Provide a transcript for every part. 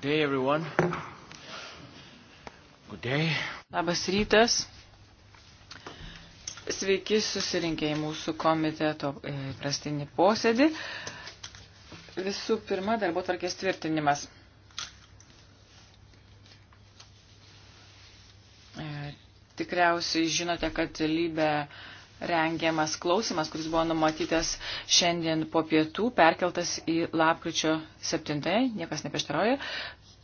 Good day, everyone. Good day. Labas rytas. Sveiki susirinkę į mūsų komiteto e, prastinį posėdį. Visų pirma, darbo tvarkės tvirtinimas. E, tikriausiai žinote, kad lybė rengiamas klausimas, kuris buvo numatytas šiandien po pietų, perkeltas į lapkričio 7, niekas neprieštarauja.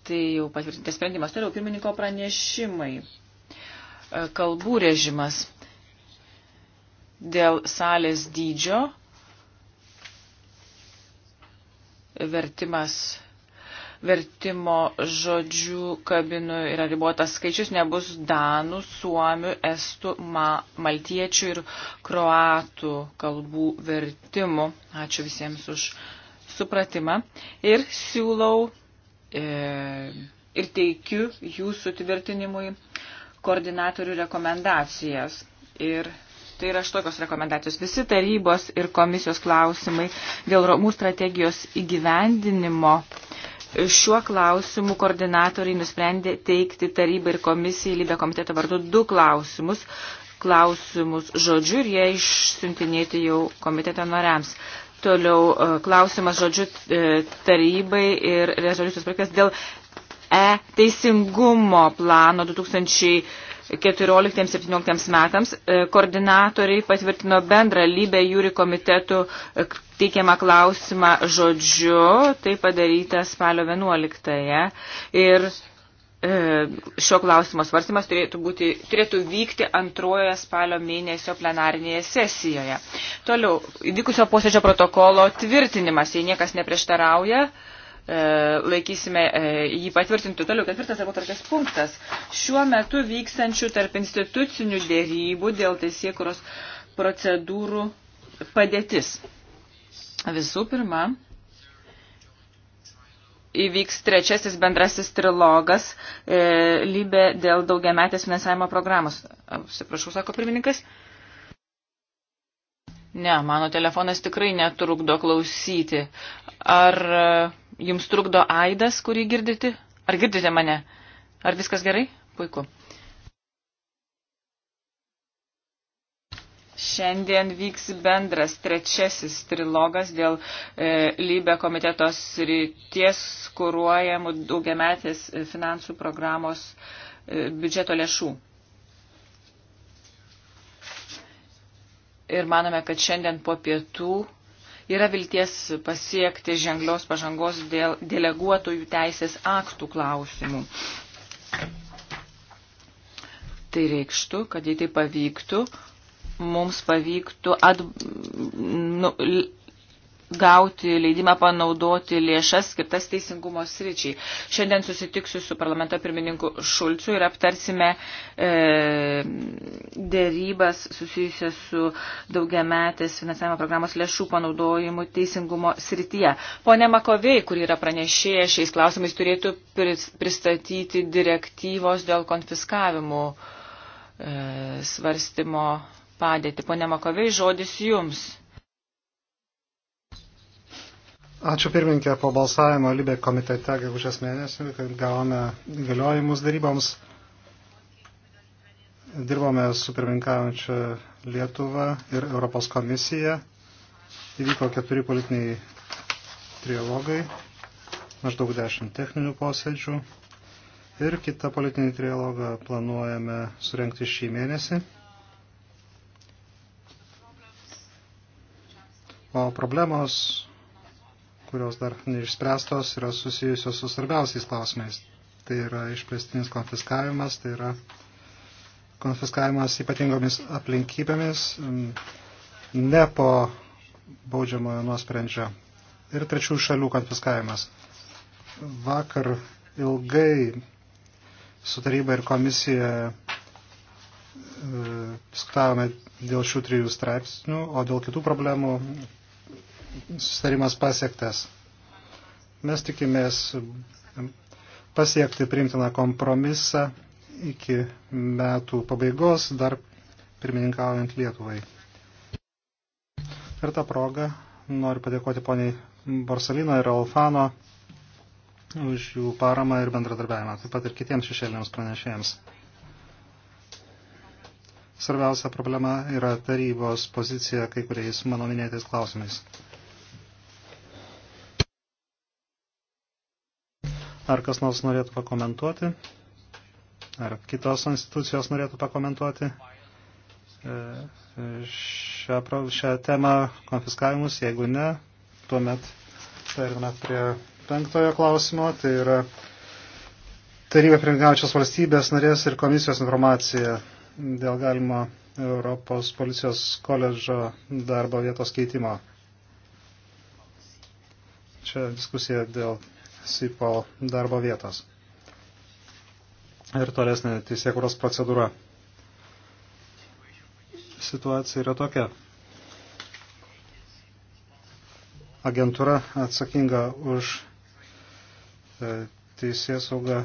Tai jau patvirtintas sprendimas. Toliau pirmininko pranešimai. E, kalbų režimas dėl salės dydžio. Vertimas vertimo žodžių kabinų yra ribotas skaičius, nebus danų, suomių, estų, ma, maltiečių ir kroatų kalbų vertimų. Ačiū visiems už supratimą ir siūlau e, ir teikiu jūsų tvirtinimui koordinatorių rekomendacijas. Ir tai yra štokios rekomendacijos. Visi tarybos ir komisijos klausimai dėl Romų strategijos įgyvendinimo Šiuo klausimu koordinatoriai nusprendė teikti tarybai ir komisijai lybę komiteto vardu du klausimus, klausimus žodžiu ir jie išsiuntinėti jau komiteto noriams. Toliau e, klausimas žodžiu e, tarybai ir rezoliucijos projektas dėl e teisingumo plano 2000. 14-17 metams e, koordinatoriai patvirtino bendrą lybę jūri komitetų e, teikiamą klausimą žodžiu, tai padaryta spalio 11-ąją. Ir e, šio klausimo svarstymas turėtų, būti, turėtų vykti antrojoje spalio mėnesio plenarinėje sesijoje. Toliau, įvykusio posėdžio protokolo tvirtinimas, jei niekas neprieštarauja, E, laikysime e, jį patvirtintų. Toliau ketvirtas darbo tarkės punktas. Šiuo metu vykstančių tarp institucinių dėrybų dėl teisėkuros procedūrų padėtis. Visų pirma, įvyks trečiasis bendrasis trilogas e, lybė dėl daugiametės finansavimo programos. Atsiprašau, sako pirmininkas. Ne, mano telefonas tikrai netrukdo klausyti. Ar Jums trukdo aidas, kurį girdite? Ar girdite mane? Ar viskas gerai? Puiku. Šiandien vyks bendras trečiasis trilogas dėl e, lybę komitetos ryties kūruojamų daugiametės e, finansų programos e, biudžeto lėšų. Ir manome, kad šiandien po pietų Yra vilties pasiekti ženglios pažangos dėl deleguotojų teisės aktų klausimų. Tai reikštų, kad jei tai pavyktų, mums pavyktų at, nu, gauti leidimą panaudoti lėšas skirtas teisingumo sričiai. Šiandien susitiksiu su parlamento pirmininku Šulciu ir aptarsime e, dėrybas susijusias su daugiametės finansavimo programos lėšų panaudojimu teisingumo srityje. Pone Makovei, kur yra pranešėja šiais klausimais, turėtų pristatyti direktyvos dėl konfiskavimų e, svarstymo padėtį. Pone Makovei, žodis jums. Ačiū pirmininkė po balsavimo Libė komitete, gegužės mėnesį, kad gavome įgaliojimus daryboms. Dirbome su pirmininkaujančia Lietuva ir Europos komisija. Įvyko keturi politiniai trialogai, maždaug dešimt techninių posėdžių. Ir kitą politinį trialogą planuojame surenkti šį mėnesį. O problemos kurios dar neišspręstos, yra susijusios su svarbiausiais klausimais. Tai yra išplėstinis konfiskavimas, tai yra konfiskavimas ypatingomis aplinkybėmis, mm, ne po baudžiamojo nuosprendžio. Ir trečių šalių konfiskavimas. Vakar ilgai su taryba ir komisija e, diskutavome dėl šių trijų straipsnių, o dėl kitų problemų sustarimas pasiektas. Mes tikimės pasiekti priimtiną kompromisą iki metų pabaigos, dar pirmininkaujant Lietuvai. Ir tą progą noriu padėkoti poniai Borsalino ir Alfano už jų paramą ir bendradarbiavimą, taip pat ir kitiems šešėliniams pranešėjams. Svarbiausia problema yra tarybos pozicija kai kuriais mano minėtais klausimais. Ar kas nors norėtų pakomentuoti? Ar kitos institucijos norėtų pakomentuoti e, e, šią, šią temą konfiskavimus? Jeigu ne, tuomet perėmame prie penktojo klausimo. Tai yra taryba pirmininkaujančios valstybės narės ir komisijos informacija dėl galimo Europos policijos koledžo darbo vietos keitimo. Čia diskusija dėl SIPO darbo vietos. Ir tolesnė teisėkuros procedūra. Situacija yra tokia. Agentūra atsakinga už e, teisėsaugą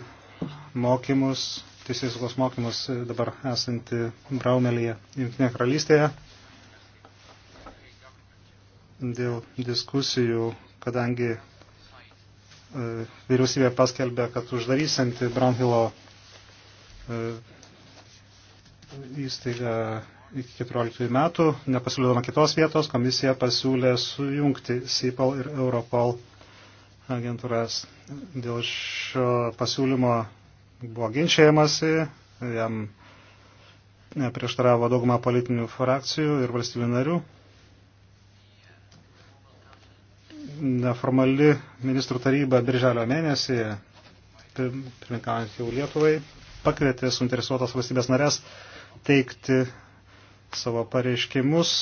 mokymus, teisėsaugos mokymus dabar esanti Braumelyje, Junktinėje karalystėje dėl diskusijų, kadangi E, vyriausybė paskelbė, kad uždarysinti Brownhillo e, įstaigą iki 14 metų, nepasiūlydama kitos vietos, komisija pasiūlė sujungti SIPAL ir Europol agentūras. Dėl šio pasiūlymo buvo ginčiajamasi, jam prieštaravo daugumą politinių frakcijų ir valstybių narių. neformali ministrų taryba birželio mėnesį, pirminkant jau Lietuvai, pakvietė suinteresuotas valstybės narės teikti savo pareiškimus,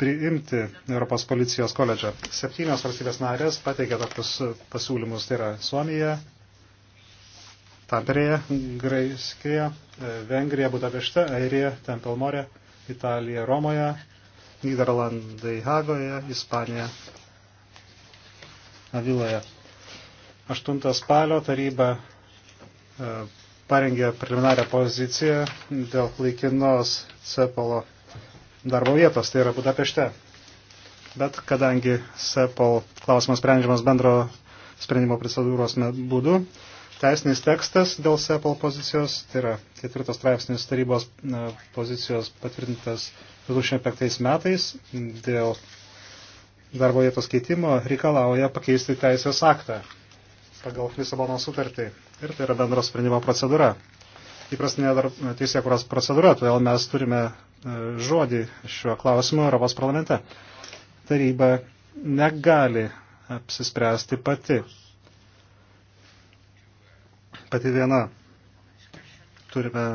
priimti Europos policijos koledžą. Septynios valstybės narės pateikė tokius pasiūlymus, tai yra Suomija, Tamperėje, Graiskėje, Vengrija, Budapešte, Airija, Tempelmorė, Italija, Romoje, Niderlandai Hagoje, Ispanija, viloje. 8 spalio taryba e, parengė preliminarią poziciją dėl laikinos CEPOLO darbo vietos, tai yra Budapešte. Bet kadangi CEPOL klausimas sprendžiamas bendro sprendimo procedūros būdu, teisinis tekstas dėl CEPOL pozicijos, tai yra ketvirtas straipsnis tarybos e, pozicijos patvirtintas 2005 metais dėl darbo vietos keitimo reikalauja pakeisti teisės aktą pagal Lisabono sutartį. Ir tai yra bendro sprendimo procedūra. Įprastinė teisėkuros procedūra, todėl mes turime e, žodį šiuo klausimu Europos parlamente. Taryba negali apsispręsti pati. Pati viena. Turime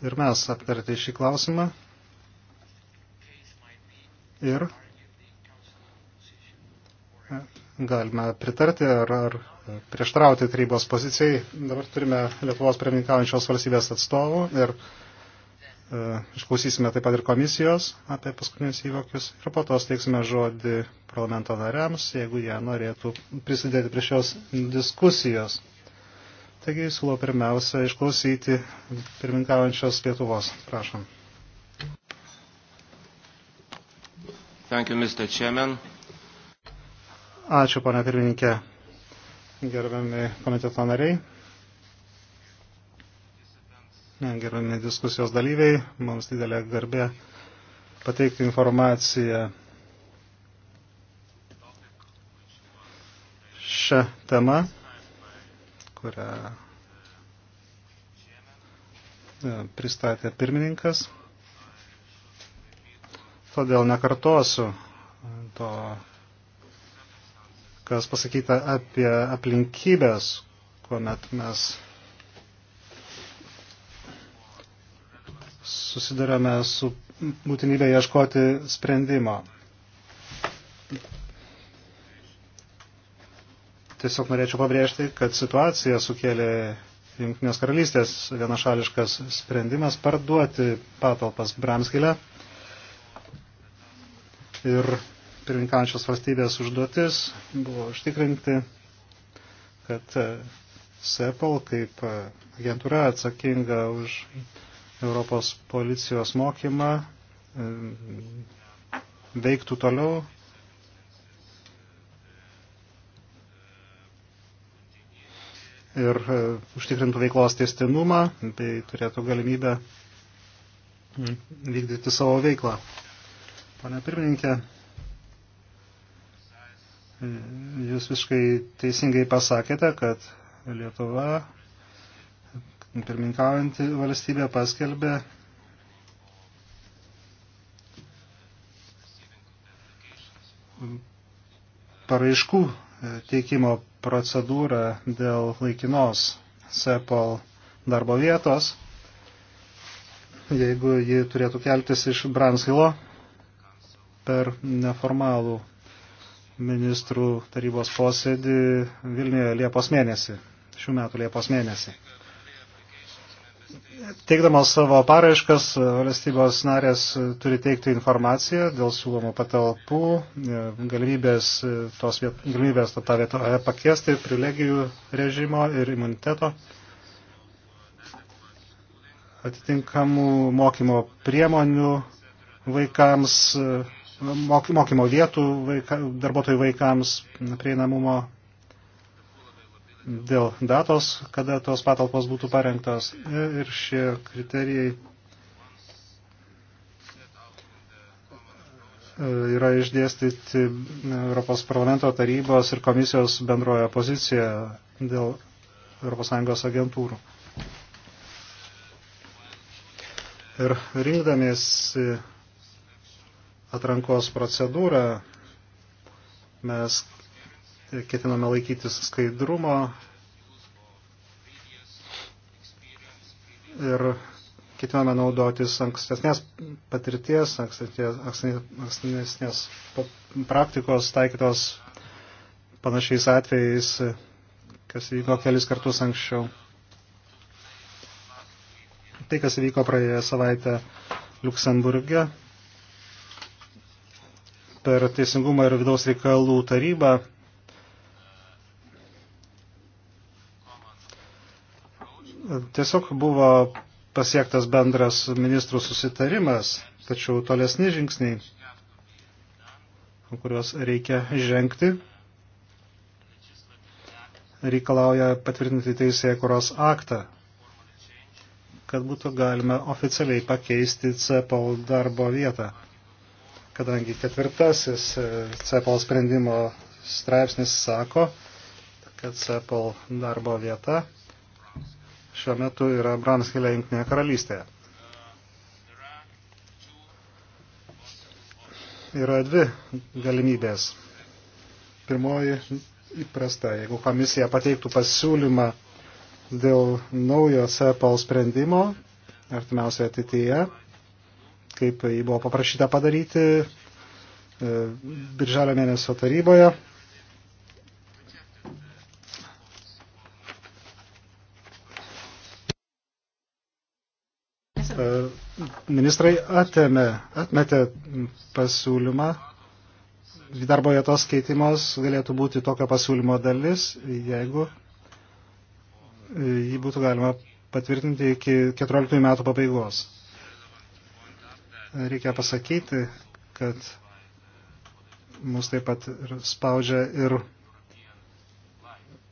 ir mes aptarti šį klausimą. Ir galime pritarti ar, ar prieštrauti tarybos pozicijai. Dabar turime Lietuvos pirmininkaujančios valstybės atstovų ir e, išklausysime taip pat ir komisijos apie paskutinius įvokius ir po to steiksime žodį parlamento nariams, jeigu jie norėtų prisidėti prie šios diskusijos. Taigi siūlau pirmiausia išklausyti pirmininkaujančios Lietuvos. Prašom. Thank you, Mr. Chairman. Ačiū, ponia pirmininkė. Gerbiami komiteto nariai, gerbiami diskusijos dalyviai, mums didelė garbė pateikti informaciją šią temą, kurią e, pristatė pirmininkas. Todėl nekartosiu to kas pasakyta apie aplinkybės, kuomet mes susidurėme su būtinybė ieškoti sprendimo. Tiesiog norėčiau pabrėžti, kad situacija sukėlė Junktinės karalystės vienašališkas sprendimas parduoti patalpas Bramskilę ir pirminkančios valstybės užduotis buvo užtikrinti, kad e, SEPOL kaip e, agentūra atsakinga už Europos policijos mokymą e, veiktų toliau. Ir užtikrintų veiklos testinumą, bei tai turėtų galimybę vykdyti savo veiklą. Pane pirmininkė, Jūs visiškai teisingai pasakėte, kad Lietuva, pirmininkaujantį valstybę, paskelbė paraiškų teikimo procedūrą dėl laikinos SEPOL darbo vietos, jeigu ji turėtų keltis iš Branskilo per neformalų ministrų tarybos posėdį Vilniuje Liepos mėnesį, šių metų Liepos mėnesį. Teikdamas savo paraiškas, valstybės narės turi teikti informaciją dėl siūlomų patalpų, e, galimybės, e, tos viet, galimybės tą vietoje pakviesti, privilegijų režimo ir imuniteto, atitinkamų mokymo priemonių vaikams, e, mokymo vietų vaika, darbuotojų vaikams prieinamumo dėl datos, kada tos patalpos būtų parengtos. E, ir šie kriterijai e, yra išdėstyti Europos parlamento tarybos ir komisijos bendroje pozicijoje dėl ES agentūrų. Ir rinkdamiesi atrankos procedūrą mes ketiname laikytis skaidrumo ir ketiname naudotis ankstesnės patirties, ankstesnės praktikos taikytos panašiais atvejais, kas vyko kelis kartus anksčiau. Tai, kas vyko praėję savaitę Luksemburgė, per Teisingumo ir vidaus reikalų tarybą tiesiog buvo pasiektas bendras ministrų susitarimas, tačiau tolesni žingsniai, kuriuos reikia žengti, reikalauja patvirtinti teisėje kuros aktą, kad būtų galima oficialiai pakeisti CEPAL darbo vietą kadangi ketvirtasis e, CEPOL sprendimo straipsnis sako, kad CEPOL darbo vieta šiuo metu yra Bramskilė Junktinėje karalystėje. Yra dvi galimybės. Pirmoji įprasta, jeigu komisija pateiktų pasiūlymą dėl naujo CEPOL sprendimo artimiausioje ateityje, kaip jį buvo paprašyta padaryti e, Birželio mėnesio taryboje. E, ministrai atėmė, atmetė pasiūlymą darbo vietos keitimos galėtų būti tokio pasiūlymo dalis, jeigu jį būtų galima patvirtinti iki 14 metų pabaigos reikia pasakyti, kad mus taip pat ir spaudžia ir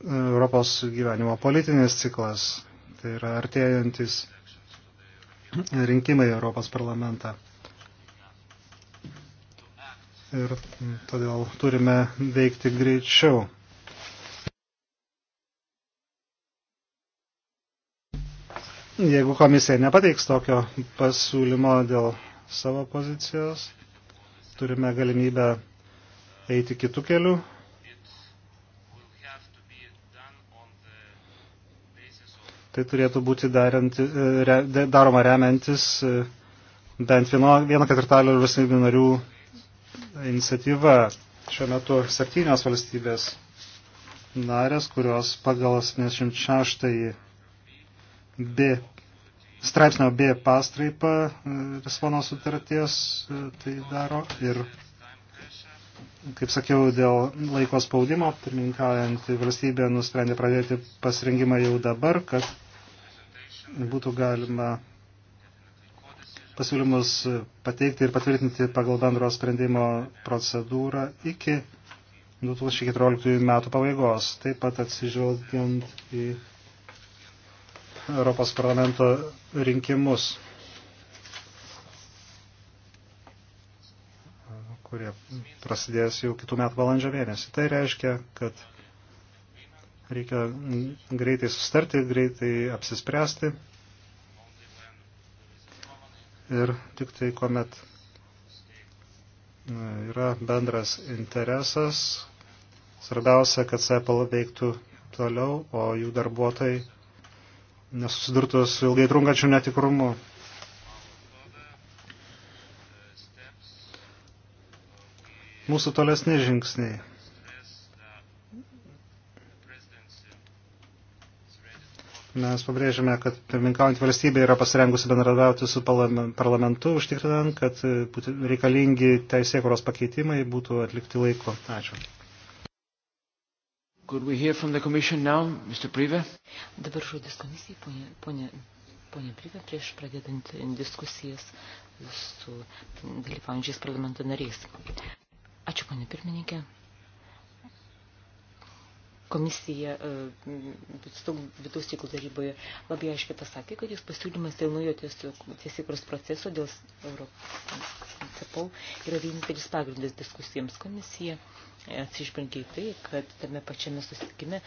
Europos gyvenimo politinis ciklas, tai yra artėjantis rinkimai Europos parlamentą. Ir todėl turime veikti greičiau. Jeigu komisija nepateiks tokio pasiūlymo dėl savo pozicijos, turime galimybę eiti kitų kelių. Tai turėtų būti darinti, e, daroma remiantis e, bent vieno, vieno ketvirtalio valstybių narių iniciatyva. Šiuo metu septynios valstybės narės, kurios pagal 76 B straipsnio B pastraipą e, Lisbono sutarties e, tai daro ir, kaip sakiau, dėl laiko spaudimo pirmininkaujantį valstybę nusprendė pradėti pasirinkimą jau dabar, kad būtų galima pasiūlymus pateikti ir patvirtinti pagal bendro sprendimo procedūrą iki 2014 metų pabaigos, taip pat atsižvelgiant į Europos parlamento rinkimus, kurie prasidės jau kitų metų valandžio mėnesį. Tai reiškia, kad reikia greitai sustarti, greitai apsispręsti ir tik tai kuomet yra bendras interesas. Svarbiausia, kad Apple veiktų toliau, o jų darbuotojai nesusidurtų su ilgai trunkančiu netikrumu. Mūsų tolesni žingsniai. Mes pabrėžiame, kad pirmininkaujant valstybė yra pasirengusi bendradauti su parlamentu, užtikrinant, kad reikalingi teisėkuros pakeitimai būtų atlikti laiku. Ačiū. Could we hear from the commission now, Mr. Prive? Dabar žodis komisijai, ponė, ponė, ponė Prive, prieš pradedant diskusijas su dalyvaujančiais parlamento nariais. Ačiū, ponė pirmininkė komisija e, vidaus reikalų taryboje labai aiškiai pasakė, kad jis pasiūlymas dėl naujo tiesiekros proceso, dėl CEPAU yra vienintelis pagrindas diskusijams komisija. Atsižvelgiai tai, kad tame pačiame susitikime,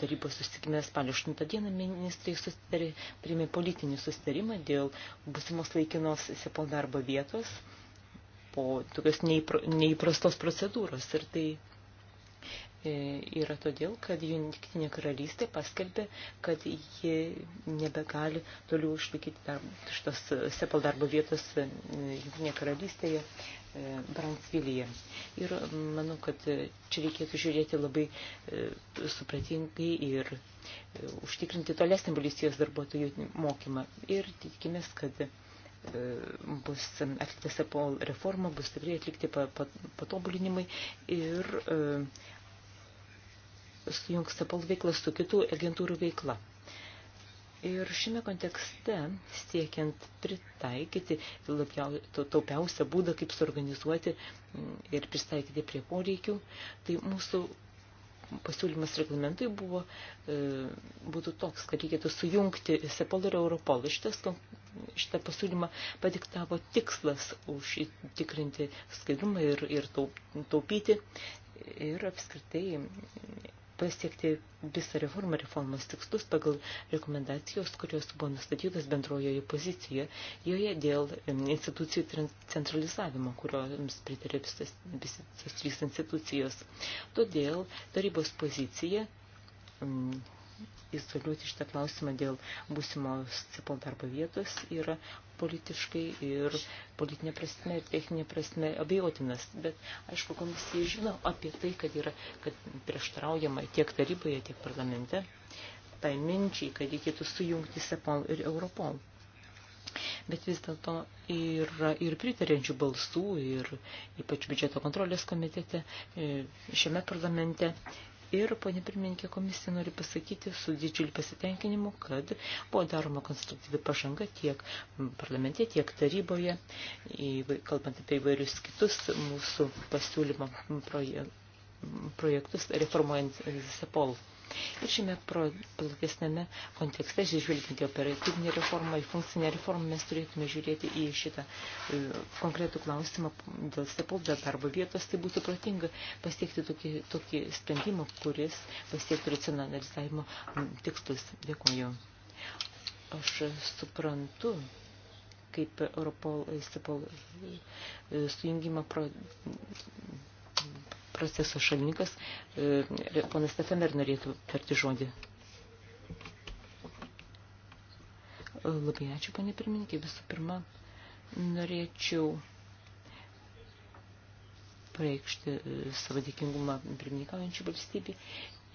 tarybos susitikime spalio 8 dieną ministrai susitarė, priėmė politinį susitarimą dėl būsimos laikinos CEPAU darbo vietos po tokios neįprastos procedūros. Ir tai E, yra todėl, kad Junktinė karalystė paskelbė, kad jie nebegali toliau išlaikyti darbo, šitos e, sepal darbo vietos e, Junktinė karalystėje Bransvilyje. Ir manau, kad čia reikėtų žiūrėti labai supratingai ir užtikrinti tolesnį policijos darbuotojų mokymą. Ir tikimės, kad bus atlikta SEPOL reforma, bus tikrai atlikti patobulinimai ir sujungs Apple veiklą su kitų agentūrų veikla. Ir šiame kontekste, siekiant pritaikyti labiau, taupiausią būdą, kaip suorganizuoti mm, ir pristaikyti prie poreikių, tai mūsų pasiūlymas reglamentui buvo, e, būtų toks, kad reikėtų sujungti SEPOL ir Europol. Šitas, šitą pasiūlymą padiktavo tikslas užtikrinti skaidrumą ir, ir taupyti ir apskritai pasiekti visą reformą, reformos tikslus pagal rekomendacijos, kurios buvo nustatytas bendrojoje pozicijoje, joje dėl institucijų centralizavimo, kurioms pritarė visas, visas trys institucijos. Todėl tarybos pozicija izoliuoti šitą klausimą dėl būsimos CIPOL darbo vietos yra politiškai ir politinė prasme ir techninė prasme abejotinas. Bet, aišku, komisija žino apie tai, kad yra kad prieštraujama tiek taryboje, tiek parlamente tai minčiai, kad reikėtų sujungti SEPOL ir Europol. Bet vis dėlto yra ir pritarenčių balsų, ir ypač biudžeto kontrolės komitete e, šiame parlamente Ir, ponė pirmininkė, komisija nori pasakyti su didžiuliu pasitenkinimu, kad buvo daroma konstruktyvi pažanga tiek parlamente, tiek taryboje, kalbant apie įvairius kitus mūsų pasiūlymo projektus reformuojant Sepol. Ir šiame platesnėme kontekste, žvelgiant į operatyvinę reformą, į funkcinę reformą, mes turėtume žiūrėti į šitą e, konkretų klausimą dėl stepol, dėl darbo vietos, tai būtų protinga pasiekti tokį, tokį sprendimą, kuris pasiektų racionalizavimo tikslus. Dėkuoju. Aš suprantu, kaip Europol, Stepol e, sujungimą pro, proceso šalininkas. E, ponas Stefaner norėtų tarti žodį. E, labai ačiū, panė pirmininkė. Visų pirma, norėčiau pareikšti e, savo dėkingumą pirmininkaujančių valstybį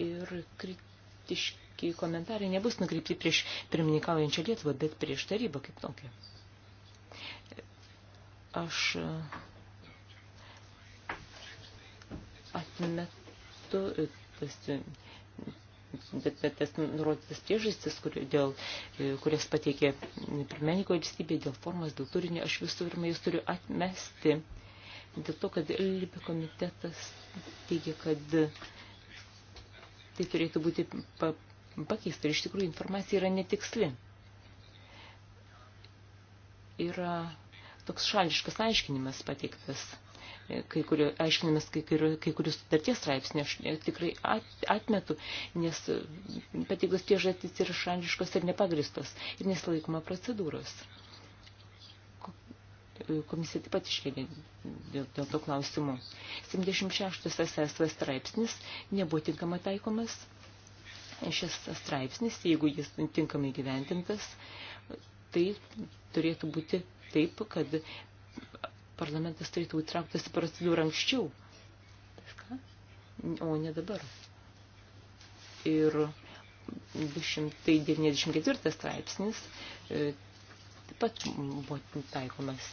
ir kritiški komentarai nebus nukreipti prieš pirmininkaujančią Lietuvą, bet prieš tarybą kaip tokią. Aš atmetu e, tas, e, bet, bet tas nurodytas priežastis, kur, dėl, e, kurias pateikė pirmeniko valstybė, dėl formos, dėl turinio, aš visų pirma jūs turiu atmesti. Dėl to, kad Libė komitetas teigia, kad tai turėtų būti pa, pakeista ir iš tikrųjų informacija yra netiksli. Yra toks šališkas aiškinimas pateiktas kai kurio, aiškinamės kai, kurio, kai kurių sutarties straipsnių, aš e, tikrai atmetu, nes e, pateiktos priežastys yra šališkos ir nepagristos ir nesilaikoma procedūros. E, komisija taip pat iškėlė dėl, dėl to klausimų. 76 SSV straipsnis nebuvo tinkama taikomas. Šis straipsnis, jeigu jis tinkamai gyventintas, tai turėtų būti taip, kad parlamentas turėtų įtrauktas į procedūrą anksčiau, o ne dabar. Ir 294 straipsnis e, taip pat buvo taikomas.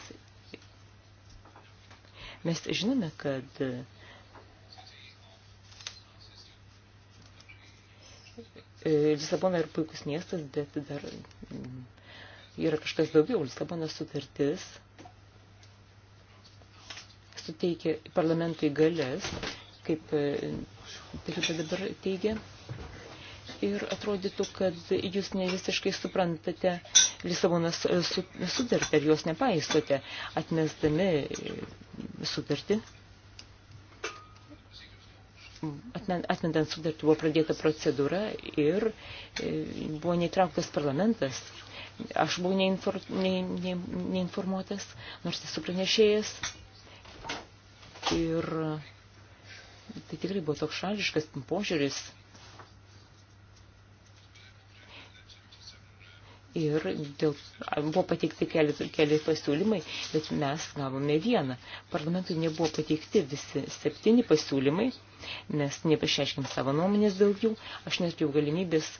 Mes žinome, kad e, Lisabona yra puikus miestas, bet dar mm, yra kažkas daugiau. Lisabono sutartis suteikia parlamentui galės, kaip taryba e, dabar teigia. Ir atrodytų, kad jūs ne visiškai suprantate Lisabonas e, sutartį ir jos nepaisote, atmesdami e, sutartį atmetant sudartį buvo pradėta procedūra ir buvo neįtrauktas parlamentas. Aš buvau neinfor, ne, ne, neinformuotas, nors esu pranešėjas. Ir tai tikrai buvo toks šališkas požiūris. Ir dėl, buvo pateikti keli, keli pasiūlymai, bet mes gavome vieną. Parlamentui nebuvo pateikti visi septyni pasiūlymai, mes nepašeiškim savo nuomonės dėl jų. Aš neturėjau galimybės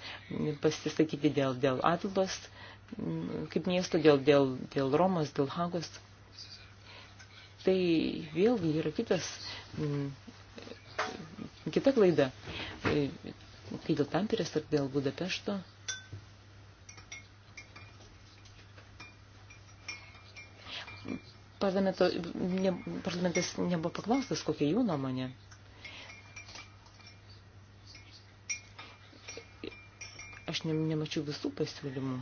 pasisakyti dėl, dėl Atlas, kaip miesto, dėl, dėl, dėl Romos, dėl Hagos. Tai vėlgi yra kitas, kita klaida. E, kai dėl Tampirės ar dėl Budapešto parlamento, ne, parlamentas nebuvo paklaustas, kokia jų nuomonė. Aš ne, nemačiau visų pasiūlymų.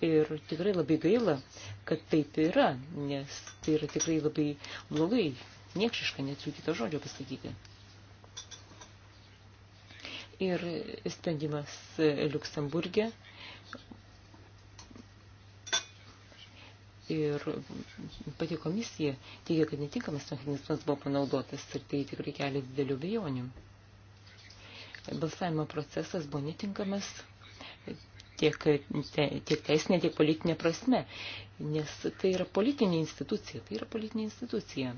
Ir tikrai labai gaila, kad taip yra, nes tai yra tikrai labai blogai, niekšiška, net jų kito žodžio pasakyti. Ir sprendimas Luksemburgė ir pati komisija teigia, kad netinkamas mechanizmas buvo panaudotas ir tai tikrai kelia didelių bejonių. Balsavimo procesas buvo netinkamas, tiek, tiek teisinė, tiek politinė prasme, nes tai yra politinė institucija, tai yra politinė institucija.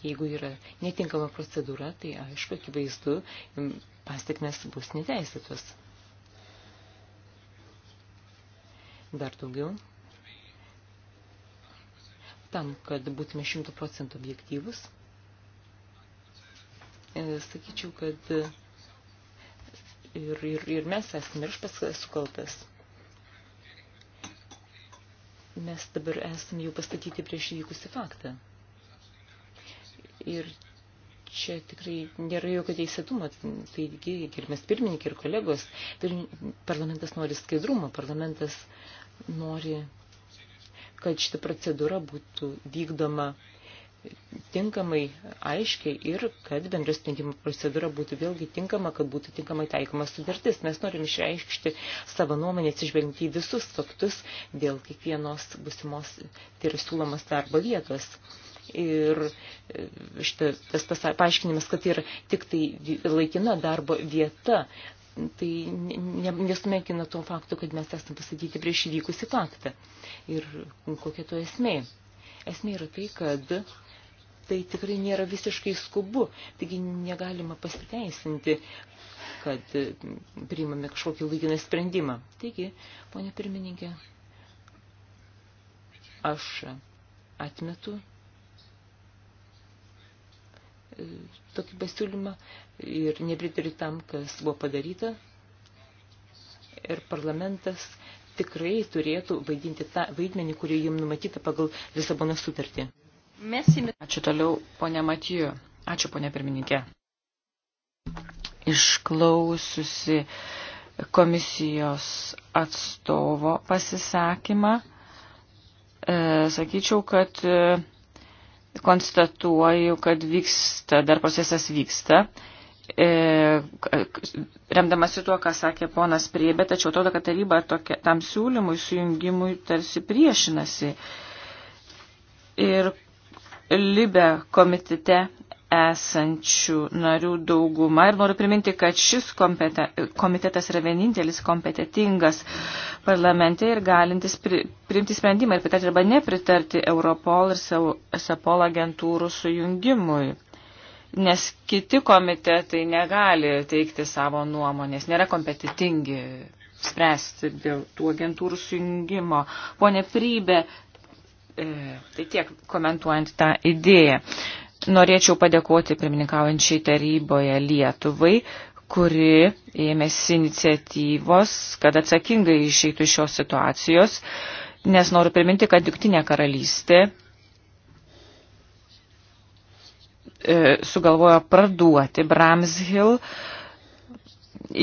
Jeigu yra netinkama procedūra, tai aišku, akivaizdu, pasiekmes bus neteisėtos. Dar daugiau. Tam, kad būtume šimtų procentų objektyvus, e, sakyčiau, kad ir, ir, ir mes esame ir aš pats esu kaltas. Mes dabar esame jau pastatyti prieš įvykusi faktą. Ir čia tikrai nėra jokio teisėtumo. Taigi, gerbimas pirmininkai ir kolegos, parlamentas nori skaidrumo, parlamentas nori, kad šita procedūra būtų vykdoma tinkamai, aiškiai ir kad bendros sprendimo procedūra būtų vėlgi tinkama, kad būtų tinkamai taikoma sudartis. Mes norim išreikšti savo nuomonę atsižvelgti į visus faktus dėl kiekvienos būsimos, tai yra siūlomas darbo vietos. Ir e, šita, tas pasa, paaiškinimas, kad tai yra tik tai laikina darbo vieta, tai ne, nesumenkina to fakto, kad mes esame pasakyti prieš įvykusi faktą. Ir kokia to esmė? Esmė yra tai, kad tai tikrai nėra visiškai skubu, taigi negalima pasiteisinti, kad e, priimame kažkokį laikiną sprendimą. Taigi, ponė pirmininkė, aš atmetu e, tokį pasiūlymą ir nepritariu tam, kas buvo padaryta. Ir parlamentas tikrai turėtų vaidinti tą vaidmenį, kurį jam numatyta pagal Lisabono sutartį. Ačiū toliau, ponė Matiju. Ačiū, ponė pirmininkė. Išklaususi komisijos atstovo pasisakymą, e, sakyčiau, kad e, konstatuoju, kad vyksta, dar procesas vyksta. E, remdamasi tuo, ką sakė ponas Priebė, tačiau atrodo, kad taryba tokia, tam siūlymui, sujungimui tarsi priešinasi. Ir Libe komitete esančių narių dauguma. Ir noriu priminti, kad šis kompete, komitetas yra vienintelis kompetitingas parlamente ir galintis pri, priimti sprendimą ir pritarti arba nepritarti Europol ir SAPOL agentūrų sujungimui. Nes kiti komitetai negali teikti savo nuomonės, nėra kompetitingi spręsti dėl tų agentūrų sujungimo. Pone Prybė, E, tai tiek komentuojant tą idėją. Norėčiau padėkoti pirmininkaujančiai taryboje Lietuvai, kuri ėmėsi iniciatyvos, kad atsakingai išeitų iš šios situacijos, nes noriu priminti, kad Juktinė karalystė e, sugalvojo parduoti Bramshill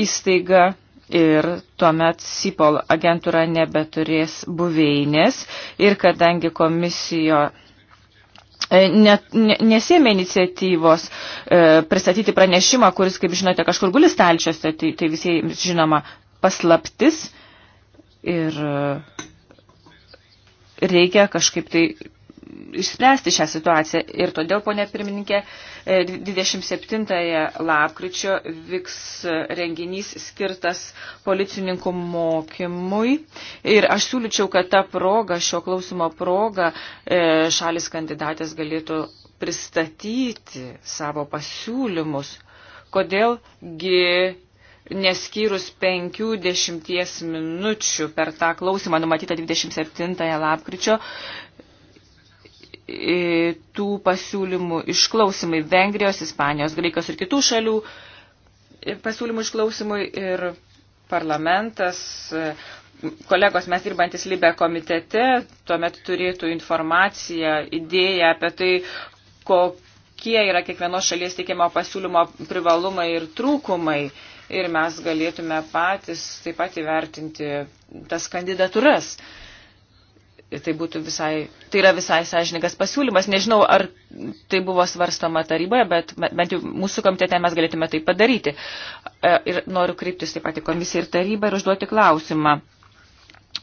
įstaigą ir tuomet SIPOL agentūra nebeturės buveinės ir kadangi komisijo e, net, nesėmė iniciatyvos e, pristatyti pranešimą, kuris, kaip žinote, kažkur guli stalčiuose, tai, tai visai žinoma paslaptis ir e, reikia kažkaip tai išspręsti šią situaciją. Ir todėl, ponė pirmininkė, 27 e, lapkričio vyks renginys skirtas policininkų mokymui. Ir aš siūlyčiau, kad ta proga, šio klausimo proga, e, šalis kandidatės galėtų pristatyti savo pasiūlymus, kodėlgi neskyrus 50 minučių per tą klausimą numatytą 27 lapkričio, tų pasiūlymų išklausimai Vengrijos, Ispanijos, Graikijos ir kitų šalių pasiūlymų išklausimui ir parlamentas, kolegos mes dirbantis Libė komitete, tuomet turėtų informaciją, idėją apie tai, kokie yra kiekvienos šalies teikiamo pasiūlymo privalumai ir trūkumai. Ir mes galėtume patys taip pat įvertinti tas kandidatūras. Uh, Ir tai būtų visai, tai yra visai sąžininkas pasiūlymas. Nežinau, ar tai buvo svarstama taryboje, bet bent jau mūsų komitete mes galėtume tai padaryti. E, ir noriu kryptis taip pat į komisiją ir tarybą ir užduoti klausimą.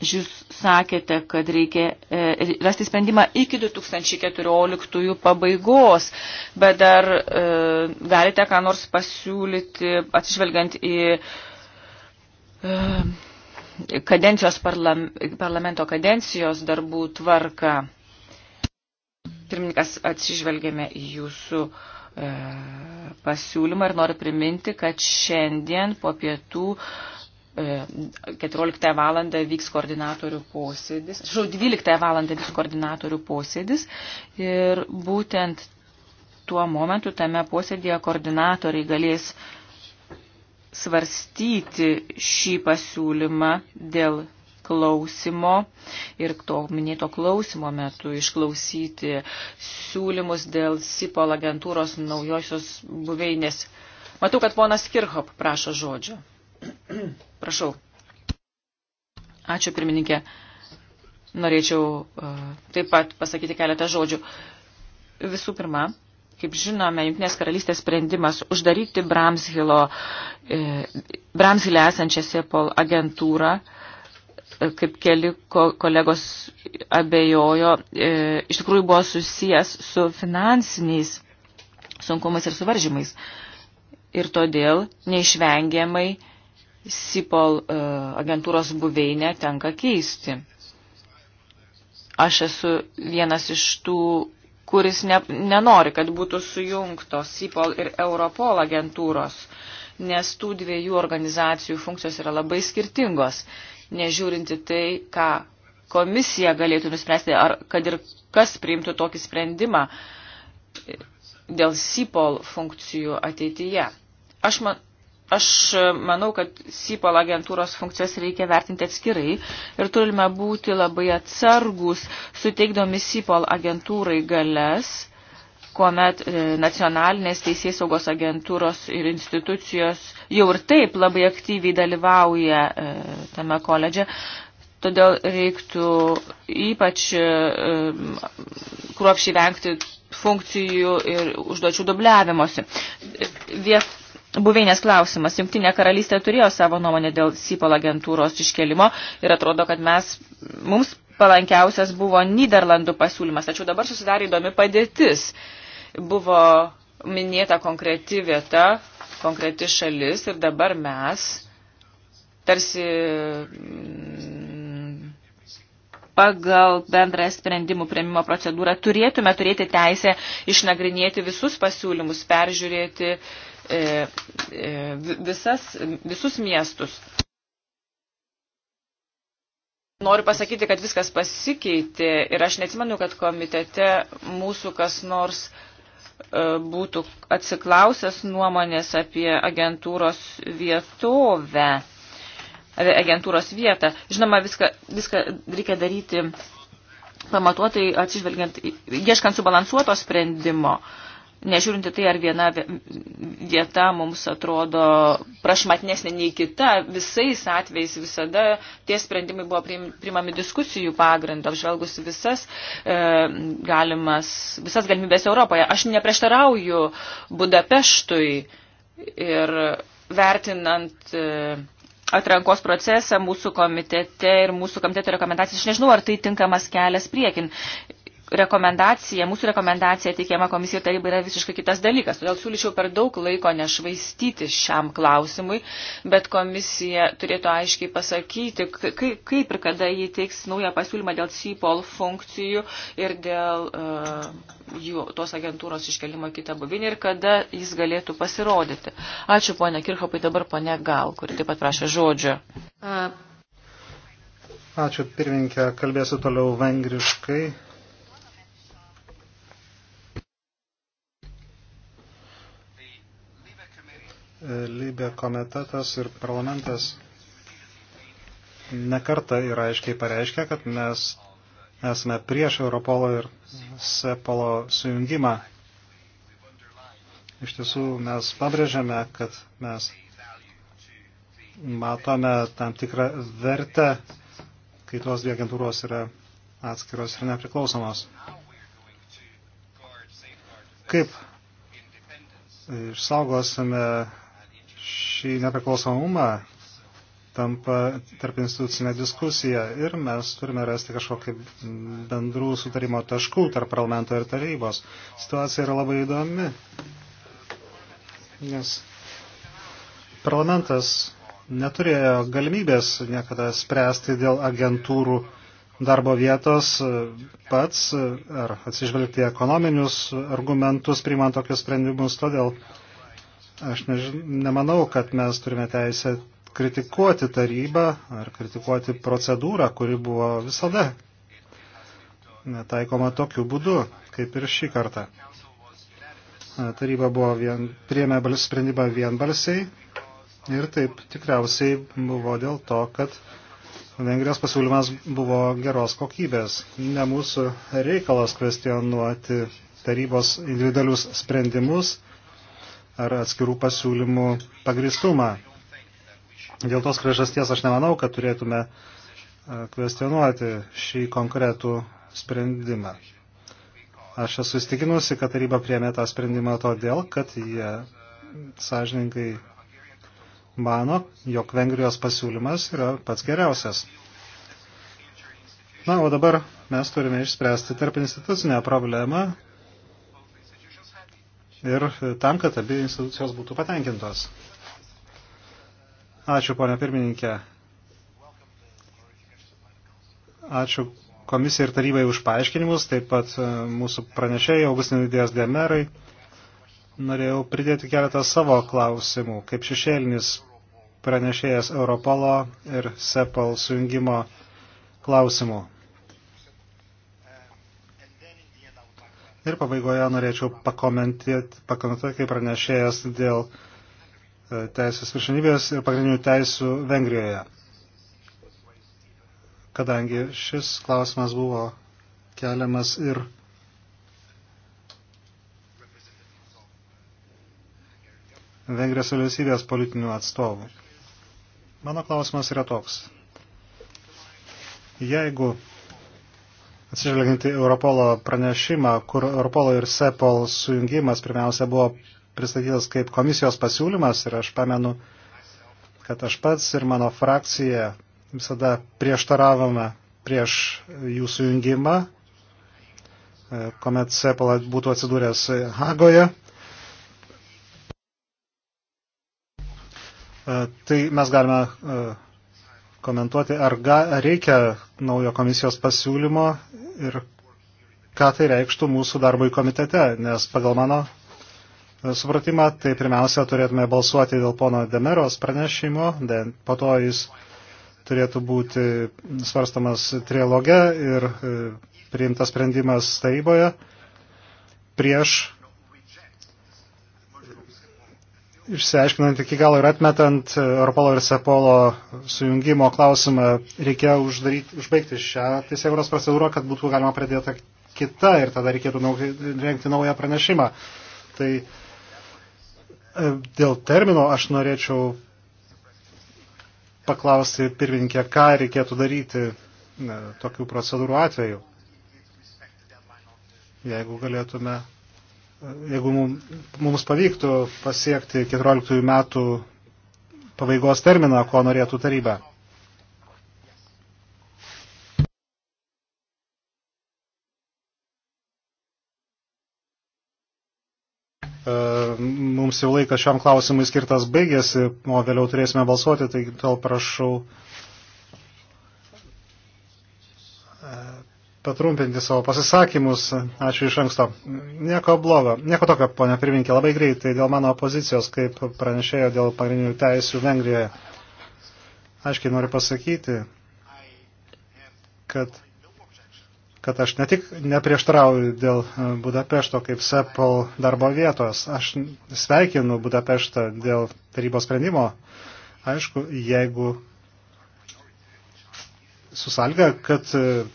Jūs sakėte, kad reikia e, rasti sprendimą iki 2014 pabaigos, bet dar e, galite ką nors pasiūlyti, atsižvelgiant į kadencijos parlam, parlamento kadencijos darbų tvarką. Pirmininkas, atsižvelgėme į jūsų e, pasiūlymą ir noriu priminti, kad šiandien po pietų e, 14 val. vyks koordinatorių posėdis, žinau, 12 val. vyks koordinatorių posėdis ir būtent tuo momentu tame posėdėje koordinatoriai galės svarstyti šį pasiūlymą dėl klausimo ir to minėto klausimo metu išklausyti siūlymus dėl SIPOL agentūros naujosios buveinės. Matau, kad ponas Kirchop prašo žodžio. Prašau. Ačiū, pirmininkė. Norėčiau uh, taip pat pasakyti keletą žodžių. Visų pirma, kaip žinome, Junktinės karalystės sprendimas uždaryti Bramshilo, e, Bramshilė esančią Sepol agentūrą, e, kaip keli kolegos abejojo, e, iš tikrųjų buvo susijęs su finansiniais sunkumais ir suvaržymais. Ir todėl neišvengiamai Sipol agentūros buveinę tenka keisti. Aš esu vienas iš tų kuris ne, nenori, kad būtų sujungtos SIPOL ir Europol agentūros, nes tų dviejų organizacijų funkcijos yra labai skirtingos, nežiūrinti tai, ką komisija galėtų nuspręsti, ar kad ir kas priimtų tokį sprendimą dėl SIPOL funkcijų ateityje. Aš man, Aš e, manau, kad SIPOL agentūros funkcijas reikia vertinti atskirai ir turime būti labai atsargus, suteikdomi SIPOL agentūrai galės, kuomet e, nacionalinės teisės saugos agentūros ir institucijos jau ir taip labai aktyviai dalyvauja e, tame koledže. Todėl reiktų ypač kruopšiai vengti funkcijų ir užduočių dubliavimuose. Viet, buveinės klausimas. Junktinė karalystė turėjo savo nuomonę dėl SIPOL agentūros iškelimo ir atrodo, kad mes, mums palankiausias buvo Niderlandų pasiūlymas, tačiau dabar susidarė įdomi padėtis. Buvo minėta konkreti vieta, konkreti šalis ir dabar mes tarsi mm, pagal bendrą sprendimų prieimimo procedūrą turėtume turėti teisę išnagrinėti visus pasiūlymus, peržiūrėti uh, E, e, visas, visus miestus. Noriu pasakyti, kad viskas pasikeitė ir aš neatsimenu, kad komitete mūsų kas nors e, būtų atsiklausęs nuomonės apie agentūros vietovę, agentūros vietą. Žinoma, viską, viską reikia daryti pamatuotai, atsižvelgiant, ieškant subalansuoto sprendimo. Uh, nežiūrinti tai, ar viena vieta mums atrodo prašmatnesnė nei kita, visais atvejais visada tie sprendimai buvo priimami diskusijų pagrindu, apžvelgus visas, e, galimas, visas galimybės Europoje. Aš neprieštarauju Budapeštui ir vertinant. E, atrankos procesą mūsų komitete ir mūsų komiteto rekomendacijas. Aš nežinau, ar tai tinkamas kelias priekin rekomendacija, mūsų rekomendacija teikiama komisijų tarybai yra visiškai kitas dalykas. Todėl siūlyčiau per daug laiko nešvaistyti šiam klausimui, bet komisija turėtų aiškiai pasakyti, kaip ir kada jį teiks naują pasiūlymą dėl CPOL funkcijų ir dėl uh, jų, tos agentūros iškelimo kitą buvinį ir kada jis galėtų pasirodyti. Ačiū ponia Kirchopai, dabar ponia Gal, kuri taip pat prašė žodžio. Uh. Ačiū pirmininkė, kalbėsiu toliau vengriškai Lybė komitetas ir parlamentas nekarta yra aiškiai pareiškę, kad mes esame prieš Europolo ir Sepolo sujungimą. Iš tiesų mes pabrėžiame, kad mes matome tam tikrą vertę, kai tuos dvi agentūros yra atskiros ir nepriklausomos. Kaip išsaugosime šį nepriklausomumą tampa tarp institucinė diskusija ir mes turime rasti kažkokį bendrų sutarimo taškų tarp parlamento ir tarybos. Situacija yra labai įdomi, nes parlamentas neturėjo galimybės niekada spręsti dėl agentūrų darbo vietos pats ar atsižvelgti ekonominius argumentus priimant tokius sprendimus, todėl Aš nežin, nemanau, kad mes turime teisę kritikuoti tarybą ar kritikuoti procedūrą, kuri buvo visada taikoma tokiu būdu, kaip ir šį kartą. Taryba buvo vien, priėmė sprendimą vienbalsiai ir taip tikriausiai buvo dėl to, kad Vengrijos pasiūlymas buvo geros kokybės. Ne mūsų reikalas kvestionuoti tarybos individualius sprendimus ar atskirų pasiūlymų pagristumą. Dėl tos priežasties aš nemanau, kad turėtume e, kvestionuoti šį konkretų sprendimą. Aš esu įstikinusi, kad taryba priemė tą sprendimą todėl, kad jie sąžininkai mano, jog Vengrijos pasiūlymas yra pats geriausias. Na, o dabar mes turime išspręsti tarp institucinę problemą, ir tam, kad abi institucijos būtų patenkintos. Ačiū, ponia pirmininkė. Ačiū komisijai ir tarybai už paaiškinimus, taip pat e, mūsų pranešėjai Augustinai Dijas Demerai. Norėjau pridėti keletą savo klausimų, kaip šešėlinis pranešėjas Europolo ir SEPAL sujungimo klausimų. Ir pabaigoje norėčiau pakomentuoti, pakomentuoti kaip pranešėjas dėl e, teisės viršinybės ir pagrindinių teisų Vengrijoje. Kadangi šis klausimas buvo keliamas ir Vengrijos vyriausybės politinių atstovų. Mano klausimas yra toks. Jeigu atsižvelginti Europolo pranešimą, kur Europolo ir SEPOL sujungimas pirmiausia buvo pristatytas kaip komisijos pasiūlymas ir aš pamenu, kad aš pats ir mano frakcija visada prieštaravome prieš jų sujungimą, e, kuomet Sepala būtų atsidūręs Hagoje. E, tai mes galime e, komentuoti, ar, ga, ar reikia naujo komisijos pasiūlymo ir ką tai reikštų mūsų darbui komitete, nes pagal mano e, supratimą, tai pirmiausia turėtume balsuoti dėl pono Demeros pranešimo, po to jis turėtų būti svarstamas trialoge ir e, priimtas sprendimas taryboje prieš išsiaiškinant iki galo ir atmetant e, Europolo ir Sepolo sujungimo klausimą, reikėjo uždaryti, užbaigti šią teisėkuros procedūrą, kad būtų galima pradėti kita ir tada reikėtų nau, rengti naują pranešimą. Tai e, dėl termino aš norėčiau paklausti pirmininkę, ką reikėtų daryti ne, tokių procedūrų atveju. Jeigu galėtume jeigu mums pavyktų pasiekti 14 metų pabaigos terminą, ko norėtų taryba. E, mums jau laikas šiam klausimui skirtas baigėsi, o vėliau turėsime balsuoti, tai tol prašau patrumpinti savo pasisakymus. Ačiū iš anksto. Nieko blogo. Nieko tokio, ponia pirminkė, labai greitai dėl mano pozicijos, kaip pranešėjo dėl pagrindinių teisų Vengrijoje. Aiškiai noriu pasakyti, kad, kad aš ne tik neprieštrauju dėl e, Budapešto kaip SEPL darbo vietos, aš sveikinu Budapeštą dėl tarybos sprendimo. Aišku, jeigu su salga, kad e,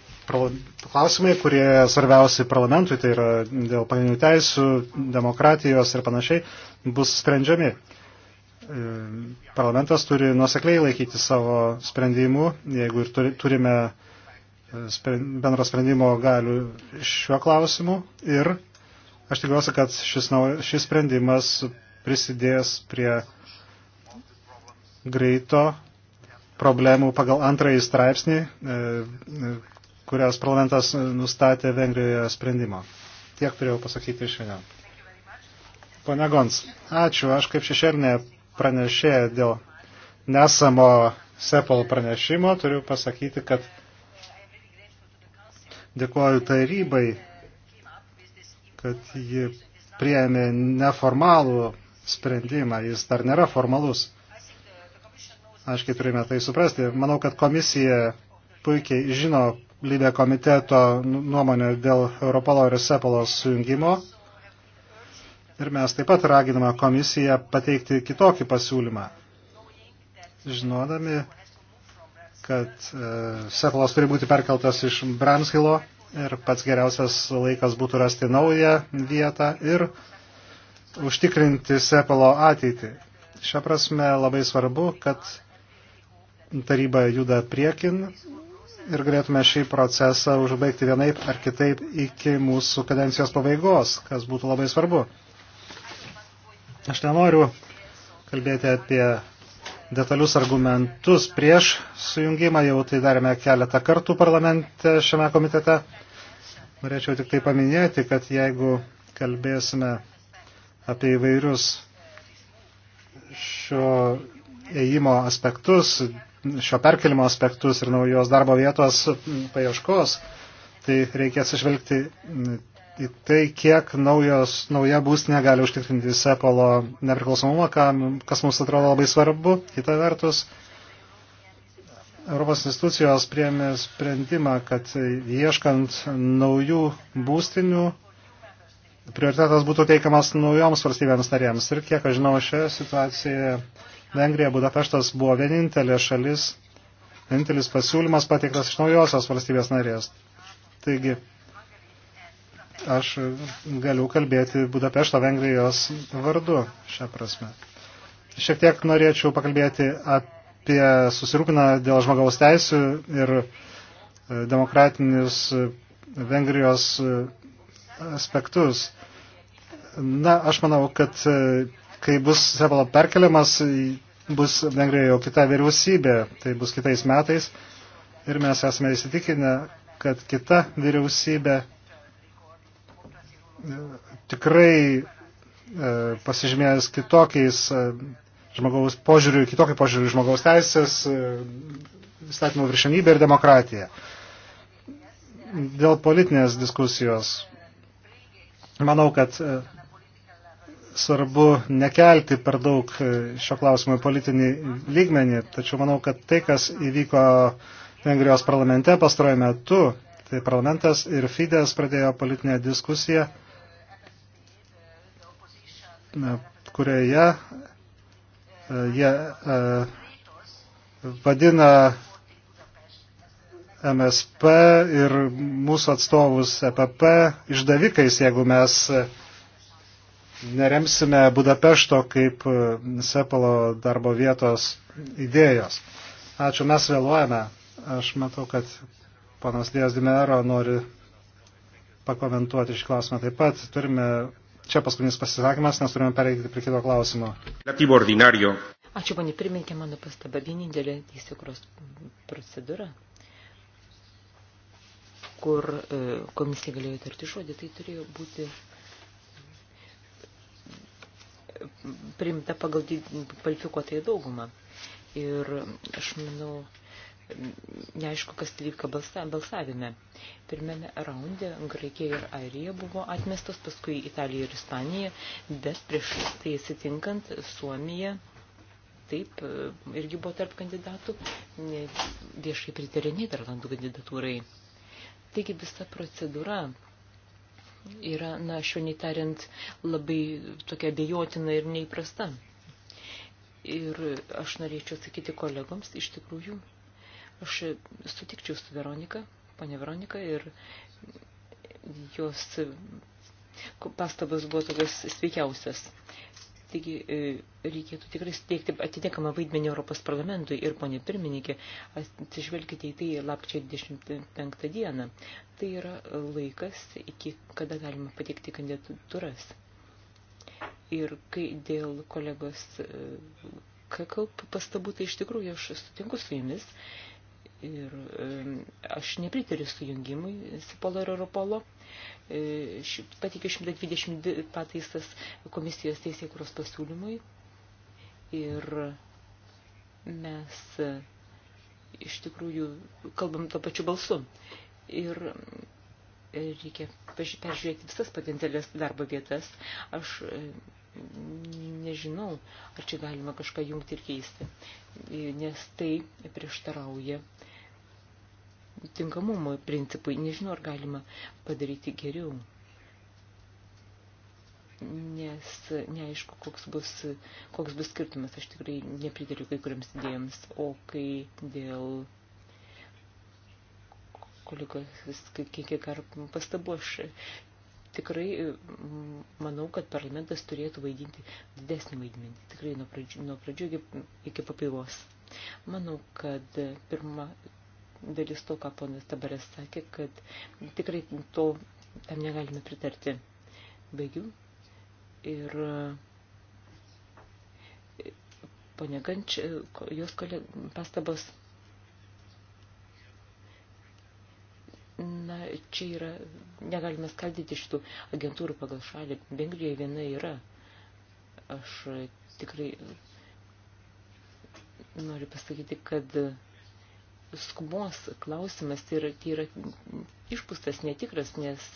klausimai, kurie svarbiausi parlamentui, tai yra dėl pagrindinių teisų, demokratijos ir panašiai, bus sprendžiami. E, parlamentas turi nuosekliai laikyti savo sprendimų, jeigu ir turime e, bendro sprendimo galių šiuo klausimu. Ir aš tikiuosi, kad šis, šis sprendimas prisidės prie greito problemų pagal antrąjį straipsnį e, kurias parlamentas nustatė Vengrijoje sprendimo. Tiek turėjau pasakyti iš šiandien. Pone Gons, ačiū. Aš kaip šešėlinė pranešėja dėl nesamo Sepal pranešimo turiu pasakyti, kad dėkoju tarybai, kad ji prieėmė neformalų sprendimą, jis dar nėra formalus. Aiškiai turime tai suprasti. Manau, kad komisija puikiai žino, lybė komiteto nuomonę dėl Europolo ir Sepolo sujungimo. Ir mes taip pat raginame komisiją pateikti kitokį pasiūlymą, žinodami, kad e, Sepolas turi būti perkeltas iš Bramshilo ir pats geriausias laikas būtų rasti naują vietą ir užtikrinti Sepolo ateitį. Šią prasme labai svarbu, kad taryba juda priekin ir galėtume šį procesą užbaigti vienaip ar kitaip iki mūsų kadencijos pabaigos, kas būtų labai svarbu. Aš nenoriu kalbėti apie detalius argumentus prieš sujungimą, jau tai darėme keletą kartų parlamente šiame komitete. Norėčiau tik tai paminėti, kad jeigu kalbėsime apie įvairius šio ėjimo aspektus, šio perkelimo aspektus ir naujos darbo vietos paieškos, tai reikia atsižvelgti į tai, kiek naujos, nauja būstinė gali užtikrinti Sepolo nepriklausomumą, kas mums atrodo labai svarbu. Kita vertus, Europos institucijos priemė sprendimą, kad ieškant naujų būstinių, prioritetas būtų teikiamas naujoms valstybėms narėms. Ir kiek aš žinau, šioje situacijoje Vengrija Budapeštas buvo vienintelė šalis, vienintelis pasiūlymas pateiktas iš naujosios valstybės narės. Taigi, aš galiu kalbėti Budapešto Vengrijos vardu šią prasme. Šiek tiek norėčiau pakalbėti apie susirūpiną dėl žmogaus teisų ir e, demokratinius e, Vengrijos e, aspektus. Na, aš manau, kad Kai bus Sepalo perkeliamas, bus Vengrijoje jau kita vyriausybė, tai bus kitais metais. Ir mes esame įsitikinę, kad kita vyriausybė e, tikrai e, pasižymėjęs kitokiais e, žmogaus požiūrių, kitokį požiūrių žmogaus teisės, įstatymų viršenybė ir demokratija. Dėl politinės diskusijos, manau, kad svarbu nekelti per daug e, šio klausimo į politinį lygmenį, tačiau manau, kad tai, kas įvyko Vengrijos parlamente pastaruoju metu, tai parlamentas ir Fides pradėjo politinę diskusiją, kurioje e, jie e, vadina MSP ir mūsų atstovus EPP išdavikais, jeigu mes neremsime Budapešto kaip e, Sepalo darbo vietos idėjos. Ačiū, mes vėluojame. Aš matau, kad panas Dijas Dimero nori pakomentuoti šį klausimą. Taip pat turime čia paskutinis pasisakymas, nes turime pereiti prie kito klausimo. Ačiū, panė pirmininkė, mano pastaba vienintelė teisėkros procedūra, kur e, komisija galėjo tarti žodį, tai turėjo būti priimta pagal kvalifikuotąją daugumą. Ir aš manau, neaišku, kas vyko balsa, balsavime. Pirmame raunde Graikija ir Airija buvo atmestos, paskui Italija ir Ispanija, bet prieš tai atsitinkant Suomija taip e, irgi buvo tarp kandidatų, viešai pritarė Niderlandų kandidatūrai. Taigi visa procedūra yra, na, šiandien tariant, labai tokia bejotina ir neįprasta. Ir aš norėčiau atsakyti kolegoms, iš tikrųjų, aš sutikčiau su Veronika, ponė Veronika, ir jos pastabas buvo tokios sveikiausias. Taigi e, reikėtų tikrai steigti atitinkamą vaidmenį Europos parlamentui ir, ponė pirmininkė, atsižvelgite į tai lapčio 25 dieną. Tai yra laikas, iki kada galima pateikti kandidatūras. Ir kai dėl kolegos e, kalb pastabų, tai iš tikrųjų aš sutinku su jumis ir e, aš nepritariu sujungimui Sipolo ir Europolo pateikė 120 pataisas komisijos teisėkuros pasiūlymui ir mes iš tikrųjų kalbam to pačiu balsu. Ir reikia peržiūrėti visas potencialias darbo vietas. Aš e, nežinau, ar čia galima kažką jungti ir keisti, nes tai prieštarauja tinkamumo principui. Nežinau, ar galima padaryti geriau. Nes neaišku, koks bus, koks bus skirtumas. Aš tikrai nepritariu kai kuriams idėjams. O kai dėl kolegos, kiek ar pastabu, aš tikrai mm, manau, kad parlamentas turėtų vaidinti didesnį vaidmenį. Tikrai nuo pradžių, nuo pradžių iki, iki papilvos. Manau, kad pirma, dalis to, ką ponas Tabaras sakė, kad tikrai to tam negalime pritarti. Baigiu. Ir ponia Ganč, jos pastabos. Na, čia yra, negalime skaldyti šitų agentūrų pagal šalį. Vengrijoje viena yra. Aš tikrai noriu pasakyti, kad skubos klausimas ir tai yra išpūstas netikras, nes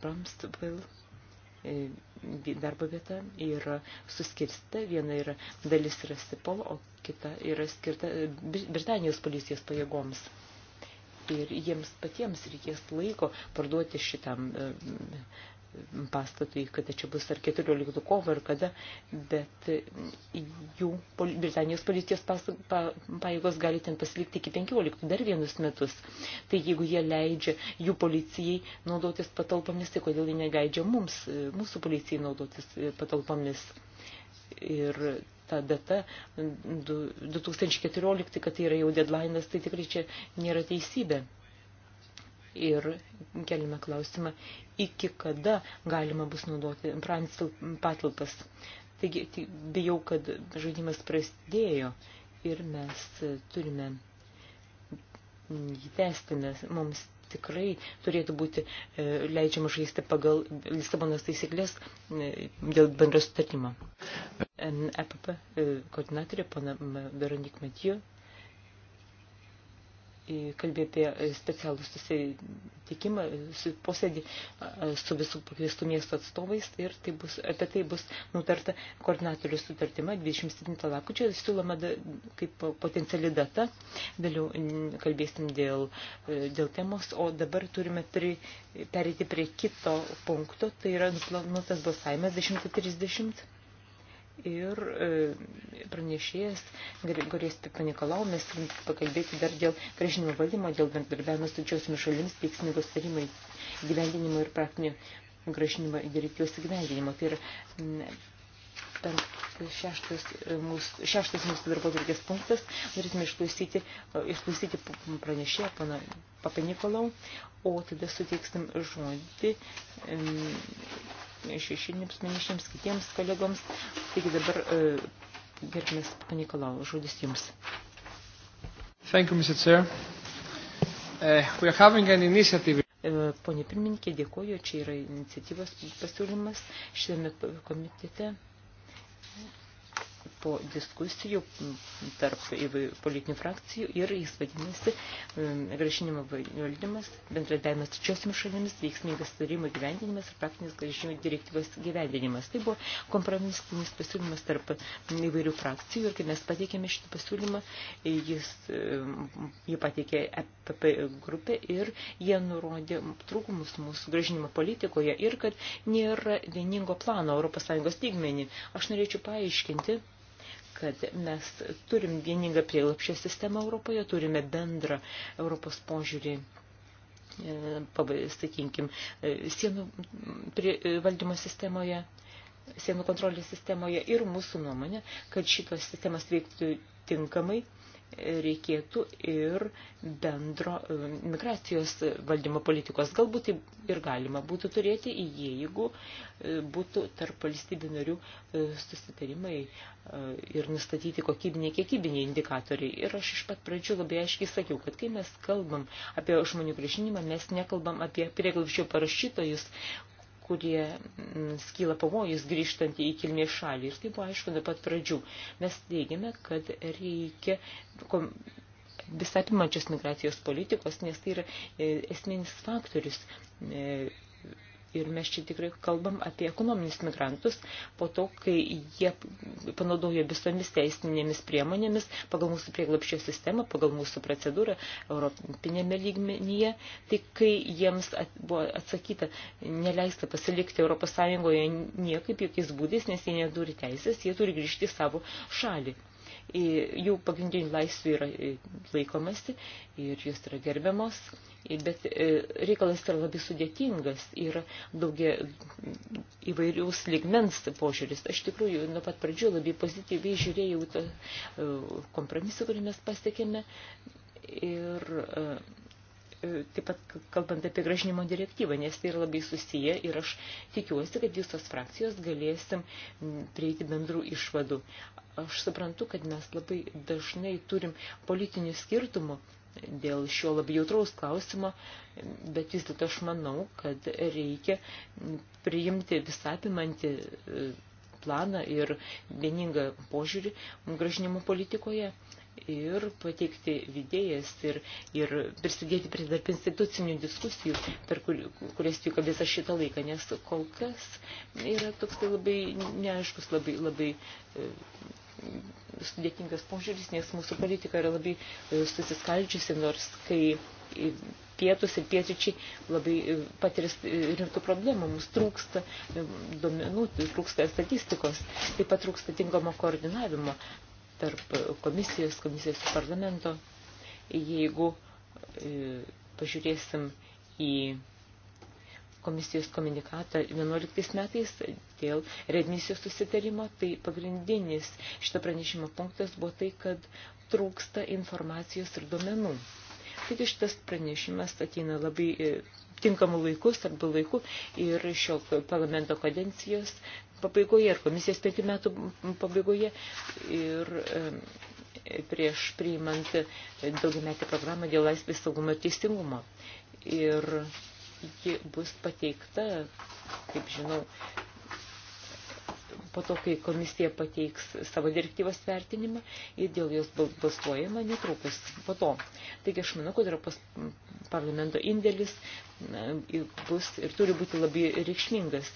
Bramstville e, darbo vieta yra suskirsta, viena yra dalis yra Sipol, o kita yra skirta e, Britanijos policijos pajėgoms. Ir jiems patiems reikės laiko parduoti šitam e, pastatui, kada čia bus ar 14 kovo ar kada, bet jų Britanijos policijos pajėgos gali ten pasilikti iki 15, dar vienus metus. Tai jeigu jie leidžia jų policijai naudotis patalpomis, tai kodėl jie negaidžia mums, mūsų policijai naudotis patalpomis. Ir ta data 2014, kad tai yra jau deadline'as, tai tikrai čia nėra teisybė ir keliame klausimą, iki kada galima bus naudoti bransil patalpas. Taigi, tai bijau, kad žaidimas prasidėjo ir mes turime jį tęsti, nes mums tikrai turėtų būti e, leidžiama žaisti pagal Lisabonos taisyklės e, dėl bendro sutartimo. EPP e, koordinatorė, pana Veronik Matijų, kalbė apie specialų susitikimą, posėdį su visų pakviestų miesto atstovais ir tai bus, apie tai bus nutarta koordinatorių sutartima 27 lapkričio, siūloma kaip potenciali data, vėliau kalbėsim dėl, e, dėl temos, o dabar turime pri, perėti prie kito punkto, tai yra nuplanuotas balsavimas 1030 ir e, pranešėjas Gorės Panikolau mes pakalbėti dar dėl grąžinimo valdymo, dėl bendradarbiavimo su didžiosiomis šalims, veiksmingo starimo įgyvendinimo ir praktinio grąžinimo direktyvos įgyvendinimo. Tai yra mm, šeštas e, mūsų, šeštas mūsų darbo tvarkės punktas. Norėtume išklausyti, išklausyti pranešėją, pana Papanikolau, o tada suteiksim žodį mm, šešiniams menišiams, kitiems kolegoms. Taigi dabar e, gerbimas Panikolau, žodis jums. Thank you, Mr. Chair. Uh, we are having an initiative. E, pone pirmininkė, dėkuoju, čia yra iniciatyvos pasiūlymas šitame komitete po diskusijų tarp politinių frakcijų ir jis vadinasi grąžinimo um, valdymas, bendradavimas trečiosiomis šalimis, veiksmingas tarimo gyvendinimas ir praktinis grąžinimo direktyvos gyvendinimas. Tai buvo kompromisinis pasiūlymas tarp įvairių frakcijų ir kai mes pateikėme šitą pasiūlymą, jis, um, jį pateikė EPP grupė ir jie nurodė trūkumus mūsų grąžinimo politikoje ir kad nėra vieningo plano ES lygmenį. Aš norėčiau paaiškinti, kad mes turim vieningą prieglapščio sistemą Europoje, turime bendrą Europos požiūrį e, sakinkim, e, sienų e, valdymo sistemoje, sienų kontrolės sistemoje ir mūsų nuomonė, kad šitos sistemas veiktų tinkamai reikėtų ir bendro e, migracijos valdymo politikos. Galbūt tai ir galima būtų turėti, jeigu e, būtų tarp valstybių narių e, susitarimai ir nustatyti kokybiniai, kiekybiniai indikatoriai. Ir aš iš pat pradžių labai aiškiai sakiau, kad kai mes kalbam apie žmonių grįžinimą, mes nekalbam apie prieglapščio parašytojus, kurie mm, skyla pavojus grįžtant į kilmės šalį. Ir tai buvo aišku nuo pat pradžių. Mes teigiame, kad reikia visapimančios migracijos politikos, nes tai yra e, esminis faktorius e, ir mes čia tikrai kalbam apie ekonominius migrantus, po to, kai jie panaudojo visomis teisinėmis priemonėmis pagal mūsų prieglapščio sistemą, pagal mūsų procedūrą europinėme lygmenyje, tai kai jiems at, buvo atsakyta, neleista pasilikti ES niekaip, jokiais būdais, nes jie neturi teisės, jie turi grįžti į savo šalį jų pagrindinių laisvių yra laikomasi ir jos yra gerbiamos bet e, reikalas yra labai sudėtingas ir daugia įvairiaus ligmens požiūris. Aš tikrųjų nuo pat pradžių labai pozityviai žiūrėjau tą e, kompromisą, kurį mes pasiekėme ir e, taip pat kalbant apie gražinimo direktyvą, nes tai yra labai susiję ir aš tikiuosi, kad visos frakcijos galėsim prieiti bendrų išvadų. Aš suprantu, kad mes labai dažnai turim politinių skirtumų dėl šio labai jautraus klausimo, bet vis dėlto aš manau, kad reikia priimti visapimantį e, planą ir vieningą požiūrį gražinimo politikoje ir pateikti idėjas ir, ir prisidėti prie tarp institucinių diskusijų, per kur, kurias vyko visą šitą laiką, nes kol kas yra toks tai labai neaiškus, labai, labai e, sudėtingas požiūris, nes mūsų politika yra labai e, susiskaldžiusi, nors kai pietus ir pietryčiai labai e, patiris e, rimtų problemų, mums trūksta duomenų, trūksta statistikos, taip pat trūksta tinkamo koordinavimo tarp komisijos, komisijos ir parlamento. Jeigu pažiūrėsim į komisijos komunikatą 11 metais dėl redmisijos susitarimo, tai pagrindinis šito pranešimo punktas buvo tai, kad trūksta informacijos ir duomenų. Taigi šitas pranešimas ateina labai e, tinkamų laikų, svarbių laikų ir šio parlamento kadencijos pabaigoje ir komisijos penkių metų pabaigoje ir e, prieš priimant daugiametį programą dėl laisvės saugumo ir teisingumo. Ir ji bus pateikta, kaip žinau, po to, kai komisija pateiks savo direktyvos vertinimą ir dėl jos balsuojama netrukus po to. Taigi aš manau, kad Europos parlamento indėlis bus ir turi būti labai reikšmingas.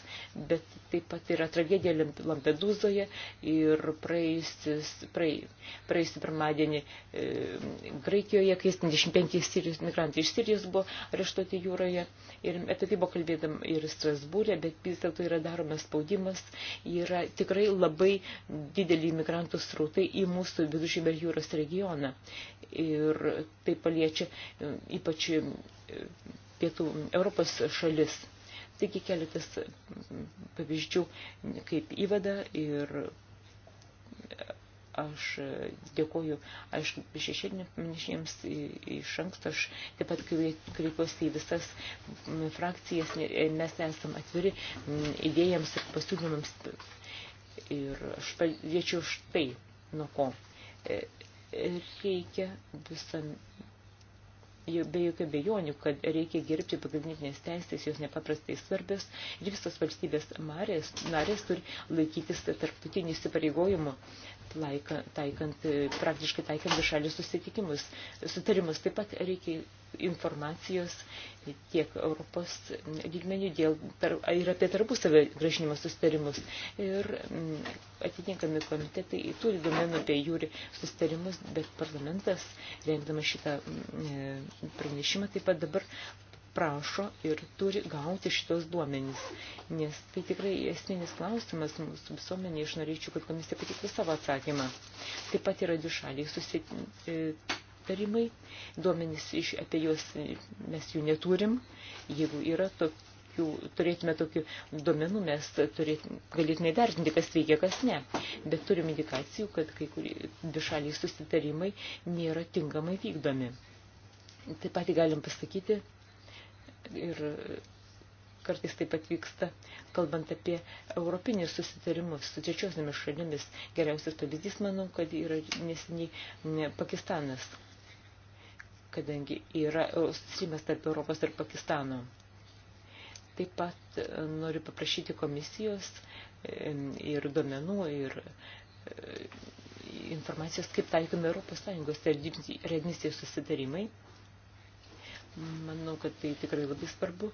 Bet taip pat yra tragedija Lampedūzoje ir praėjusį pirmadienį e, Graikijoje, kai 75 sirijos migrantai iš Sirijos buvo areštuoti jūroje. Ir apie tai buvo kalbėdam ir Strasbūrė, bet vis dėlto yra daromas spaudimas. Yra tikrai labai dideli migrantų srautai į mūsų viduržymę jūros regioną. Ir tai paliečia e, ypač pietų Europos šalis. Taigi keletas pavyzdžių kaip įvada ir aš dėkoju, aišku, šešėlinėms iš anksto, aš taip pat kreipiuosi į visas frakcijas, mes esam atviri idėjams ir pasiūlymams. Ir aš paliečiau štai, nuo ko reikia visam be jokių bejonių, kad reikia gerbti pagrindinės teisės, jos nepaprastai svarbios ir visos valstybės marės, narės turi laikytis tarptautinių įsipareigojimų taikant, taikant e, praktiškai taikant višalius susitikimus, sutarimus. Taip pat reikia informacijos tiek Europos lygmenių dėl, tar, ir apie tarpusavio gražinimo sustarimus. Ir mm, atitinkami komitetai turi domenų apie jūrį sustarimus, bet parlamentas, rengdamas šitą mm, e, pranešimą, taip pat dabar prašo ir turi gauti šitos duomenys, nes tai tikrai esminis klausimas mūsų visuomenė, aš norėčiau, kad komisija patiktų savo atsakymą. Taip pat yra dušaliai susitarimai, e, duomenys iš, apie juos mes jų neturim, jeigu yra tokių, turėtume tokių duomenų, mes turėt, galėtume vertinti, kas veikia, kas ne, bet turim indikacijų, kad kai kurie dušaliai susitarimai nėra tinkamai vykdomi. Taip pat galim pasakyti, ir kartais taip pat vyksta, kalbant apie europinius susitarimus su trečiosiamis šalimis. Geriausias pavyzdys, manau, kad yra neseniai Pakistanas, kadangi yra susitarimas tarp Europos ir Pakistano. Taip pat e, noriu paprašyti komisijos e, ir domenų ir e, informacijos, kaip taikomi Europos Sąjungos readmisijos susitarimai. Manau, kad tai tikrai labai svarbu.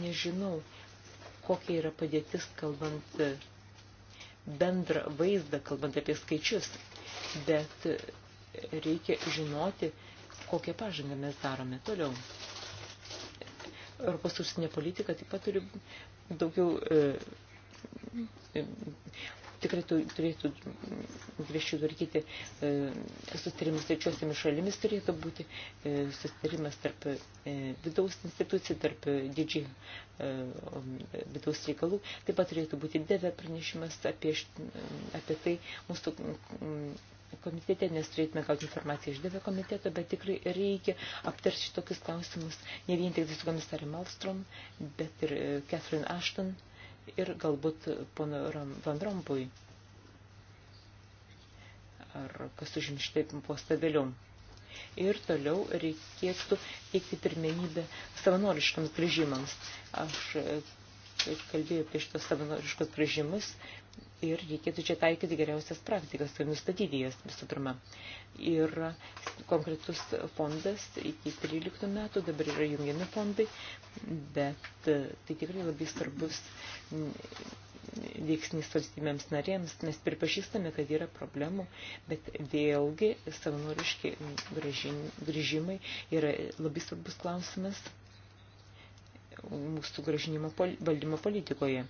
Nežinau, kokia yra padėtis, kalbant bendrą vaizdą, kalbant apie skaičius, bet reikia žinoti, kokią pažangą mes darome toliau. Europos užsienio politika taip pat turi daugiau e, e, tikrai turėtų griežčiau tvarkyti e, sustarimus trečiosiamis šalimis, turėtų būti e, sustarimas tarp e, vidaus institucijų, tarp didžiai e, um, vidaus reikalų. Taip pat turėtų būti devė pranešimas apie, apie tai mūsų mm, komitete, nes turėtume gauti informaciją iš devė komiteto, bet tikrai reikia aptarti tokius klausimus ne vien tik su komisarė Malstrom, bet ir e, Catherine Ashton. E, ir galbūt pono Van Rompui, ar kas užims štai postą vėliau. Ir toliau reikėtų teikti pirmenybę savanoriškams grįžimams. Aš kalbėjo apie šitos savanoriškus grįžimus ir reikėtų čia taikyti geriausias praktikas ir tai nustatyti jas visų pirma. Ir konkretus fondas iki 13 metų, dabar yra jungiami fondai, bet e, tai tikrai labai svarbus veiksnys valstybėms narėms, nes pripažįstame, kad yra problemų, bet vėlgi savanoriški grįžimai yra labai svarbus klausimas mūsų gražinimo pol valdymo politikoje.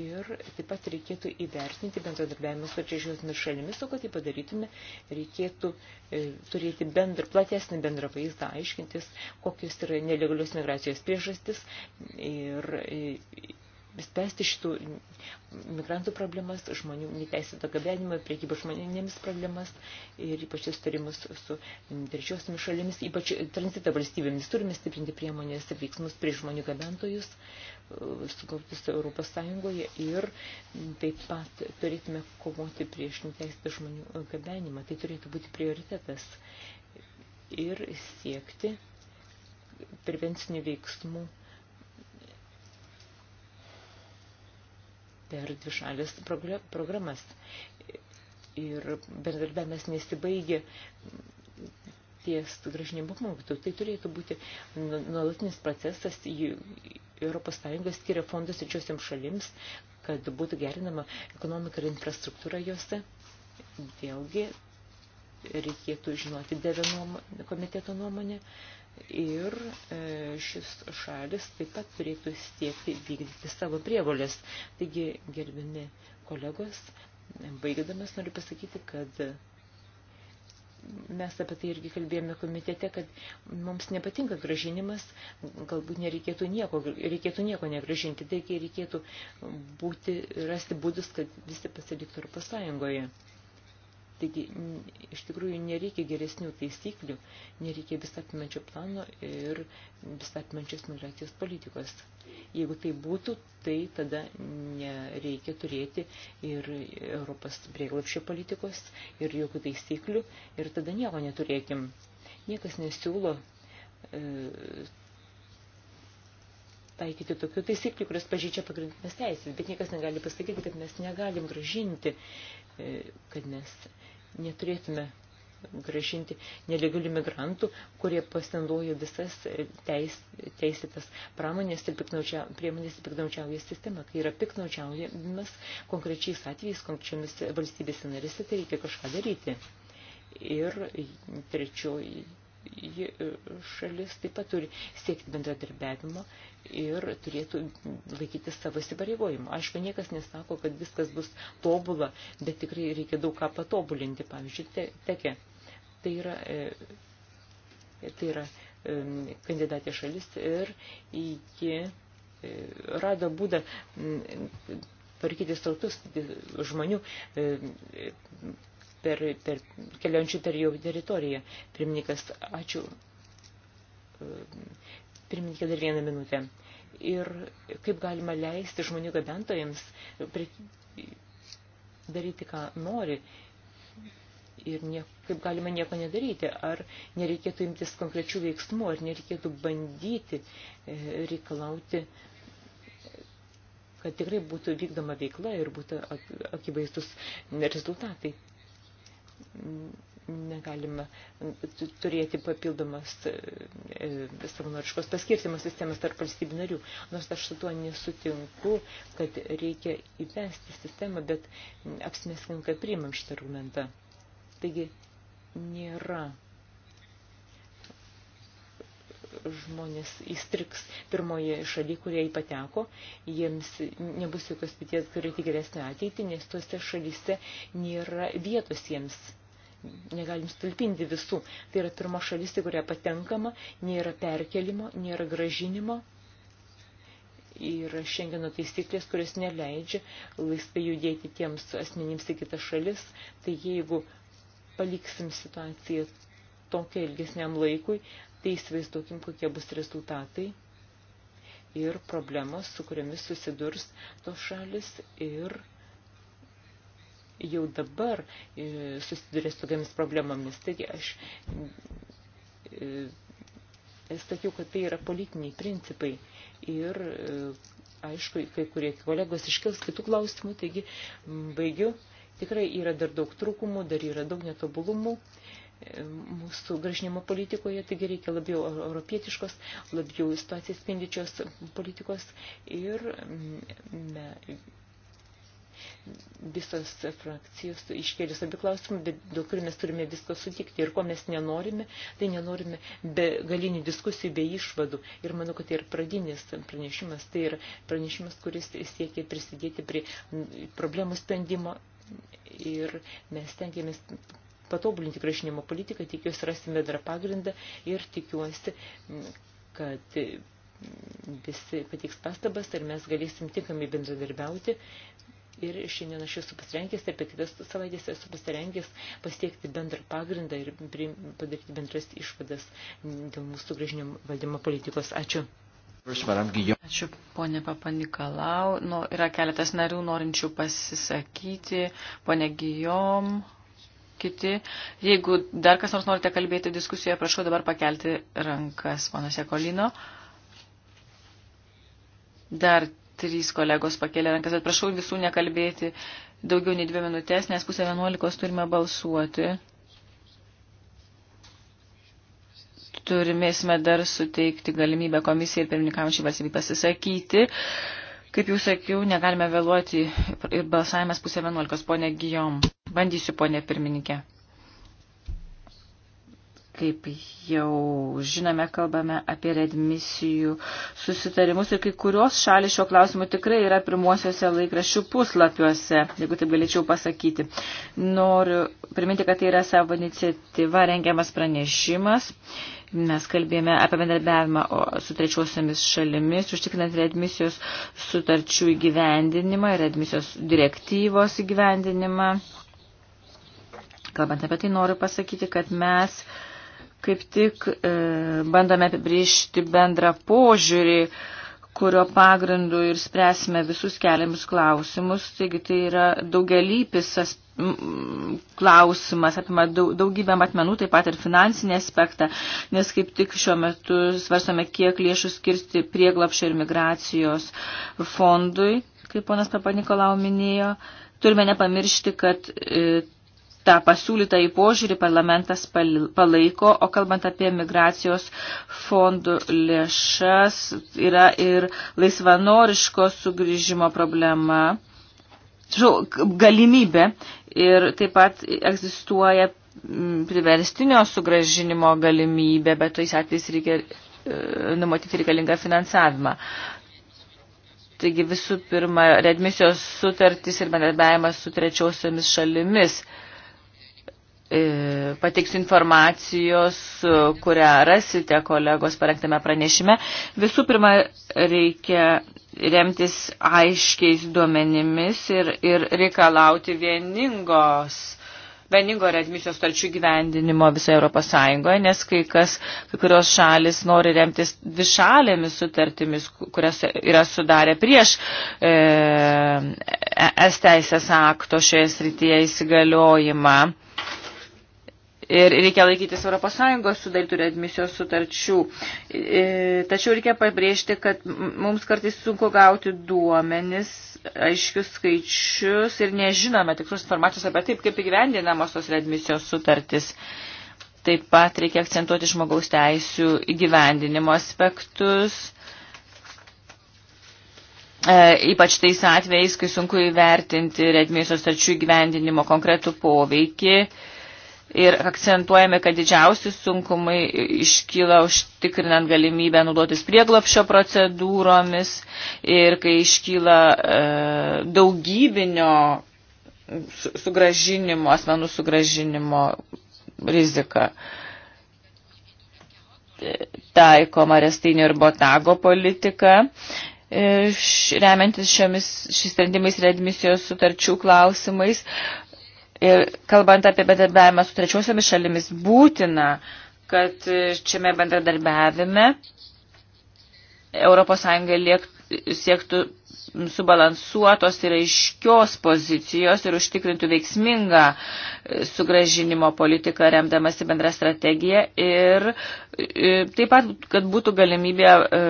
Ir taip pat reikėtų įvertinti bendradarbiavimą su trečiosiomis šalimis, o kad tai padarytume, reikėtų e, turėti bendr, platesnį bendrą vaizdą, aiškintis, kokios yra nelegalios migracijos priežastis ir e, spręsti šitų migrantų problemas, žmonių neteisėtą gabenimą, priekybą žmonėmis problemas ir ypač sustarimus su trečiosiomis šalimis, ypač tranzito valstybėmis. Turime stiprinti priemonės ir veiksmus prieš žmonių gabentojus, e, sukauptus Europos Sąjungoje ir taip pat turėtume kovoti prieš neteisėtą žmonių gabenimą. Tai turėtų būti prioritetas ir siekti prevencinių veiksmų per tai dvišalės programas. Ir bendradarbiavimas nesibaigė ties gražinimu mokytų. Tai turėtų būti nu, nuolatinis procesas. Europos Sąjunga skiria fondus trečiosiam šalims, kad būtų gerinama ekonomika ir infrastruktūra juose. Vėlgi reikėtų žinoti dėvę komiteto nuomonę. Komiteto nuomonė ir e, šis šalis taip pat turėtų siekti vykdyti savo prievolės. Taigi, gerbimi kolegos, baigdamas noriu pasakyti, kad mes apie tai irgi kalbėjome komitete, kad mums nepatinka gražinimas, galbūt nereikėtų nieko, reikėtų nieko negražinti, taigi reikėtų būti, rasti būdus, kad visi pasiliktų Europos Sąjungoje. Taigi, mm, iš tikrųjų, nereikia geresnių taisyklių, nereikia visatmančio plano ir visatmančios migracijos politikos. Jeigu tai būtų, tai tada nereikia turėti ir Europos prieglapščio politikos ir jokių taisyklių ir tada nieko neturėkim. Niekas nesiūlo e, taikyti tokių taisyklių, kurios pažydžia pagrindinės teisės, bet niekas negali pasakyti, kad mes negalim gražinti, e, kad mes neturėtume gražinti nelegalių migrantų, kurie pasinaudojo visas teis, teisėtas pramonės ir piknaučia, priemonės ir piknaučiauja sistemą. Kai yra piknaučiaujamas konkrečiais atvejais, konkrečiomis valstybėse narėse, tai reikia kažką daryti. Ir trečioji E, šalis taip pat turi siekti bendradarbiavimo ir turėtų laikyti savo įsipareigojimų. Aišku, niekas nesako, kad viskas bus tobula, bet tikrai reikia daug ką patobulinti, pavyzdžiui, te, tekė. Tai yra, e, tai yra e, kandidatė šalis ir ji rado būdą tvarkyti srautus žmonių per, per keliančių per jų teritoriją. Pirmininkas, ačiū. Pirmininkė, dar vieną minutę. Ir kaip galima leisti žmonių gabentojams daryti, ką nori, ir nie, kaip galima nieko nedaryti, ar nereikėtų imtis konkrečių veiksmų, ar nereikėtų bandyti e, reikalauti, kad tikrai būtų vykdoma veikla ir būtų akivaizdus rezultatai negalima turėti papildomas e, e, savanoriškos paskirtimo sistemas tarp valstybių narių. Nors aš su tuo nesutinku, kad reikia įvesti sistemą, bet apsimeskim, kad priimam šitą argumentą. Taigi nėra žmonės įstriks pirmoje šalyje, kurie įpateko, jiems nebus jokios paties turėti geresnę ateitį, nes tuose šalyse nėra vietos jiems. Negalim stulpinti visų. Tai yra pirma šalis, į kurią patenkama, nėra perkelimo, nėra gražinimo. Yra šengeno taisyklės, kurios neleidžia laisvai judėti tiems asmenims į kitas šalis. Tai jeigu paliksim situaciją tokia ilgesniam laikui, tai įsivaizduokim, kokie bus rezultatai ir problemos, su kuriamis susidurs tos šalis ir jau dabar e, susidurės tokiamis problemomis. Taigi e, e, aš sakiau, kad tai yra politiniai principai ir aišku, kai kurie kolegos iškils kitų klausimų, taigi baigiu. Tikrai yra dar daug trūkumų, dar yra daug netobulumų mūsų gražinimo politikoje, taigi reikia labiau europietiškos, labiau situaciją spindičios politikos ir mm, me, visos frakcijos iškėlė abi klausimą, bet dėl kurių mes turime viską sutikti ir ko mes nenorime, tai nenorime be galinių diskusijų, be išvadų. Ir manau, kad tai yra pradinis pranešimas, tai yra pranešimas, kuris siekia prisidėti prie problemų sprendimo ir mes tenkėmės patobulinti gražinimo politiką, tikiuosi rasime dar pagrindą ir tikiuosi, kad visi patiks pastabas ir mes galėsim tinkamai bendradarbiauti. Ir šiandien aš esu pasirengęs, apie kitas savaitės esu pasirengęs pasiekti bendrą pagrindą ir padaryti bendras išvadas dėl mūsų gražinimo valdymo politikos. Ačiū. Ačiū, ponė Papanikalau. Nu, yra keletas narių norinčių pasisakyti. Pone Gijom kiti. Jeigu dar kas nors norite kalbėti diskusijoje, prašau dabar pakelti rankas, ponas Jekolino. Dar trys kolegos pakėlė rankas, bet prašau visų nekalbėti daugiau nei dvi minutės, nes pusę vienuolikos turime balsuoti. Turimėsime dar suteikti galimybę komisijai ir pirmininkaujančiai valstybei pasisakyti. Kaip jau sakiau, negalime vėluoti ir balsavimas pusė vienuolikos, ponė Gijom. Bandysiu, ponė pirmininkė. Kaip jau žinome, kalbame apie redmisijų susitarimus ir kai kurios šalis šio klausimu tikrai yra pirmuosiuose laikraščių puslapiuose, jeigu taip galėčiau pasakyti. Noriu priminti, kad tai yra savo iniciatyva rengiamas pranešimas. Mes kalbėjome apie bendarbiavimą su trečiosiamis šalimis, užtikrinant readmisijos sutarčių įgyvendinimą ir readmisijos direktyvos įgyvendinimą. Kalbant apie tai, noriu pasakyti, kad mes kaip tik e, bandome apibriežti bendrą požiūrį, kurio pagrindu ir spręsime visus keliamus klausimus. Taigi tai yra daugelypis klausimas, apima daugybę matmenų, taip pat ir finansinį aspektą, nes kaip tik šiuo metu svarstome, kiek lėšų skirsti prieglapšio ir migracijos fondui, kaip ponas Papanikolau minėjo. Turime nepamiršti, kad e, tą pasiūlytą į požiūrį parlamentas palaiko, o kalbant apie migracijos fondų lėšas, yra ir laisvanoriško sugrįžimo problema, galimybė ir taip pat egzistuoja priverstinio sugražinimo galimybė, bet tais atvejais reikia e, numatyti reikalingą finansavimą. Taigi visų pirma, redmisijos sutartys ir bendradarbiavimas su trečiosiomis šalimis. E, pateiksiu informacijos, e, kurią rasite kolegos parengtame pranešime. Visų pirma, reikia remtis aiškiais duomenimis ir, ir reikalauti vieningos vieningo readmisijos starčių gyvendinimo visoje Europos Sąjungoje, nes kai, kas, kai kurios šalis nori remtis dvišalėmis sutartimis, kurias yra sudarę prieš e, es teisės akto šioje srityje įsigaliojimą. E, ir reikia laikytis ES sudarytų readmisijos sutarčių. E, tačiau reikia pabrėžti, kad mums kartais sunku gauti duomenis, aiškius skaičius ir nežinome tikros informacijos apie taip, kaip įgyvendinamos tos readmisijos sutartis. Taip pat reikia akcentuoti žmogaus teisių įgyvendinimo aspektus. E, ypač tais atvejais, kai sunku įvertinti redmėsios tarčių gyvendinimo konkretų poveikį. E, ir akcentuojame, kad didžiausi sunkumai iškyla užtikrinant galimybę naudotis prieglapšio procedūromis ir kai iškyla e, daugybinio sugražinimo, asmenų sugražinimo rizika. Taikoma restinio ir botago politika. E, remiantis šiomis, šis sprendimais readmisijos sutarčių klausimais, Ir kalbant apie bendradarbiavimą su trečiosiomis šalimis, būtina, kad šiame bendradarbiavime ES siektų subalansuotos ir aiškios pozicijos ir užtikrintų veiksmingą sugražinimo politiką remdamasi bendrą strategiją ir e, taip pat, kad būtų galimybė e,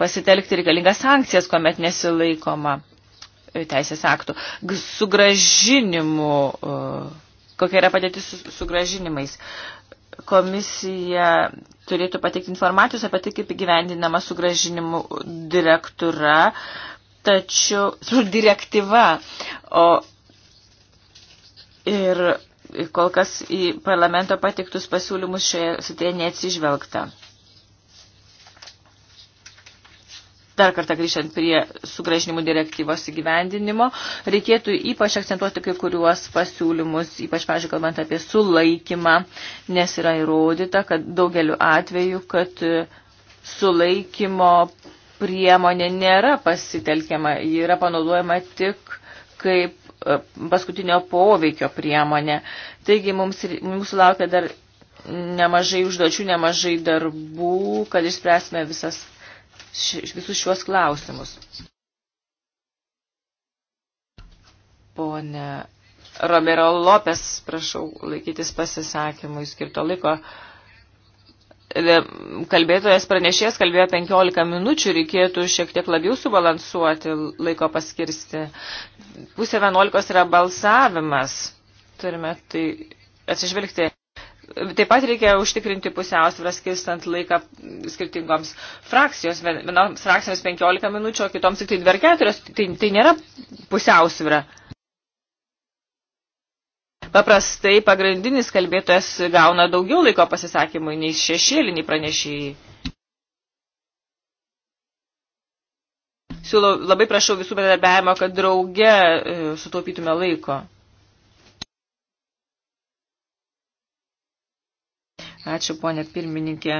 pasitelkti reikalingas sankcijas, kuomet nesilaikoma teisės aktų. Sugražinimu, e, kokia yra padėtis su sugražinimais. Komisija turėtų pateikti informacijos apie tai, kaip įgyvendinama sugražinimų direktura, tačiau, su direktyva, o ir kol kas į parlamento pateiktus pasiūlymus šioje sutėje neatsižvelgta. dar kartą grįžtant prie sugražinimų direktyvos įgyvendinimo, reikėtų ypač akcentuoti kai kuriuos pasiūlymus, ypač, pažiūrėjau, kalbant apie sulaikymą, nes yra įrodyta, kad daugeliu atveju, kad e, sulaikymo priemonė nėra pasitelkiama, ji yra panaudojama tik kaip e, paskutinio poveikio priemonė. Taigi mums, mums laukia dar nemažai užduočių, nemažai darbų, kad išspręsime visas ši, visus šiuos klausimus. Pone Romero Lopes, prašau laikytis pasisakymui skirto laiko. E, kalbėtojas pranešės kalbėjo 15 minučių, reikėtų šiek tiek labiau subalansuoti laiko paskirsti. Pusė 11 yra balsavimas. Turime tai atsižvelgti. Taip pat reikia užtikrinti pusiausvyrą skirstant laiką skirtingoms frakcijos. Vienoms frakcijoms 15 minučių, o kitoms tik tai 24. Tai, tai nėra pusiausvyrą. Paprastai pagrindinis kalbėtojas gauna daugiau laiko pasisakymui nei šešėliniai pranešėjai. Siūlau, labai prašau visų bendarbiavimo, kad drauge e, sutaupytume laiko. Ačiū, ponė pirmininkė.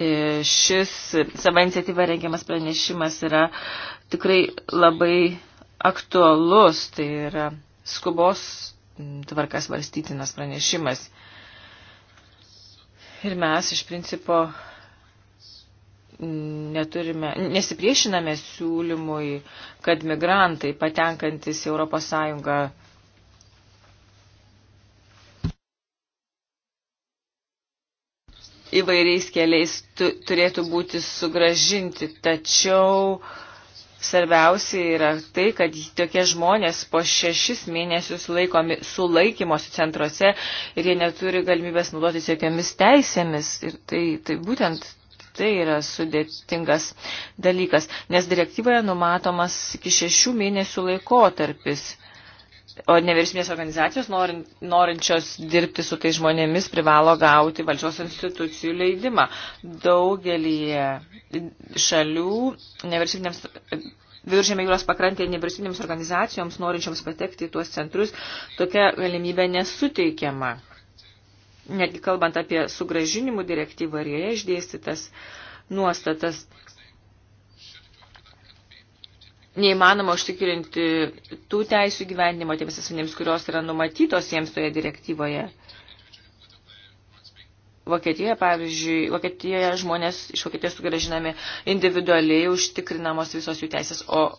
E, šis savo iniciatyva rengiamas pranešimas yra tikrai labai aktualus, tai yra skubos tvarkas varstytinas pranešimas. Ir mes iš principo neturime, nesipriešiname siūlymui, kad migrantai patenkantis į Europos Sąjungą įvairiais keliais tu, turėtų būti sugražinti, tačiau svarbiausia yra tai, kad tokie žmonės po šešis mėnesius laikomi sulaikymosi centruose ir jie neturi galimybės naudotis jokiamis teisėmis. Ir tai, tai būtent tai yra sudėtingas dalykas, nes direktyvoje numatomas iki šešių mėnesių laikotarpis. O nevyriausybinės organizacijos norint, norinčios dirbti su tai žmonėmis privalo gauti valdžios institucijų leidimą. Daugelį šalių nevyriausybinėms viduržėmė jūros pakrantėje nevyriausybinėms organizacijoms norinčioms patekti į tuos centrus tokia galimybė nesuteikiama netgi kalbant apie sugražinimų direktyvą ir joje išdėstytas nuostatas, neįmanoma užtikrinti tų teisų gyvenimo tiems asmenims, kurios yra numatytos jiems toje direktyvoje. Vokietijoje, pavyzdžiui, Vokietijoje žmonės iš Vokietijos sugražinami individualiai užtikrinamos visos jų teisės, o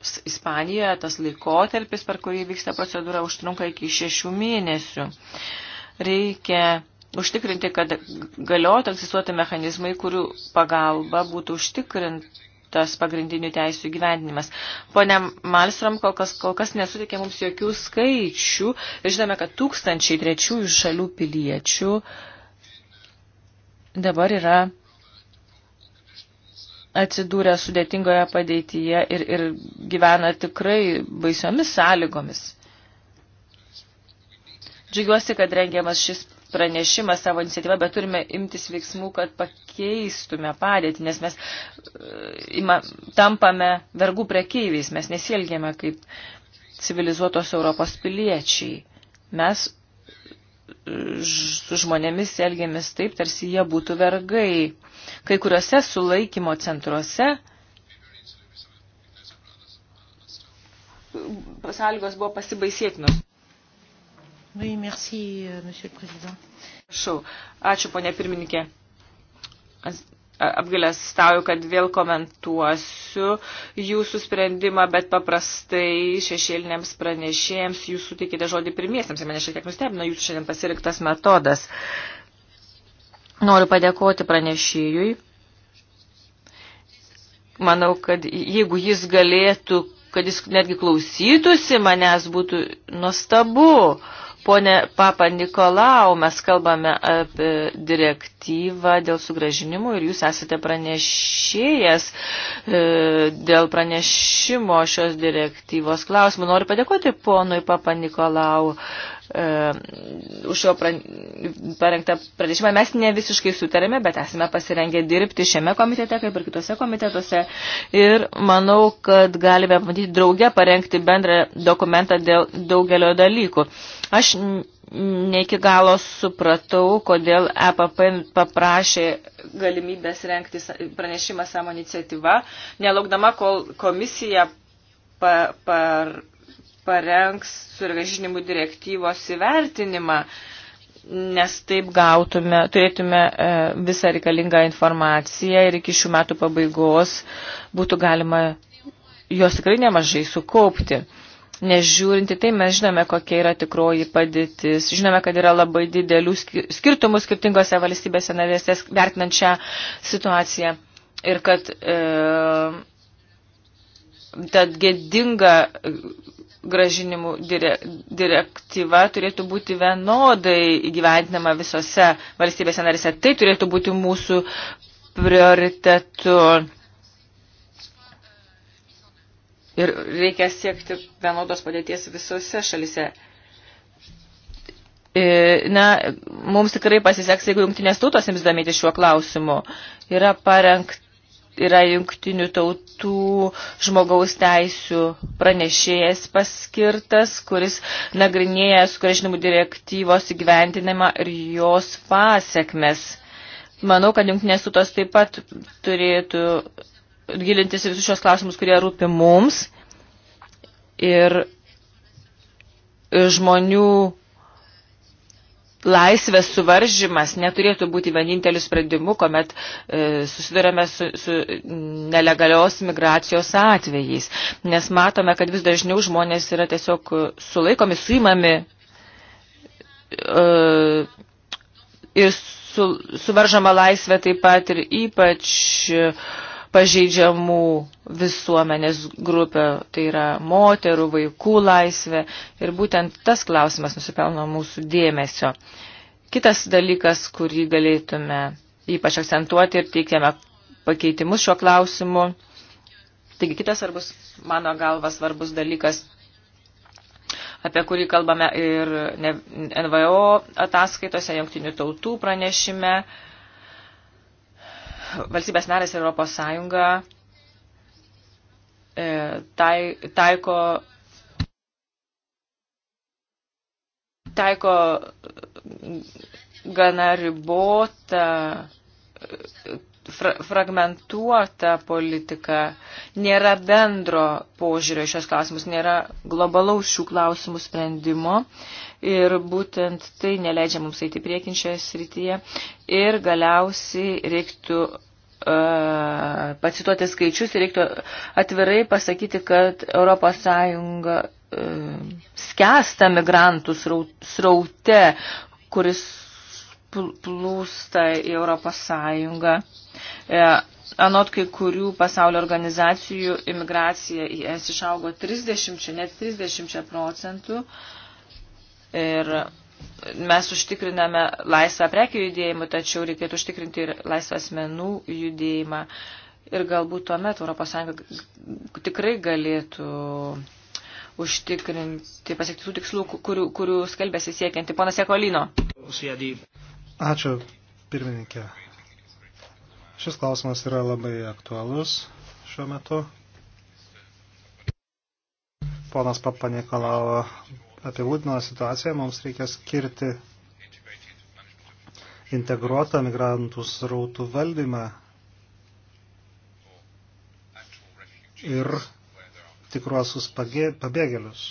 Ispanijoje tas laikotarpis, per kurį vyksta procedūra, užtrunka iki šešių mėnesių. Uh, Reikia užtikrinti, kad galiotų egzistuoti mechanizmai, kurių pagalba būtų užtikrintas pagrindinių teisų gyvendinimas. Pone Malstrom, kol kas, kol kas nesutikė mums jokių skaičių. Žinome, kad tūkstančiai trečiųjų šalių piliečių dabar yra atsidūrę sudėtingoje padėtyje ir, ir gyvena tikrai baisiomis sąlygomis. Džiugiuosi, kad rengiamas šis pranešimas savo iniciatyvą, bet turime imtis veiksmų, kad pakeistume padėtį, nes mes e, ima, tampame vergų prekeiviais, mes nesielgėme kaip civilizuotos Europos piliečiai. Mes e, su žmonėmis elgiamės taip, tarsi jie būtų vergai. Kai kuriuose sulaikymo centruose sąlygos buvo pasibaisėtinos. Oui, merci, euh, monsieur le président. Prašau. Ačiū, ponė pirmininkė. Apgailestauju, kad vėl komentuosiu jūsų sprendimą, bet paprastai šešėliniams pranešėjams jūs suteikite žodį pirmiesiams. Mane šiek tiek nustebino jūsų šiandien pasirinktas metodas. Noriu padėkoti pranešėjui. Manau, kad jeigu jis galėtų, kad jis netgi klausytųsi manęs, būtų nuostabu. Uh, Pone Papa Nikolau, mes kalbame apie direktyvą dėl sugražinimų ir jūs esate pranešėjas e, dėl pranešimo šios direktyvos klausimų. Noriu padėkoti ponui Papa Nikolau E, už jo parengtą pranešimą. Mes ne visiškai sutarėme, bet esame pasirengę dirbti šiame komitete, kaip ir kitose komitetuose. Ir manau, kad galime pamatyti draugę parengti bendrą dokumentą dėl daugelio dalykų. Aš ne iki galo supratau, kodėl EPP paprašė galimybės rengti pranešimą savo iniciatyvą, nelaukdama, kol komisija pa, par, parengs sugražinimų direktyvos įvertinimą, nes taip gautume, turėtume e, visą reikalingą informaciją ir iki šių metų pabaigos būtų galima jos tikrai nemažai sukaupti. Nežiūrinti tai, mes žinome, kokia yra tikroji padėtis. Žinome, kad yra labai didelių skirtumų skirtingose valstybėse narėse vertinant šią situaciją. Ir kad e, tad gėdinga gražinimų direktyva turėtų būti vienodai įgyventinama visose valstybėse narise. Tai turėtų būti mūsų prioritetu. Ir reikia siekti vienodos padėties visose šalise. E, na, mums tikrai pasiseks, jeigu jungtinės tautos jums damyti šiuo klausimu. Yra parengta yra jungtinių tautų žmogaus teisių pranešėjas paskirtas, kuris nagrinėja sugražinimų direktyvos įgyventinimą ir jos pasiekmes. Manau, kad jungtinės tautos taip pat turėtų gilintis visus šios klausimus, kurie rūpi mums ir žmonių laisvės suvaržymas neturėtų būti vieninteliu sprendimu, kuomet e, susidurėme su, su nelegalios migracijos atvejais. Nes matome, kad vis dažniau žmonės yra tiesiog sulaikomi, suimami e, ir su, suvaržama laisvė taip pat ir ypač. E, pažeidžiamų visuomenės grupė, tai yra moterų, vaikų laisvė ir būtent tas klausimas nusipelno mūsų dėmesio. Kitas dalykas, kurį galėtume ypač akcentuoti ir teikiame pakeitimus šiuo klausimu. Taigi kitas svarbus, mano galva, svarbus dalykas apie kurį kalbame ir NVO ataskaitose, jungtinių tautų pranešime, uh, valstybės narės ir Europos Sąjunga e, tai, taiko, taiko gana ribotą e, fra, fragmentuota politika, nėra bendro požiūrio šios klausimus, nėra globalaus šių klausimų sprendimo. E, ir būtent tai neleidžia mums eiti priekin šioje srityje. Ir galiausiai reiktų uh, pacituoti skaičius ir reiktų atvirai pasakyti, kad ES uh, e, skęsta migrantų sraute, kuris plūsta į Europos Sąjungą. E, anot kai kurių pasaulio organizacijų imigracija į es išaugo 30, net 30 procentų. Uh, Ir mes užtikriname laisvą prekių judėjimą, tačiau reikėtų užtikrinti ir laisvą asmenų judėjimą. Ir galbūt tuomet ES tikrai galėtų užtikrinti, pasiekti tų tikslų, kurių, kurių skelbėsi siekianti. Ponas Jekolino. Ačiū, pirmininkė. Šis klausimas yra labai aktualus šiuo metu. Ponas Papa Nikolavo apibūdino situaciją, mums reikia skirti integruotą migrantų srautų valdymą ir tikruosius pabėgėlius.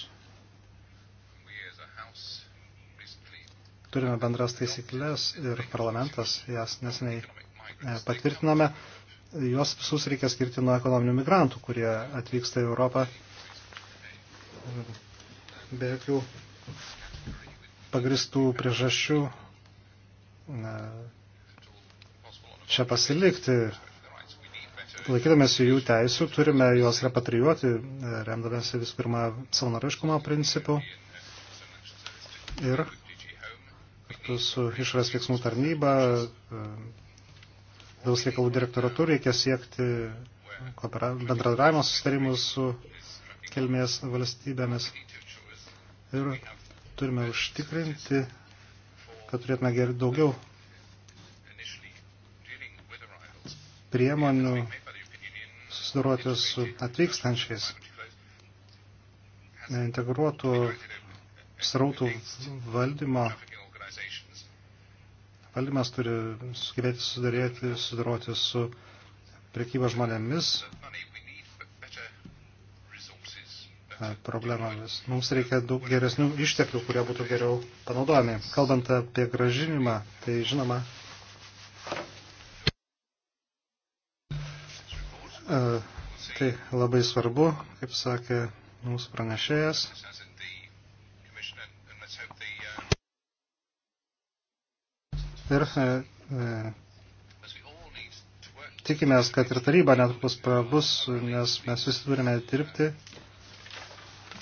Turime bendras taisyklės ir parlamentas jas nesnei e, patvirtinome. Juos visus reikia skirti nuo ekonominių migrantų, kurie atvyksta į Europą be jokių pagristų priežasčių na, čia pasilikti. Laikydamėsi jų teisų, turime juos repatrijuoti, remdamėsi vis pirma savanoriškumo principų ir kartu su išorės veiksmų tarnyba, e, daus reikalų direktoratu reikia siekti bendradavimo susitarimus su kelmės valstybėmis ir turime užtikrinti, kad turėtume geriau daugiau priemonių susidoroti su atvykstančiais integruotų srautų valdymo. Valdymas turi sugebėti sudaryti, sudaroti su prekyba žmonėmis E, problemomis. Mums reikia daug geresnių išteklių, kurie būtų geriau panaudojami. Kalbant apie gražinimą, tai žinoma, e, tai labai svarbu, kaip sakė mūsų pranešėjas. Ir e, e, tikimės, kad ir taryba netrukus prabus, nes mes visi turime dirbti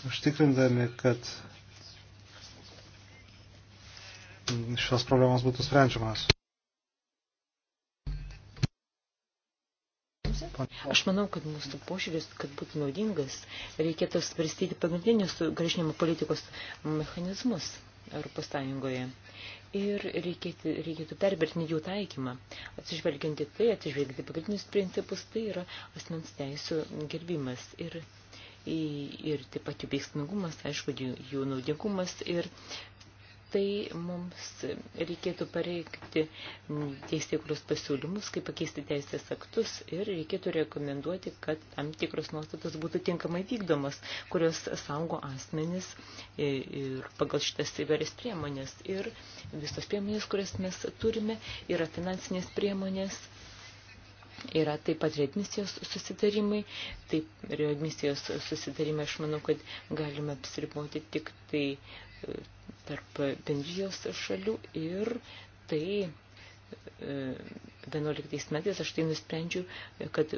užtikrindami, kad šios problemos būtų sprendžiamas. Aš manau, kad mūsų požiūris, kad būtų naudingas, reikėtų svarstyti pagrindinius grąžinimo politikos mechanizmus Europos Sąjungoje. Ir reikėtų, reikėtų pervertinti jų taikymą, atsižvelgianti tai, atsižvelgianti pagrindinius principus, tai yra asmens teisų gerbimas. Ir ir taip pat jų veiksmingumas, aišku, jų naudingumas ir tai mums reikėtų pareikti teisėkuros pasiūlymus, kaip pakeisti teisės aktus ir reikėtų rekomenduoti, kad tam tikros nuostatos būtų tinkamai vykdomas, kurios saugo asmenis ir pagal šitas įvairias priemonės. Ir visos priemonės, kurias mes turime, yra finansinės priemonės yra taip pat readmisijos susitarimai, taip readmisijos susitarimai, aš manau, kad galime apsiriboti tik tai e, tarp bendrijos šalių ir tai 11 e, metais aš tai nusprendžiau, kad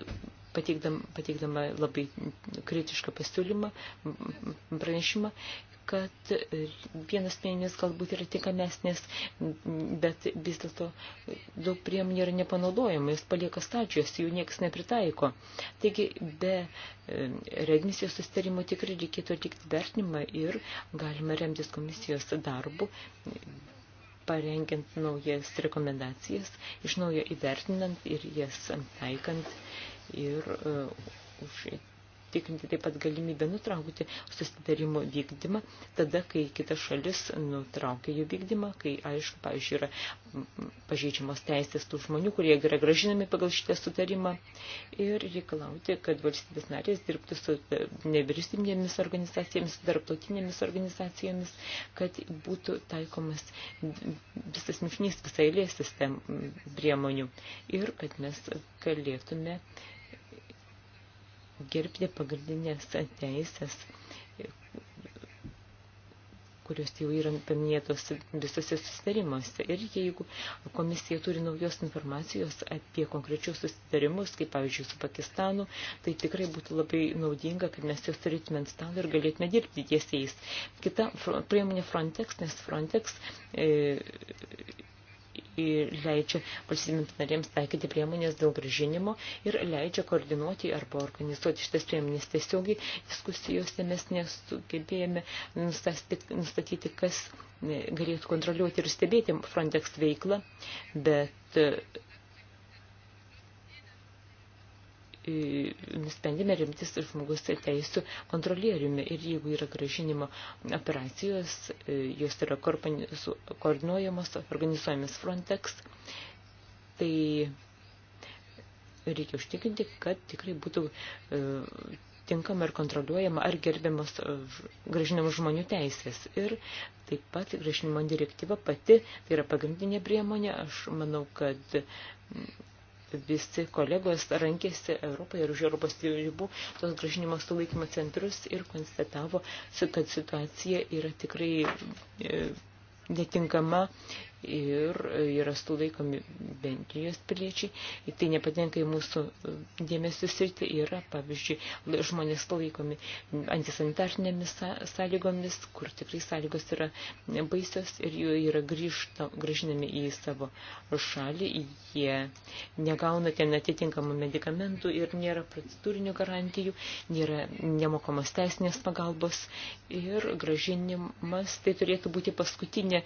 pateikdama, pateikdama labai kritišką pasiūlymą, pranešimą, kad vienas priemonės galbūt yra tikamesnės, bet vis dėlto daug priemonių yra nepanaudojama, jis palieka stačios, jų niekas nepritaiko. Taigi be e, redmisijos sustarimo tikrai reikėtų atlikti vertinimą ir galima remtis komisijos darbu parengiant naujas rekomendacijas, iš naujo įvertinant ir jas taikant ir uh, už užtikrinti taip pat galimybę nutraukti susitarimo vykdymą, tada, kai kita šalis nutraukia jų vykdymą, kai, aišku, pavyzdžiui, yra pažeidžiamos teisės tų žmonių, kurie yra gražinami pagal šitą sutarimą ir reikalauti, kad valstybės narės dirbtų su nevyriausybinėmis organizacijomis, tarptautinėmis organizacijomis, kad būtų taikomas visas mišinys visai eilės sistem priemonių ir kad mes galėtume gerbti pagrindinės teisės, kurios jau yra paminėtos visose susitarimuose. Ir jeigu komisija turi naujos informacijos apie konkrečius susitarimus, kaip pavyzdžiui su Pakistanu, tai tikrai būtų labai naudinga, kad mes jos turėtume ant stalo ir galėtume dirbti tiesiais. Kita priemonė Frontex, nes Frontex e, kuri leidžia valstybėms narėms taikyti priemonės dėl gražinimo ir leidžia koordinuoti arba organizuoti šitas priemonės. Tiesiogiai diskusijose mes nesugebėjome nustatyti, kas galėtų kontroliuoti ir stebėti Frontex veiklą, bet nusprendėme rimtis žmogus teisų kontrolieriumi. Ir jeigu yra gražinimo operacijos, e, jos yra koordinuojamos, organizuojamas Frontex, tai reikia užtikrinti, kad tikrai būtų e, tinkama ir kontroliuojama ar gerbiamas e, gražinamų žmonių teisės. Ir taip pat gražinimo direktyva pati, tai yra pagrindinė priemonė, aš manau, kad visi kolegos rankėsi Europoje ir už Europos ribų tos gražinimo sulaikymo centrus ir konstatavo, kad situacija yra tikrai e, netinkama ir yra sulaikomi bendrijos piliečiai, tai nepatenka į mūsų dėmesio sritį, yra, pavyzdžiui, žmonės sulaikomi antisanitarnėmis sąlygomis, kur tikrai sąlygos yra baisios ir jų yra grįžta, grįžinami į savo šalį, jie negauna ten atitinkamų medikamentų ir nėra procedūrinių garantijų, nėra nemokamos teisinės pagalbos ir gražinimas tai turėtų būti paskutinė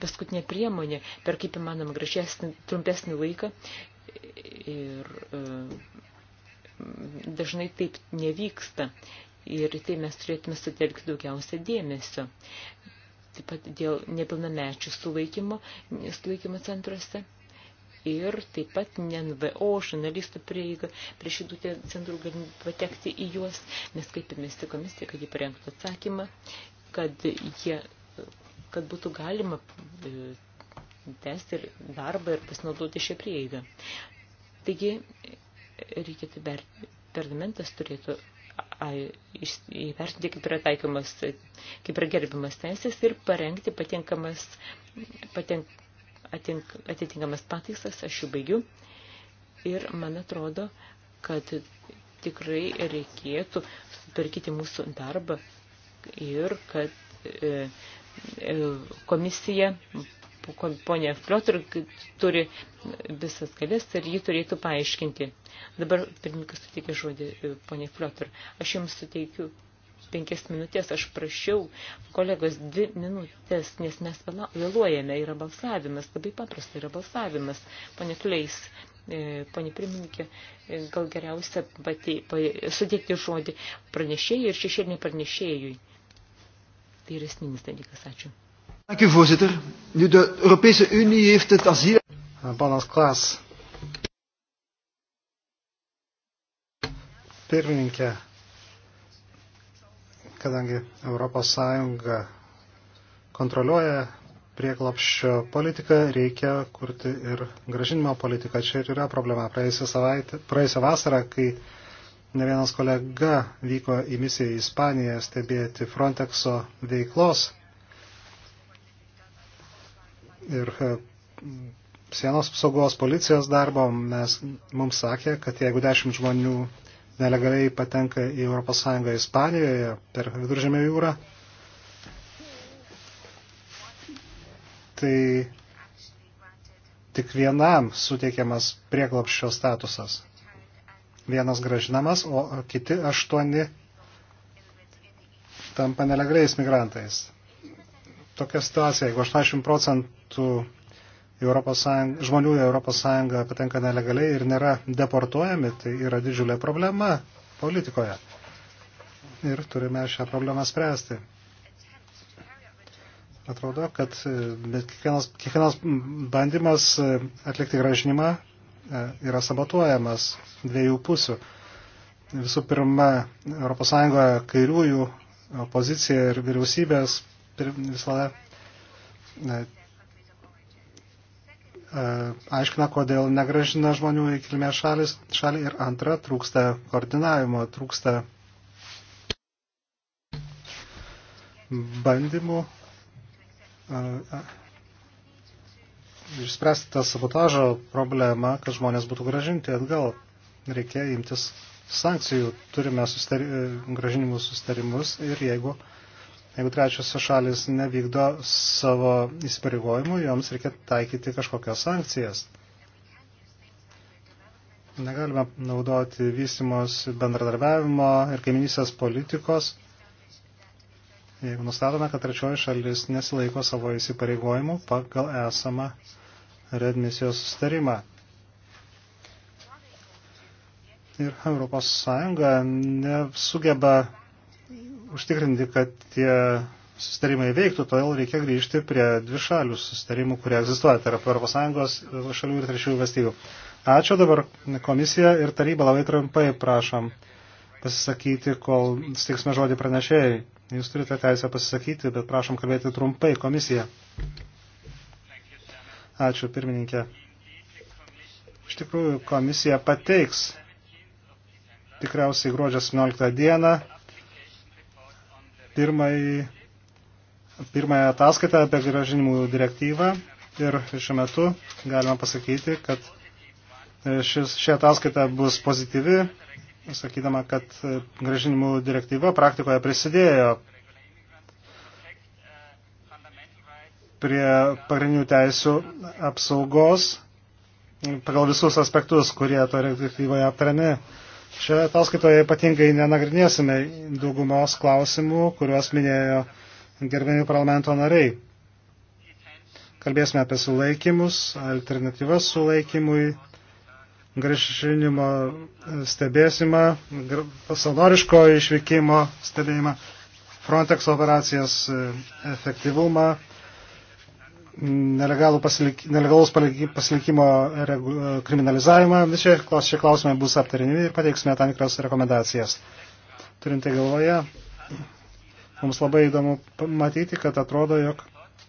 paskutinė priemonė per kaip įmanoma gražesnį, trumpesnį laiką ir e, dažnai taip nevyksta ir tai mes turėtume sutelkti daugiausia dėmesio. Taip pat dėl nepilnamečių sulaikymo, sulaikymo centruose ir taip pat NVO žurnalistų prieiga prie šitų centrų galim patekti į juos, mes kreipėmės į komisiją, kad jie parengtų atsakymą, kad jie kad būtų galima e, tęsti ir darbą ir pasinaudoti šią prieigą. Taigi, reikėtų tai ber, parlamentas turėtų įvertinti, kaip yra taikomas, kaip yra gerbimas teisės ir parengti patinkamas, patink, atink, atitinkamas pataisas, aš jų baigiu. Ir man atrodo, kad tikrai reikėtų sutvarkyti mūsų darbą ir kad e, E, komisija, ponė Fliotur, turi visas galės ir ji turėtų paaiškinti. Dabar pirmininkas suteikia žodį e, ponė Fliotur. Aš jums suteikiu penkias minutės, aš prašiau kolegos dvi minutės, nes mes vėluojame, yra balsavimas, labai paprasta yra balsavimas, ponė Kleis, e, ponė Priminkė, gal geriausia pati, suteikti žodį pranešėjai ir šešėliniai pranešėjui, tai yra esminis dalykas. Ačiū. Dank u, voorzitter. Nu, de Europese Unie heeft het asiel... Panas Klaas. Pirmininkė, kadangi Europos Sąjunga kontroliuoja prieglopščio politiką, reikia kurti ir gražinimo politiką. Čia ir yra problema. Praėjusią, savaitę, praėjusią vasarą, kai ne vienas kolega vyko į misiją į Ispaniją stebėti Frontexo veiklos ir e, sienos apsaugos policijos darbo. Mes, mums sakė, kad jeigu dešimt žmonių nelegaliai patenka į ES Ispanijoje per viduržėmio jūrą, tai tik vienam suteikiamas prieglopščio statusas vienas gražinamas, o kiti aštuoni tampa nelegaliais migrantais. Tokia situacija, jeigu 80 procentų Europos Sąjung, žmonių į Europos Sąjungą patenka nelegaliai ir nėra deportuojami, tai yra didžiulė problema politikoje. Ir turime šią problemą spręsti. Atrodo, kad e, kiekvienas, kiekvienas bandymas e, atlikti gražinimą E, yra sabotuojamas dviejų pusių. Visų pirma, ES kairiųjų opozicija ir vyriausybės visada e, e, aiškina, kodėl negražina žmonių į kilmės šalis, šalį ir antra, trūksta koordinavimo, trūksta bandymų išspręsti tą sabotažo problemą, kad žmonės būtų gražinti atgal. Reikia imtis sankcijų, turime sustari, gražinimų sustarimus ir jeigu, jeigu trečiosios šalis nevykdo savo įsipareigojimų, joms reikia taikyti kažkokias sankcijas. Negalime naudoti vystimos bendradarbiavimo ir kaiminysės politikos Jeigu nustatome, kad trečioji šalis nesilaiko savo įsipareigojimų pagal esamą redmisijos sustarimą. Ir Europos Sąjunga nesugeba užtikrinti, kad tie sustarimai veiktų, todėl reikia grįžti prie dvišalių sustarimų, kurie egzistuoja tarp ES šalių ir trečiųjų valstybių. Ačiū dabar komisija ir taryba labai trumpai prašom pasisakyti, kol stiksime žodį pranešėjai. Jūs turite teisę pasisakyti, bet prašom kalbėti trumpai komisiją. Ačiū, pirmininkė. Iš tikrųjų, komisija pateiks tikriausiai gruodžio 18 dieną pirmąjį, pirmąją ataskaitą apie gražinimų direktyvą ir šiuo metu galima pasakyti, kad šis, ši ataskaita bus pozityvi sakydama, kad gražinimų direktyva praktikoje prisidėjo prie pagrindinių teisų apsaugos pagal visus aspektus, kurie to direktyvoje aptariami. Šioje ataskaitoje ypatingai nenagrinėsime daugumos klausimų, kuriuos minėjo gerbėmių parlamento nariai. Kalbėsime apie sulaikimus, alternatyvas sulaikimui grąžinimo stebėsimą, savanoriško išvykimo stebėjimą, Frontex operacijas e, efektyvumą, pasilik, nelegalus pasilikimo regu, kriminalizavimą. Visi šie klausimai bus aptarinimi ir pateiksime tam tikras rekomendacijas. Turintai galvoje, mums labai įdomu matyti, kad atrodo, jog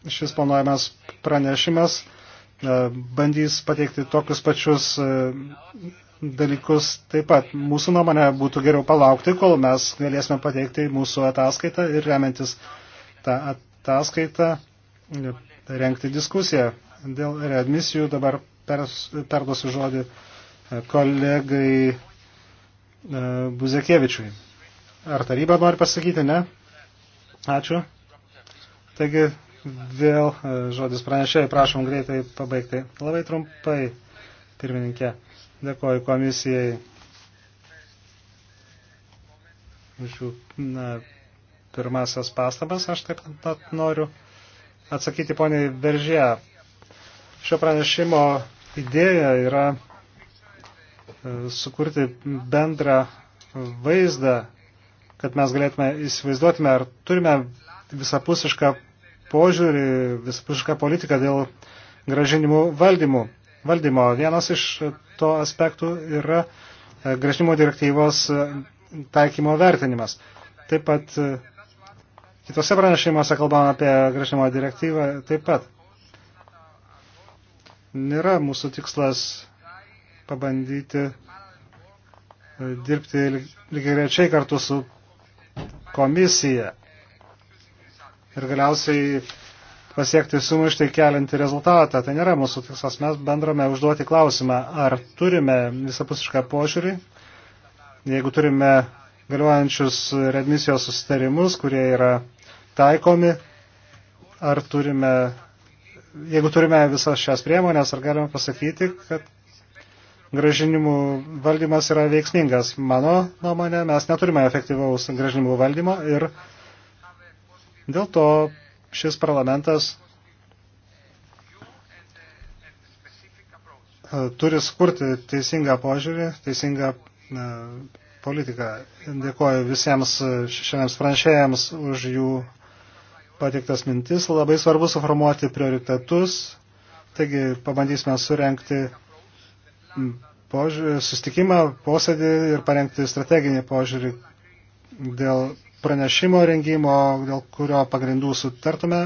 šis planuojamas pranešimas E, bandys pateikti tokius pačius e, dalykus taip pat. Mūsų nuomonė būtų geriau palaukti, kol mes galėsime pateikti mūsų ataskaitą ir remiantis tą ataskaitą e, renkti diskusiją. Dėl readmisijų dabar perduosiu žodį kolegai Buzekievičiui. Ar taryba nori pasakyti, ne? Ačiū. Taigi Vėl e, žodis pranešėjai, prašom greitai pabaigti. Labai trumpai, pirmininkė, dėkoju komisijai už jų na, pirmasias pastabas. Aš taip pat noriu atsakyti poniai Veržė. Šio pranešimo idėja yra e, sukurti bendrą vaizdą, kad mes galėtume įsivaizduotume, ar turime visapusišką požiūrį, visapušką politiką dėl gražinimų valdymų. valdymo. Vienas iš to aspektų yra e, gražinimo direktyvos e, taikymo vertinimas. Taip pat e, kitose pranešimuose kalbame apie gražinimo direktyvą taip pat. Nėra mūsų tikslas pabandyti dirbti lygiai rečiai kartu su komisija ir galiausiai pasiekti sumaištai keliantį rezultatą. Tai nėra mūsų tikslas. Mes bandrome užduoti klausimą, ar turime visapusišką požiūrį, jeigu turime galiuojančius redmisijos susitarimus, kurie yra taikomi, ar turime, jeigu turime visas šias priemonės, ar galime pasakyti, kad gražinimų valdymas yra veiksmingas. Mano nuomonė, mes neturime efektyvaus gražinimų valdymo ir Dėl to šis parlamentas e, turi skurti teisingą požiūrį, teisingą e, politiką. Dėkoju visiems šešiems pranešėjams už jų patiktas mintis. Labai svarbu suformuoti prioritetus. Taigi pabandysime surenkti sustikimą, posėdį ir parengti strateginį požiūrį dėl pranešimo rengimo, dėl kurio pagrindų sutartume,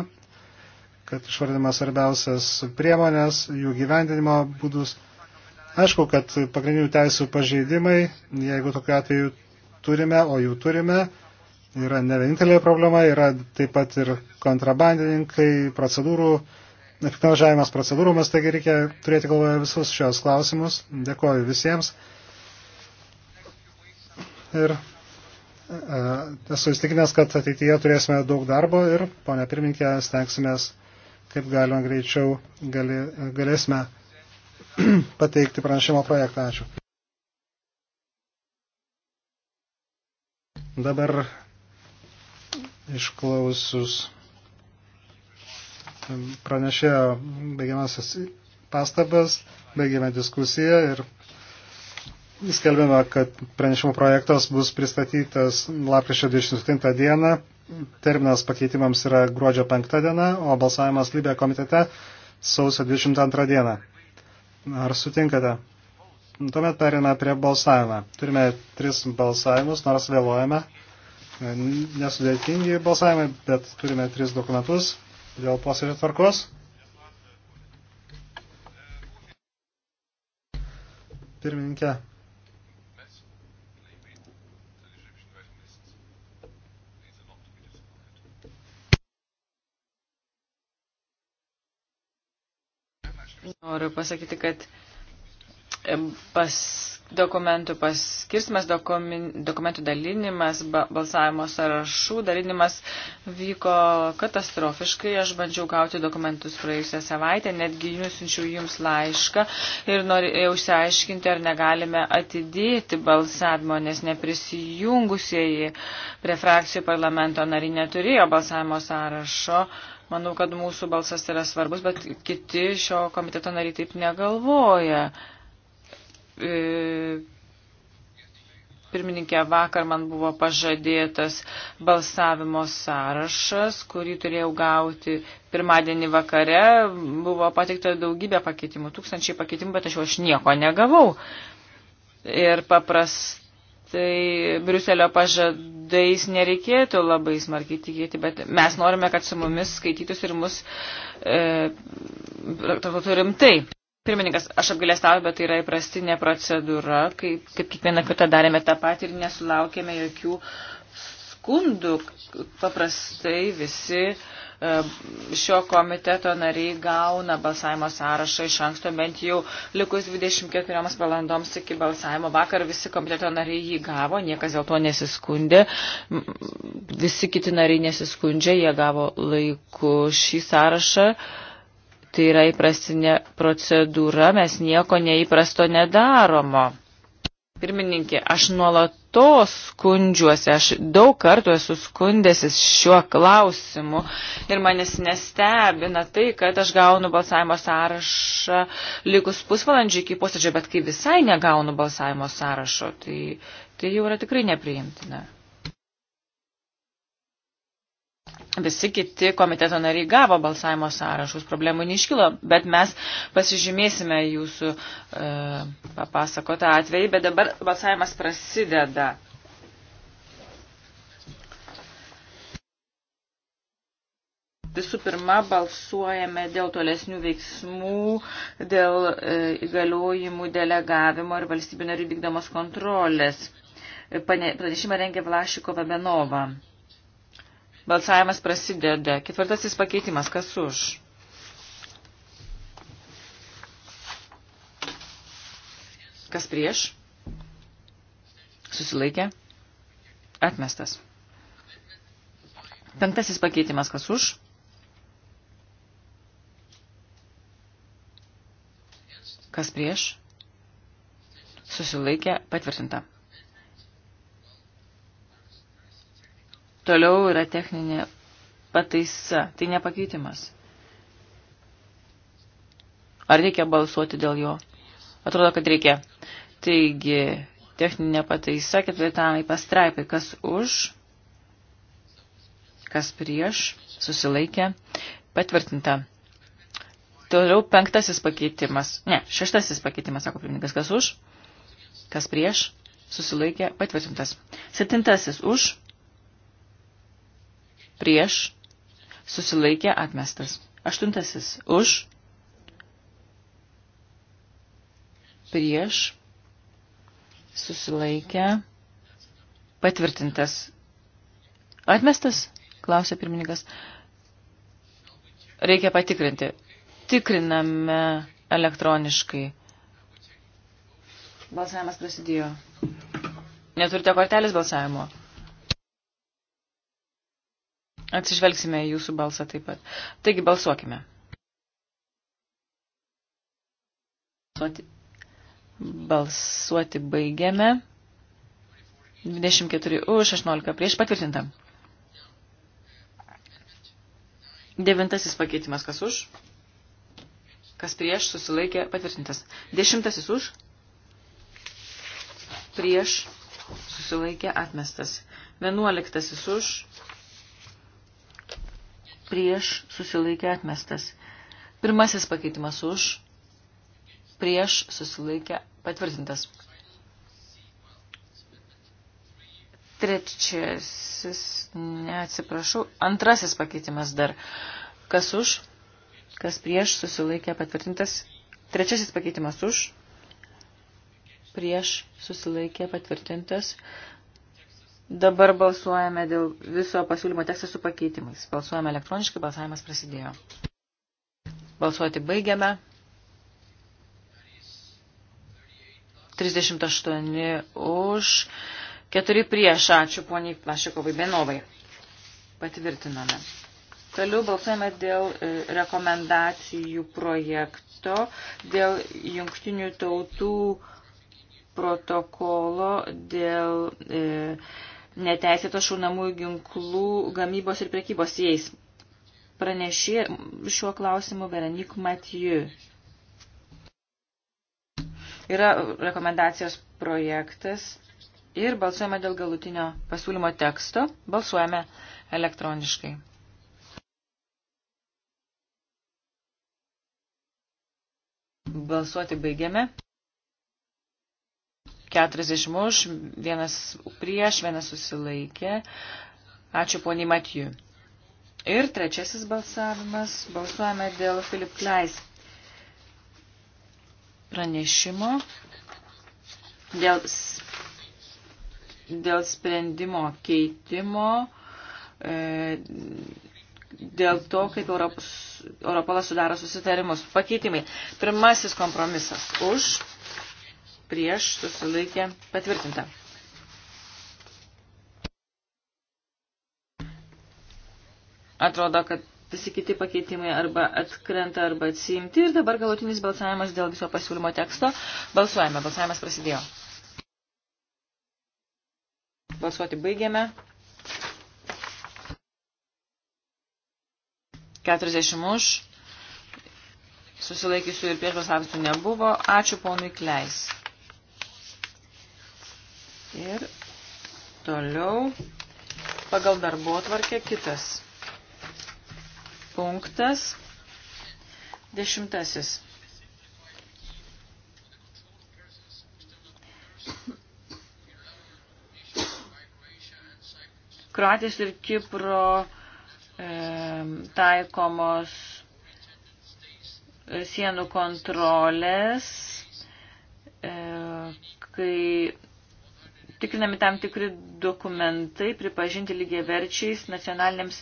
kad išvardėme svarbiausias priemonės, jų gyvendinimo būdus. Aišku, kad pagrindinių teisų pažeidimai, jeigu tokiu atveju turime, o jų turime, yra ne vienintelė problema, yra taip pat ir kontrabandininkai, procedūrų, piknaudžiavimas procedūromis, taigi reikia turėti galvoje visus šios klausimus. Dėkoju visiems. Ir E, esu įstikinęs, kad ateityje turėsime daug darbo ir, ponia pirminkė, stengsimės, kaip galima greičiau gali, galėsime pateikti pranešimo projektą. Ačiū. Dabar išklausus pranešėjo baigiamasis pastabas, baigiame diskusiją ir skelbėme, kad pranešimo projektas bus pristatytas lapkričio 27 dieną. Terminas pakeitimams yra gruodžio 5 diena, o balsavimas Libė komitete sausio 22 dieną. Ar sutinkate? Tuomet perina prie balsavimą. Turime tris balsavimus, nors vėluojame. Nesudėtingi balsavimai, bet turime tris dokumentus dėl posėdžio tvarkos. pirmininkė Noriu pasakyti, kad pas dokumentų paskirstimas, dokumentų dalinimas, balsavimo sąrašų dalinimas vyko katastrofiškai. Aš bandžiau gauti dokumentus praėjusią savaitę, netgi nusinčiau jums laišką ir norėjau e, išsiaiškinti, ar negalime atidėti balsavimo, nes neprisijungusieji prie frakcijų parlamento nariai neturėjo balsavimo sąrašo. Uh, Manau, kad mūsų balsas yra svarbus, bet kiti šio komiteto nariai taip negalvoja. E, pirmininkė, vakar man buvo pažadėtas balsavimo sąrašas, kurį turėjau gauti pirmadienį vakare. Buvo pateikta daugybė pakeitimų, tūkstančiai pakeitimų, bet aš jau aš nieko negavau. Ir paprast tai Briuselio pažadais nereikėtų labai smarkiai tikėti, bet mes norime, kad su mumis skaitytus ir mus e, traktuotų rimtai. Pirmininkas, aš apgalėstauju, bet tai yra įprastinė procedūra, kaip, kaip kiekvieną kartą darėme tą patį ir nesulaukėme jokių uh, skundų paprastai visi e, šio komiteto nariai gauna balsavimo sąrašą iš anksto bent jau likus 24 valandoms iki balsavimo. Vakar visi komiteto nariai jį gavo, niekas dėl to nesiskundė. Visi kiti nariai nesiskundžia, jie gavo laiku šį sąrašą. Tai yra įprastinė procedūra, mes nieko neįprasto nedaromo. Pirmininkė, aš nuolat to skundžiuosi, aš daug kartų esu skundęsis šiuo klausimu ir manęs nestebina tai, kad aš gaunu balsavimo sąrašą likus pusvalandžiui iki posėdžio, bet kai visai negaunu balsavimo sąrašo, tai, tai jau yra tikrai nepriimtina. Visi kiti komiteto nariai gavo balsavimo sąrašus, problemų neiškilo, bet mes pasižymėsime jūsų e, papasakotą atvejį, bet dabar balsavimas prasideda. Visų pirma, balsuojame dėl tolesnių veiksmų, dėl e, įgaliojimų delegavimo ir valstybinio narių vykdomos kontrolės. Pane, pranešimą rengia Vlašikova Benova. Balsavimas prasideda. Ketvirtasis pakeitimas. Kas už? Kas prieš? Susilaikė? Atmestas. Penktasis pakeitimas. Kas už? Kas prieš? Susilaikė patvirtinta. Toliau yra techninė pataisa, tai nepakeitimas. Ar reikia balsuoti dėl jo? Atrodo, kad reikia. Taigi, techninė pataisa ketvirtai pastraipai, kas už, kas prieš, susilaikė, patvirtinta. Toliau penktasis pakeitimas, ne, šeštasis pakeitimas, sako pirmininkas, kas už, kas prieš, susilaikė, patvirtintas. Septintasis už, prieš, susilaikė atmestas. Aštuntasis už, prieš, susilaikė, patvirtintas. Atmestas? Klausė pirmininkas. Reikia patikrinti. Tikriname elektroniškai. Balsavimas prasidėjo. Neturite kortelės balsavimo? Atsižvelgsime jūsų balsą taip pat. Taigi balsuokime. Balsuoti, balsuoti baigiame. 24 už, 16 prieš patvirtintam. Devintasis pakeitimas kas už? Kas prieš susilaikė patvirtintas. Dešimtasis už? Prieš susilaikė atmestas. Vienuoliktasis už? prieš susilaikė atmestas. Pirmasis pakeitimas už, prieš susilaikė patvirtintas. Trečiasis, neatsiprašau, antrasis pakeitimas dar. Kas už, kas prieš susilaikė patvirtintas. Trečiasis pakeitimas už, prieš susilaikė patvirtintas. Dabar balsuojame dėl viso pasiūlymo teksto su pakeitimais. Balsuojame elektroniškai, balsavimas prasidėjo. Balsuoti baigiame. 38 už, 4 prieš, ačiū poniai Plašikovai Benovai. Patvirtiname. Toliau balsuojame dėl e, rekomendacijų projekto, dėl jungtinių tautų protokolo, dėl e, neteisėto šaunamųjų ginklų gamybos ir prekybos jais. Pranešė šiuo klausimu Veronik Matijų. Yra rekomendacijos projektas ir balsuojame dėl galutinio pasiūlymo teksto. Balsuojame elektroniškai. Balsuoti baigiame. 40 už, vienas prieš, vienas susilaikė. Ačiū poniai Matijų. Ir trečiasis balsavimas. Balsuojame dėl Filip Kleis pranešimo dėl, dėl sprendimo keitimo, e, dėl to, kaip Europos, Europolas sudaro susitarimus. Pakeitimai. Pirmasis kompromisas už prieš susilaikė patvirtinta. Atrodo, kad visi kiti pakeitimai arba atkrenta, arba atsiimti. Ir dabar galutinis balsavimas dėl viso pasiūlymo teksto. Balsuojame. Balsavimas prasidėjo. Balsuoti baigėme. 40 už. Susilaikysiu ir prieš balsavusių nebuvo. Ačiū ponui Kleis. Ir toliau pagal darbo atvarkę kitas punktas. Dešimtasis. Kroatijos ir Kipro e, taikomos sienų kontrolės, e, kai tikrinami tam tikri dokumentai, pripažinti lygiai verčiais nacionaliniams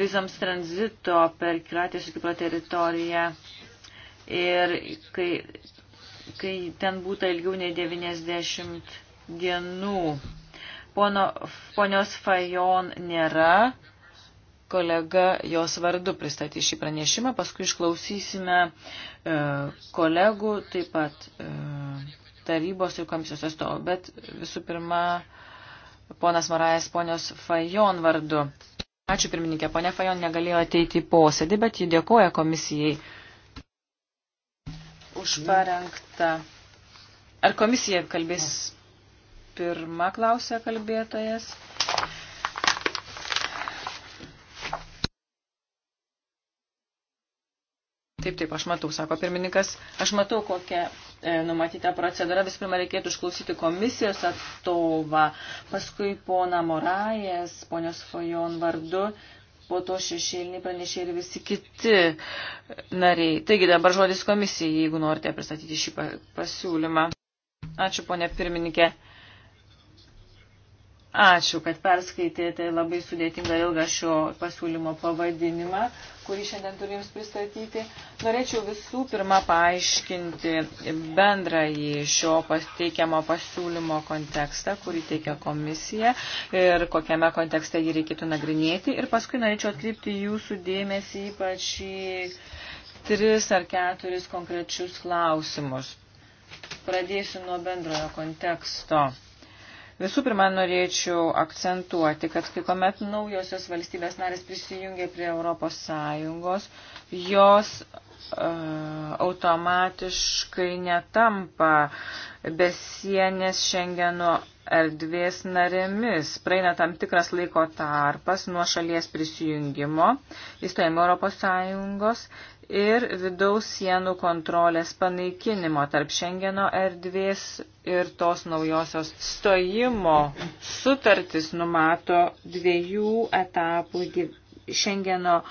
vizams tranzito per Kroatijos ir Kipro teritoriją. Ir kai, kai ten būtų ilgiau nei 90 dienų. Pono, ponios Fajon nėra. Kolega jos vardu pristatys šį pranešimą, paskui išklausysime e, kolegų, taip pat e, tarybos ir komisijos atstovų, bet visų pirma, ponas Marajas, ponios Fajon vardu. Ačiū pirmininkė, ponia Fajon negalėjo ateiti į posėdį, bet ji dėkoja komisijai už parengtą. Ar komisija kalbės pirmą klausę kalbėtojas? Taip, taip, aš matau, sako pirmininkas. Aš matau, kokia e, numatyta procedūra. Vis pirma, reikėtų išklausyti komisijos atstovą, paskui pona Morajas, ponios Fajon vardu, po to šešėlinį pranešė ir visi kiti nariai. Taigi dabar žodis komisijai, jeigu norite pristatyti šį pasiūlymą. Ačiū, ponė pirmininkė. Ačiū, kad perskaitėte labai sudėtingą ilgą šio pasiūlymo pavadinimą, kurį šiandien turiu Jums pristatyti. Norėčiau visų pirma paaiškinti bendrąjį šio teikiamo pasiūlymo kontekstą, kurį teikia komisija ir kokiame kontekste jį reikėtų nagrinėti. Ir paskui norėčiau atkreipti Jūsų dėmesį ypač į tris ar keturis konkrečius klausimus. Pradėsiu nuo bendrojo konteksto Visų pirma, norėčiau akcentuoti, kad kai kuomet naujosios valstybės narės prisijungia prie Europos Sąjungos, jos e, automatiškai netampa besienės šengeno erdvės narėmis. Praeina tam tikras laiko tarpas nuo šalies prisijungimo, įstojimo Europos Sąjungos ir vidaus sienų kontrolės panaikinimo tarp Šengeno erdvės ir tos naujosios stojimo sutartis numato dviejų etapų Šengeno gyvenimo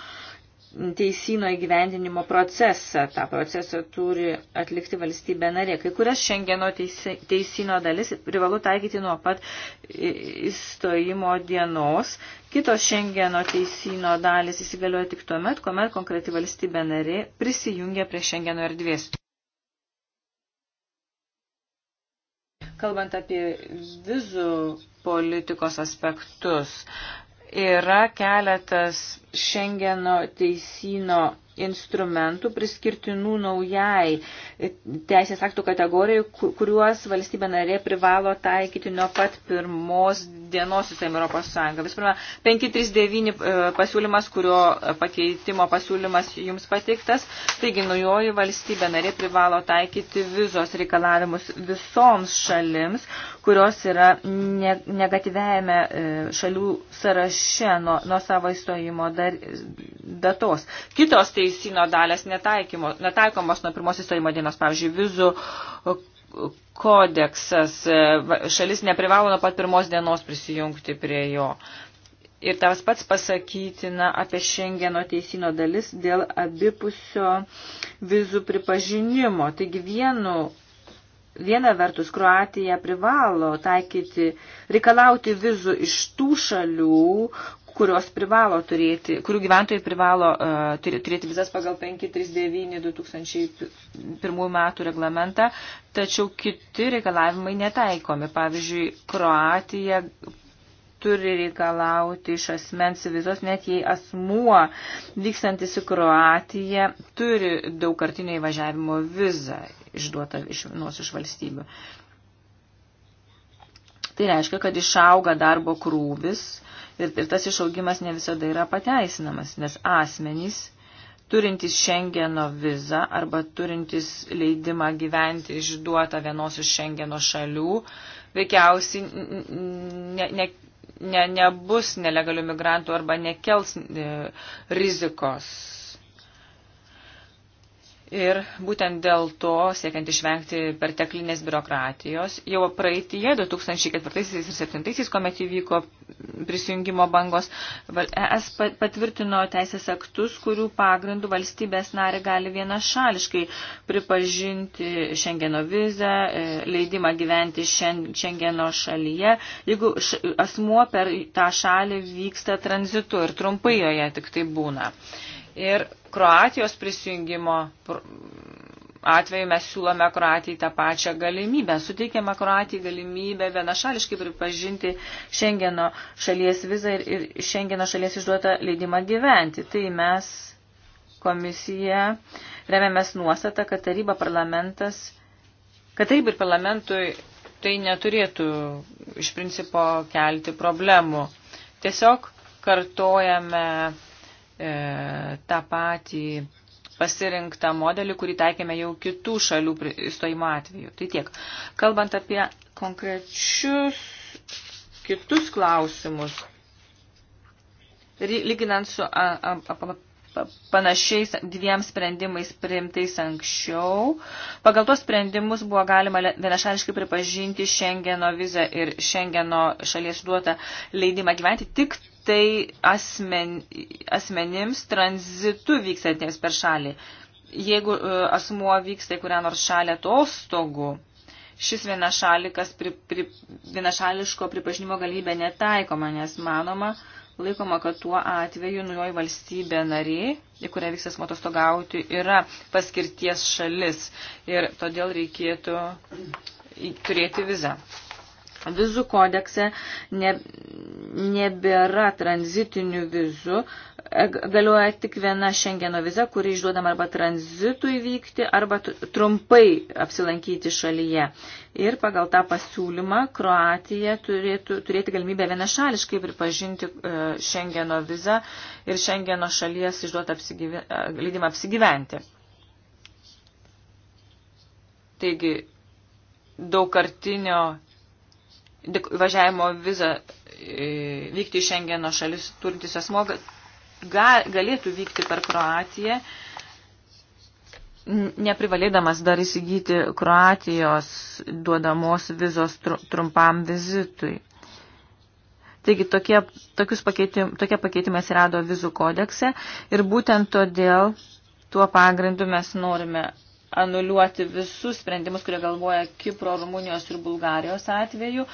teisino įgyvendinimo procesą. Ta procesą turi atlikti valstybė narė. Kai kurias Šengeno teisino dalis privalu taikyti nuo pat įstojimo dienos. Kitos Šengeno teisino dalis įsigalioja tik tuo met, kuomet konkreti valstybė narė prisijungia prie Šengeno erdvės. Kalbant apie vizų politikos aspektus, uh, yra keletas Šengeno teisino instrumentų priskirtinų naujai teisės aktų kategorijai, kuriuos valstybė narė privalo taikyti nuo pat pirmos dienos įstojimo Europos Sąjungą. Visų pirma, 539 e, pasiūlymas, kurio pakeitimo pasiūlymas jums pateiktas, taigi naujoji valstybė narė privalo taikyti vizos reikalavimus visoms šalims, kurios yra ne, negatyvėjame e, šalių sąraše nuo, nuo savo įstojimo dar, datos. Kitos teisino dalės netaikomos nuo pirmos įstojimo dienos, pavyzdžiui, vizų e, kodeksas. E, šalis neprivalo nuo pat pirmos dienos prisijungti prie jo. Ir tas pats pasakytina apie Šengeno teisino dalis dėl abipusio vizų pripažinimo. Taigi vienu Viena vertus, Kroatija privalo taikyti, reikalauti vizų iš tų šalių, kurios privalo turėti, kurių gyventojai privalo uh, turėti vizas pagal 539-2001 metų reglamentą, tačiau kiti reikalavimai netaikomi. Pavyzdžiui, Kroatija turi reikalauti iš asmens vizos, net jei asmuo vykstantis į Kroatiją turi daugkartinio įvažiavimo vizą išduotą iš vienos iš valstybių. Tai reiškia, kad išauga darbo krūvis ir, ir tas išaugimas ne visada yra pateisinamas, nes asmenys turintys Šengeno vizą arba turintys leidimą gyventi išduotą vienos iš Šengeno šalių, veikiausiai ne, ne, ne, nebus nelegalių migrantų arba nekels e, rizikos Ir būtent dėl to, siekiant išvengti perteklinės biurokratijos, jau praeitie 2004 ir 2007, kuomet įvyko prisijungimo bangos, ES patvirtino teisės aktus, kurių pagrindų valstybės nari gali vienašališkai pripažinti Šengeno vizą, e, leidimą gyventi Šengeno šalyje, jeigu asmuo per tą šalį vyksta tranzitu ir trumpai joje tik tai būna. Ir Kroatijos prisijungimo atveju mes siūlome Kroatijai tą pačią galimybę. Suteikiame Kroatijai galimybę vienašališkai pripažinti Šengeno šalies vizą ir, ir Šengeno šalies išduotą leidimą gyventi. Tai mes komisija remiamės nuostatą, kad taryba parlamentas, kad taryba ir parlamentui tai neturėtų iš principo kelti problemų. Tiesiog kartojame E, tą patį pasirinktą modelį, kurį taikėme jau kitų šalių įstojimo atveju. Tai tiek. Kalbant apie konkrečius kitus klausimus, lyginant su a, a, a, a, panašiais dviem sprendimais priimtais anksčiau, pagal tos sprendimus buvo galima vienašališkai pripažinti Šengeno vizą ir Šengeno šalies duotą leidimą gyventi tik tai asmen, asmenims tranzitu vykstantiems per šalį. Jeigu e, asmuo vyksta į kurią nors šalį atostogų, šis vienašalikas pri, pri, vienašališko pripažinimo galimybė netaikoma, nes manoma, laikoma, kad tuo atveju nujoji valstybė narė, į kurią vyksta motostogauti, yra paskirties šalis ir todėl reikėtų turėti vizą. Vizų kodekse ne, nebėra tranzitinių vizų, e, galioja tik viena Šengeno viza, kuri išduodama arba tranzitui vykti, arba trumpai apsilankyti šalyje. Ir pagal tą pasiūlymą Kroatija turėtų turėti galimybę vienašališkai pripažinti Šengeno e, vizą ir Šengeno šalies išduotą apsigyve, e, leidimą apsigyventi. Taigi, daugkartinio važiavimo vizą e, vykti į Šengeno šalis turintis asmo galėtų vykti per Kroatiją, neprivalėdamas dar įsigyti Kroatijos duodamos vizos trumpam vizitui. Taigi tokie, pakeitim, tokie pakeitimai atsirado vizų kodekse ir būtent todėl tuo pagrindu mes norime anuliuoti visus sprendimus, kurie galvoja Kipro, Rumunijos ir Bulgarijos atveju,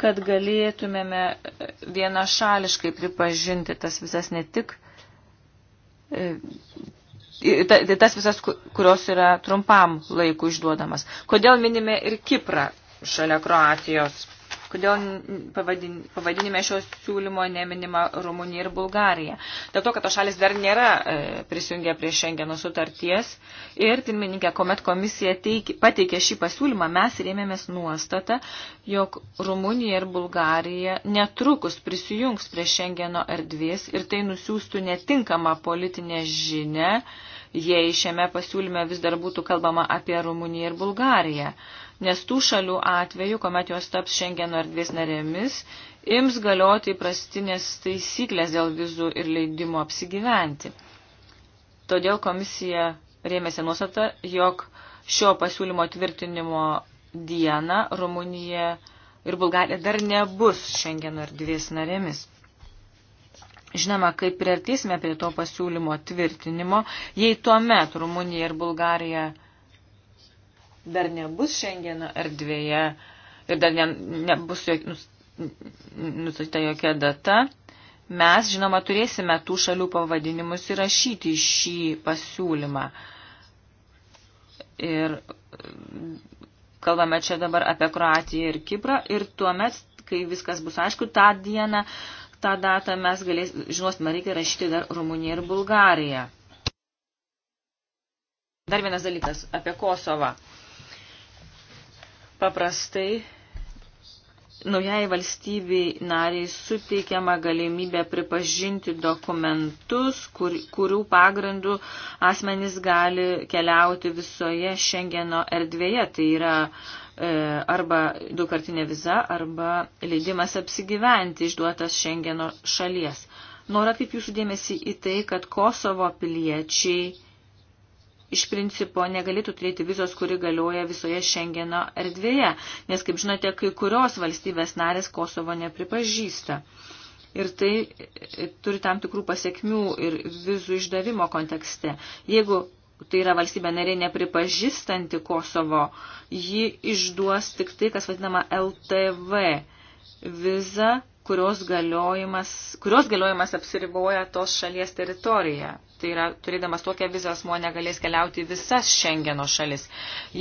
kad galėtumėme e, vienašališkai pripažinti tas visas ne tik e, tas visas, kurios yra trumpam laiku išduodamas. Kodėl minime ir Kiprą šalia Kroatijos? kodėl pavadinime šios siūlymo neminima Rumunija ir Bulgarija. Dėl to, kad to šalis dar nėra e, prisijungę prie Šengeno sutarties ir, pirmininkė, kuomet komisija teiki, pateikė šį pasiūlymą, mes rėmėmės nuostatą, jog Rumunija ir Bulgarija netrukus prisijungs prie Šengeno erdvės ir tai nusiųstų netinkamą politinę žinę jei šiame pasiūlyme vis dar būtų kalbama apie Rumuniją ir Bulgariją nes tų šalių atveju, kuomet jos taps Schengeno erdvės narėmis, ims galioti įprastinės taisyklės dėl vizų ir leidimo apsigyventi. Todėl komisija rėmėsi nuostata, jog šio pasiūlymo tvirtinimo dieną Rumunija ir Bulgarija dar nebus Schengeno erdvės narėmis. Žinoma, kai priartysime prie to pasiūlymo tvirtinimo, jei tuo metu Rumunija ir Bulgarija dar nebus šiandieno erdvėje ir dar ne, nebus nustatyta jokia data, mes, žinoma, turėsime tų šalių pavadinimus įrašyti į šį pasiūlymą. Ir kalbame čia dabar apie Kroatiją ir Kiprą ir tuomet, kai viskas bus aišku, tą dieną, tą datą mes galės, žinosime, reikia rašyti dar Rumuniją ir Bulgariją. Dar vienas dalykas apie Kosovą. Paprastai naujai valstybei nariai suteikiama galimybė pripažinti dokumentus, kur, kurių pagrindų asmenys gali keliauti visoje Šengeno erdvėje. Tai yra e, arba dukartinė viza, arba leidimas apsigyventi išduotas Šengeno šalies. Noriu atkreipti jūsų dėmesį į tai, kad Kosovo piliečiai iš principo negalėtų turėti vizos, kuri galioja visoje Šengeno erdvėje, nes, kaip žinote, kai kurios valstybės narės Kosovo nepripažįsta. Ir tai e, turi tam tikrų pasiekmių ir vizų išdavimo kontekste. Jeigu tai yra valstybė narė nepripažįstanti Kosovo, ji išduos tik tai, kas vadinama LTV viza kurios galiojimas, kurios galiojimas apsiriboja tos šalies teritoriją. Tai yra, turėdamas tokią vizą, asmo negalės keliauti visas Šengeno šalis.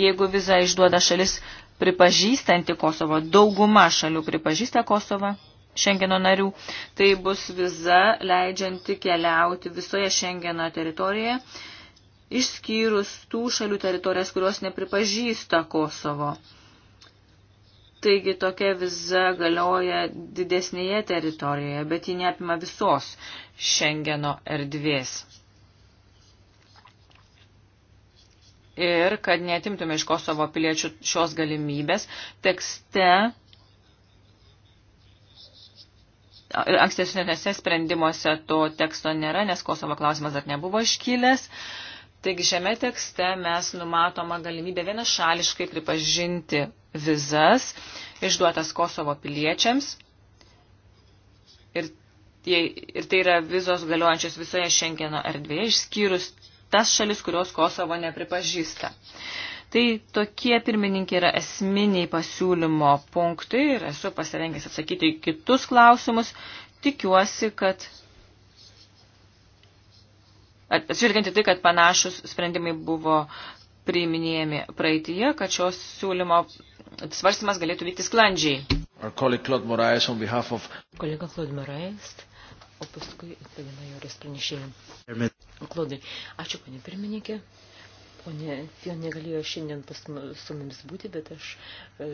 Jeigu vizą išduoda šalis pripažįstanti Kosovą, dauguma šalių pripažįsta Kosovą, Šengeno narių, tai bus viza leidžianti keliauti visoje Šengeno teritorijoje, išskyrus tų šalių teritorijas, kurios nepripažįsta Kosovo. Taigi tokia viza galioja didesnėje teritorijoje, bet ji neapima visos Šengeno erdvės. Ir kad netimtume iš Kosovo piliečių šios galimybės, tekste ir ankstesniuose sprendimuose to teksto nėra, nes Kosovo klausimas dar nebuvo iškilęs. Uh, Taigi šiame tekste mes numatoma galimybė vienašališkai pripažinti vizas išduotas Kosovo piliečiams. Ir, tie, ir tai yra vizos galiojančios visoje Šengeno erdvėje, išskyrus tas šalis, kurios Kosovo nepripažįsta. Tai tokie pirmininkė yra esminiai pasiūlymo punktai ir esu pasirengęs atsakyti kitus klausimus. Tikiuosi, kad atsižvelgiant į tai, kad panašus sprendimai buvo priiminėjami praeitie, kad šios siūlymo svarstymas galėtų vykti sklandžiai. Of... Kolega Claude Moraes, o paskui Pavina Joris pranešėjai. Klaudai, ačiū panė pirmininkė. Ponė Fio negalėjo šiandien pas su mumis būti, bet aš e,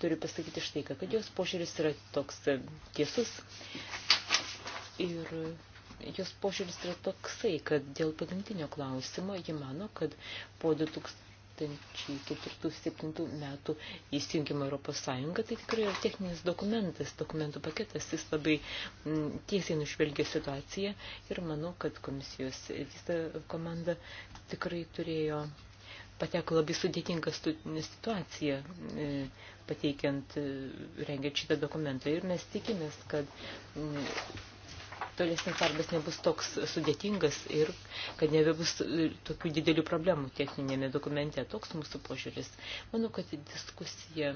turiu pasakyti štai, kad jos požiūris yra toks e, tiesus ir jos požiūris yra toksai, kad dėl pagrindinio klausimo ji mano, kad po 2004-2007 metų įsijungimo Europos Sąjunga, tai tikrai yra techninis dokumentas, dokumentų paketas, jis labai m, mm, tiesiai nušvelgia situaciją ir manau, kad komisijos visa komanda tikrai turėjo pateko labai sudėtinga situacija e, pateikiant, e, rengiant šitą dokumentą. Ir mes tikimės, kad mm, tolesnis darbas nebus toks sudėtingas ir kad nebebus e, tokių didelių problemų techninėme dokumente. Toks mūsų požiūris. Manau, kad diskusija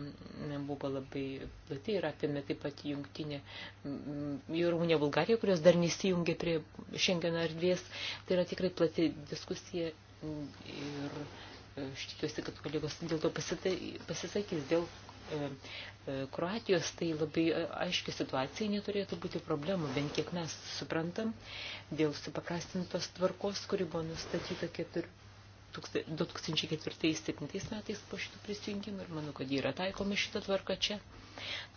buvo labai plati ir apėmė taip pat jungtinę Jūrūnė Bulgarija, kurios dar nesijungė prie Šengeno erdvės. Tai yra tikrai plati diskusija ir e, aš tikiuosi, kad kolegos dėl to pasisakys, dėl E, e, Kroatijos, tai labai e, aiški situacija, neturėtų būti problemų, bent kiek mes suprantam, dėl supaprastintos tvarkos, kuri buvo nustatyta 2004-2007 metais po šitų prisijungimų ir manau, kad yra taikoma šita tvarka čia.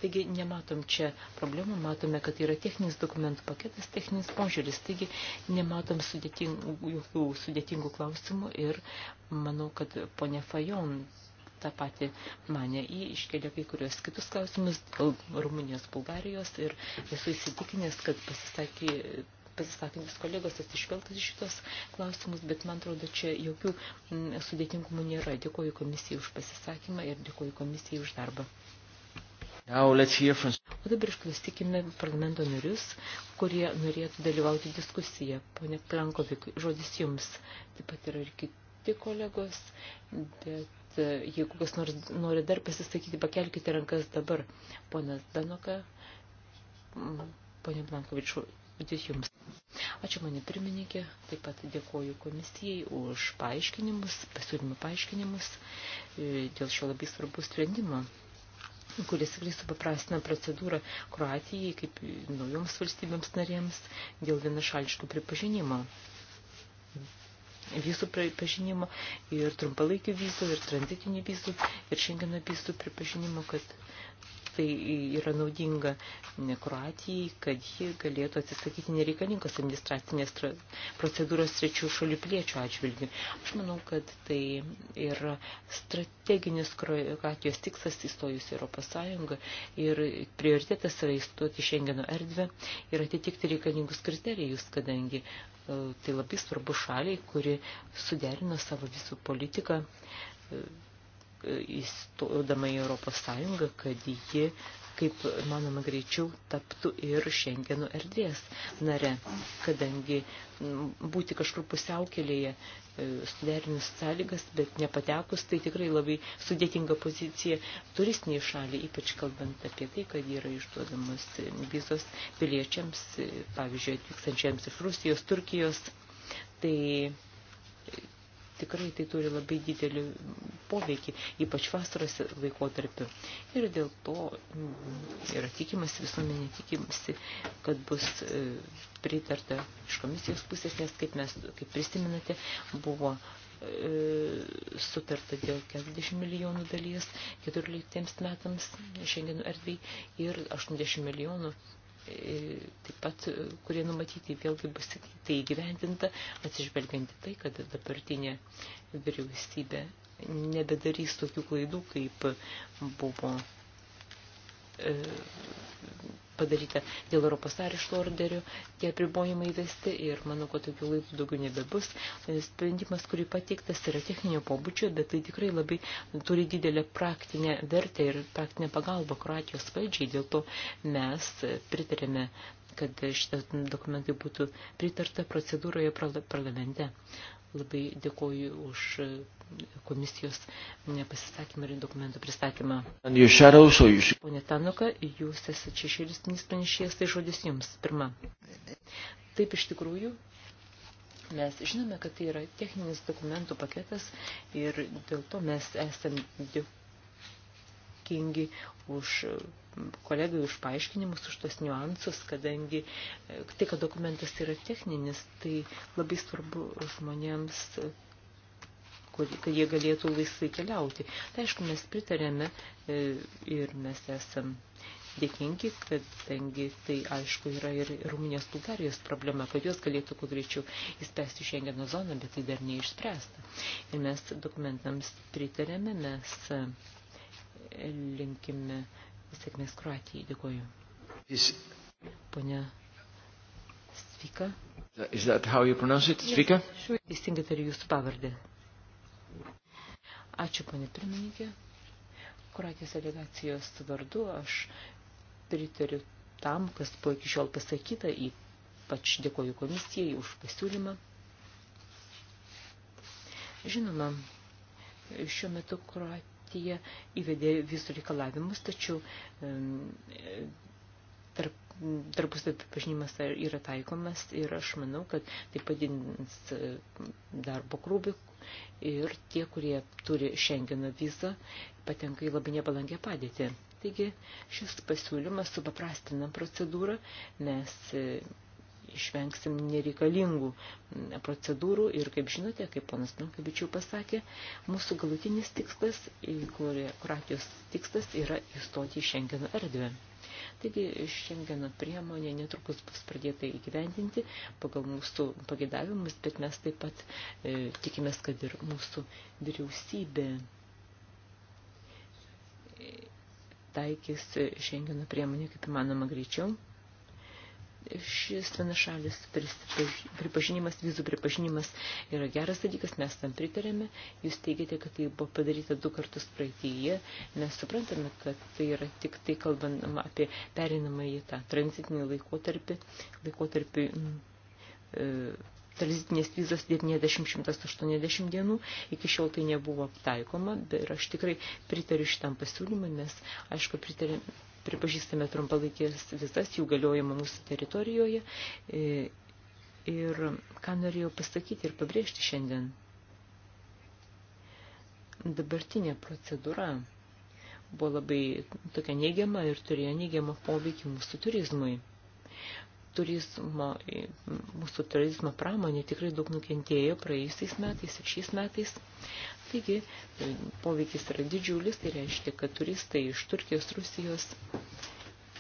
Taigi nematom čia problemų, matome, kad yra techninis dokumentų paketas, techninis požiūris, taigi nematom sudėtingų, jokių sudėtingų klausimų ir manau, kad ponia Fajon tą patį mane. Jį iškėlė kai kurios kitus klausimus dėl Rumunijos, Bulgarijos ir esu įsitikinęs, kad pasisakė pasisakantis kolegos atsižvelgtas šitos klausimus, bet man atrodo, čia jokių mm, sudėtingumų nėra. Dėkuoju komisijai už pasisakymą ir dėkuoju komisijai už darbą. Now, from... O dabar išklausykime parlamento narius, kurie norėtų dalyvauti diskusiją. Pone Plankovik, žodis jums. Taip pat yra ir kiti kolegos, bet E, jeigu kas nors nori dar pasisakyti, pakelkite rankas dabar. Ponas Danoka, ponė Blankovičiu, dės jums. Ačiū mane pirmininkė, taip pat dėkoju komisijai už paaiškinimus, pasiūlymų paaiškinimus e, dėl šio labai svarbus sprendimo kuris tikrai supaprastina procedūrą Kroatijai kaip naujoms valstybėms narėms dėl vienašališkų pripažinimo vizų pripažinimo ir trumpalaikių vizų ir tranzitinių vizų ir šengeno vizų pripažinimo, kad tai yra naudinga Kroatijai, kad ji galėtų atsisakyti nereikalingos administracinės procedūros trečių šalių piliečių atžvilgių. Aš manau, kad tai yra strateginis Kroatijos tikslas įstojus į Europos Sąjungą ir prioritetas yra įstoti Šengeno erdvę ir atitikti reikalingus kriterijus, kadangi E, tai labai svarbu šaliai, kuri suderino savo visų politiką e, įstodama į Europos Sąjungą, kad ji kaip manoma greičiau taptų ir Šengeno erdvės nare, kadangi būti kažkur pusiaukelėje, e, suderinus sąlygas, bet nepatekus, tai tikrai labai sudėtinga pozicija turistiniai šaliai, ypač kalbant apie tai, kad yra išduodamos vizos piliečiams, e, pavyzdžiui, atvykstančiams iš Rusijos, Turkijos. Tai tikrai tai turi labai didelį poveikį, ypač vasaros laikotarpiu. Ir dėl to mm, yra tikimasi, visuomenė tikimasi, kad bus e, pritarta iš komisijos pusės, nes kaip mes, kaip prisiminate, buvo e, sutarta dėl 40 milijonų dalies 14 metams šiandien erdvėj ir 80 milijonų E, taip pat, e, kurie numatyti, vėlgi bus tai įgyvendinta, atsižvelgianti tai, kad dabartinė vyriausybė nebedarys tokių klaidų, kaip buvo e, padaryta dėl Europos arešto orderių, tie apribojimai vesti ir manau, kad tokių laiptų daugiau nebebus. Sprendimas, kurį pateiktas, yra techninio pobūdžio, bet tai tikrai labai turi didelę praktinę vertę ir praktinę pagalbą Kroatijos valdžiai, dėl to mes pritarėme kad šitas dokumentai būtų pritarta procedūroje parlamente. Labai dėkoju už komisijos pasisakymą ir dokumento pristatymą. Pone Tanuka, jūs esate šešėlis pranešėjas, tai žodis jums pirma. Taip iš tikrųjų, Mes žinome, kad tai yra techninis dokumentų paketas ir dėl to mes esam dėk dėkingi už kolegai už paaiškinimus, už tos niuansus, kadangi e, tai, kad dokumentas yra techninis, tai labai svarbu žmonėms, kad jie galėtų laisvai keliauti. Tai aišku, mes pritarėme e, ir mes esam dėkingi, kadangi tai aišku yra ir Rumunijos Bulgarijos problema, kad jos galėtų kuo greičiau įspręsti Šengeno zoną, bet tai dar neišspręsta. Ir mes dokumentams pritarėme, mes linkime sėkmės Kroatijai. Dėkuoju. Is... Pone Svika. Is that how you pronounce it? Svika? Teisingai turiu jūsų pavardę. Ačiū, ponė pirmininkė. Kroatijos delegacijos vardu aš pritariu tam, kas buvo iki šiol pasakyta, ypač dėkoju komisijai už pasiūlymą. Žinoma, šiuo metu Kroatija partija įvedė visų reikalavimus, tačiau tarp tarpusavio pripažinimas yra taikomas ir aš manau, kad tai padidins darbo krūvį ir tie, kurie turi šengeno vizą, patenka į labai nepalankę padėtį. Taigi šis pasiūlymas supaprastina procedūrą, mes išvengsim nereikalingų procedūrų ir, kaip žinote, kaip ponas Plankavičių pasakė, mūsų galutinis tikslas, Kroatijos tikslas yra įstoti į Šengeno erdvę. Taigi Šengeno priemonė netrukus bus pradėta įgyvendinti pagal mūsų pagėdavimus, bet mes taip pat e, tikimės, kad ir mūsų vyriausybė e, taikys Šengeno priemonė kaip įmanoma greičiau šis vienašalis pripažinimas, vizų pripažinimas yra geras dalykas, mes tam pritarėme. Jūs teigiate, kad tai buvo padaryta du kartus praeitįje. Mes suprantame, kad tai yra tik tai kalbama apie perinamą į tą tranzitinį laikotarpį, laikotarpį e, tranzitinės vizos 90-180 dienų, iki šiol tai nebuvo taikoma, bet aš tikrai pritariu šitam pasiūlymui, nes, aišku, pritariu, pripažįstame trumpalaikės visas jų galiojimo mūsų teritorijoje. E, ir ką norėjau pasakyti ir pabrėžti šiandien. Dabartinė procedūra buvo labai tokia neigiama ir turėjo neigiamą poveikį mūsų turizmui. Turizmo, mūsų turizmo pramonė tikrai daug nukentėjo praėjusiais metais ir šiais metais. Taigi, poveikis yra didžiulis, tai reiškia, kad turistai iš Turkijos, Rusijos,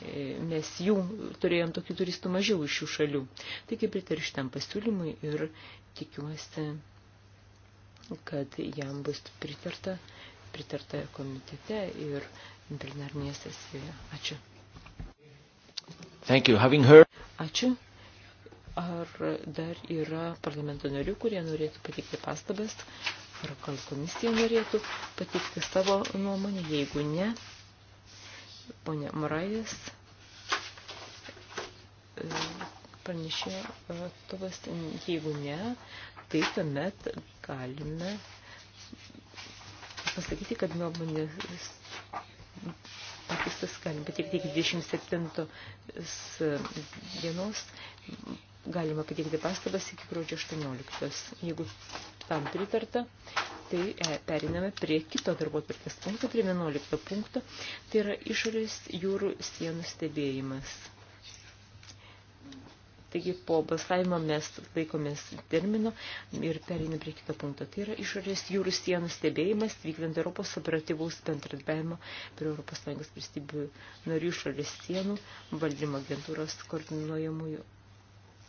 e, mes jų turėjom tokių turistų mažiau iš šių šalių. Taigi, pritariu šitam pasiūlymui ir tikiuosi, kad jam bus pritarta, pritarta komitete ir plenarnėje sesijoje. Ačiū. Thank you. Having heard... Ačiū. Ar dar yra parlamento narių, kurie norėtų pateikti pastabas? Ar gal komisija norėtų pateikti savo nuomonę, jeigu ne, ponė Morajas e, pranešė e, atstovas, jeigu ne, tai tuomet galime pasakyti, kad nuomonės pakeistas galim pateikti iki 27 dienos Galima pateikti pastabas iki gruodžio 18. Jeigu tam pritarta, tai e, periname prie kito darbo tvarkės punkto, prie 11 punkto, tai yra išorės jūrų sienų stebėjimas. Taigi po balsavimo mes laikomės termino ir periname prie kito punkto. Tai yra išorės jūrų sienų stebėjimas vykdant Europos operatyvaus bendradarbiavimo prie Europos Sąjungos valstybių narių išorės sienų valdymo agentūros koordinuojamųjų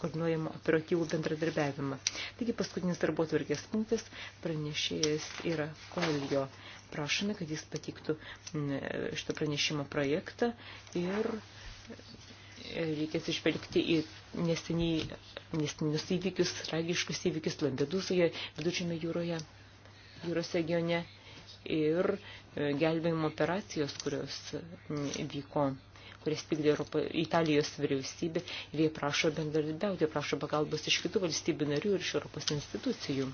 koordinuojamą operatyvų bendradarbiavimą. Taigi paskutinis darbo tvarkės punktas pranešėjas yra Koljo. Prašome, kad jis patiktų šitą pranešimo projektą ir e, reikės išvelgti į neseniai, nesenius įvykius, tragiškus įvykius Lambedusoje, vidučiame jūroje, jūros regione ir e, gelbėjimo operacijos, kurios vyko kurias pykdė Europo, Italijos vyriausybė ir jie prašo bendradarbiauti, prašo pagalbos iš kitų valstybių narių ir iš Europos institucijų.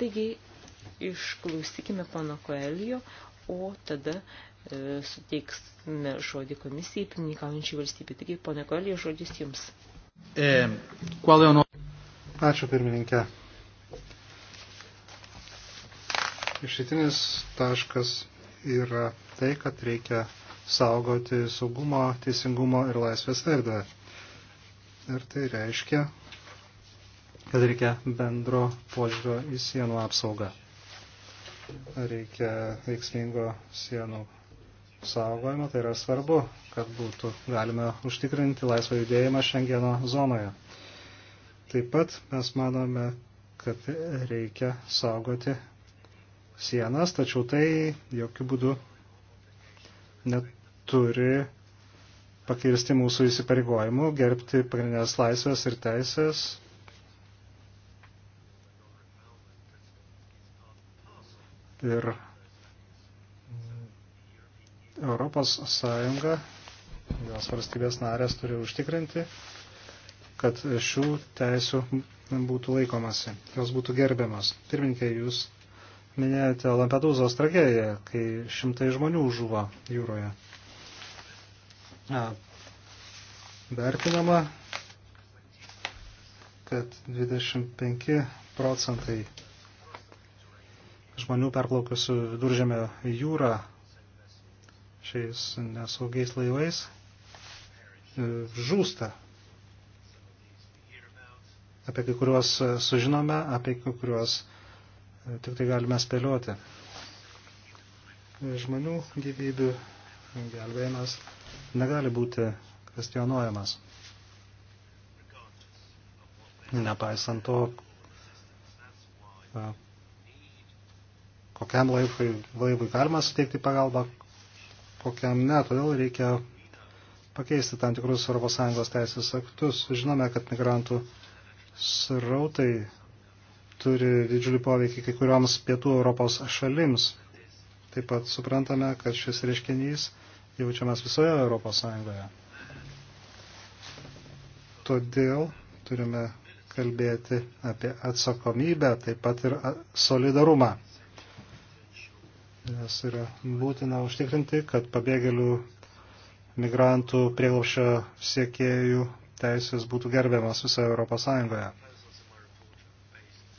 Taigi, išklausykime pono Koelio, o tada e, suteiksime žodį komisijai, pirmininkaujančiai valstybė. Taigi, pone Koelio, žodis jums. E, Ačiū pirmininkė. Išitinis taškas yra tai, kad reikia saugoti saugumo, teisingumo ir laisvės erdvę. Ir tai reiškia, kad reikia bendro požiūrio į sienų apsaugą. Reikia veiksmingo sienų saugojimo, tai yra svarbu, kad būtų galime užtikrinti laisvą judėjimą Šengeno zonoje. Taip pat mes manome, kad reikia saugoti sienas, tačiau tai jokių būdų neturi pakirsti mūsų įsipareigojimų, gerbti pagrindinės laisvės ir teisės. Ir Europos Sąjunga, jos valstybės narės turi užtikrinti, kad šių teisų būtų laikomasi, jos būtų gerbiamas. Pirminkė, jūs minėjote Lampedūzos tragediją, kai šimtai žmonių žuvo jūroje. Vertinama, kad 25 procentai žmonių perplaukusių viduržėmio jūrą šiais nesaugiais laivais e, žūsta. Apie kai kuriuos e, sužinome, apie kai kuriuos tik tai galime spėlioti. Žmonių gyvybių gelbėjimas negali būti kvestionuojamas. Nepaisant to, kokiam laivui, laivui galima suteikti pagalbą, kokiam ne, todėl reikia pakeisti tam tikrus ES teisės aktus. Žinome, kad migrantų srautai turi didžiulį poveikį kai kurioms pietų Europos šalims. Taip pat suprantame, kad šis reiškinys jaučiamas visoje Europos Sąjungoje. Todėl turime kalbėti apie atsakomybę, taip pat ir solidarumą. Nes yra būtina užtikrinti, kad pabėgėlių migrantų prieglaušio siekėjų teisės būtų gerbiamas visoje Europos Sąjungoje.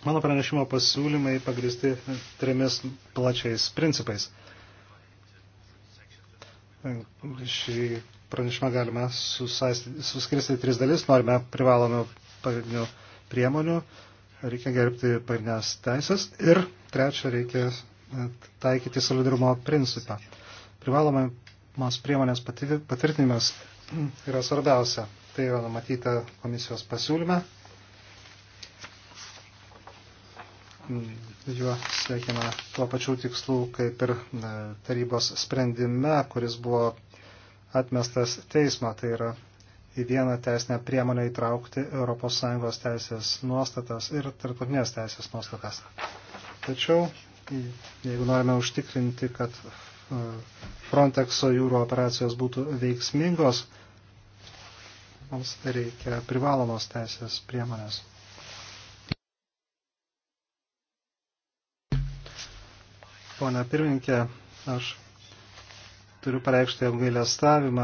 Mano pranešimo pasiūlymai pagristi trimis plačiais principais. Šį pranešimą galime suskirsti tris dalis. Norime privalomų pagrindinių priemonių, reikia gerbti pagrindinės teisės ir trečia, reikia taikyti solidarumo principą. Privalomas priemonės patvirtinimas yra svarbiausia. Tai yra numatyta komisijos pasiūlyme juo siekiama tuo pačiu tikslu, kaip ir e, tarybos sprendime, kuris buvo atmestas teismo, tai yra į vieną teisinę priemonę įtraukti ES teisės nuostatas ir tarptautinės teisės nuostatas. Tačiau, jeigu norime užtikrinti, kad e, Frontexo jūro operacijos būtų veiksmingos, mums reikia privalomos teisės priemonės. Pone pirminkė, aš turiu pareikšti apgailestavimą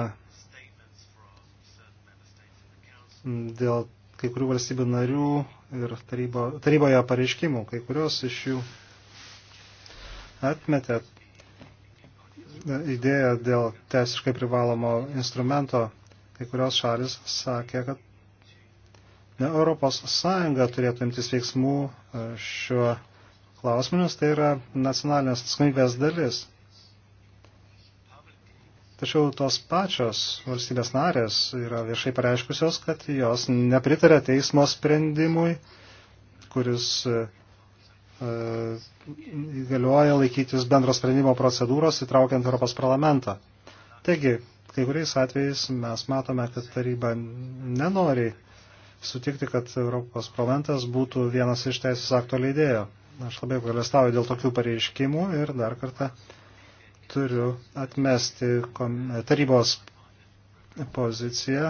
dėl kai kurių valstybių narių ir tarybo, taryboje pareiškimų. Kai kurios iš jų atmetė idėją dėl teisiškai privalomo instrumento. Kai kurios šalis sakė, kad ne Europos Sąjunga turėtų imtis veiksmų e, šiuo klausimus, tai yra nacionalinės atsakomybės dalis. Tačiau tos pačios valstybės narės yra viešai pareiškusios, kad jos nepritarė teismo sprendimui, kuris e, e, įgalioja laikytis bendro sprendimo procedūros įtraukiant Europos parlamentą. Taigi, kai kuriais atvejais mes matome, kad taryba nenori sutikti, kad Europos parlamentas būtų vienas iš teisės akto leidėjo. Aš labai apgalėstauju dėl tokių pareiškimų ir dar kartą turiu atmesti tarybos poziciją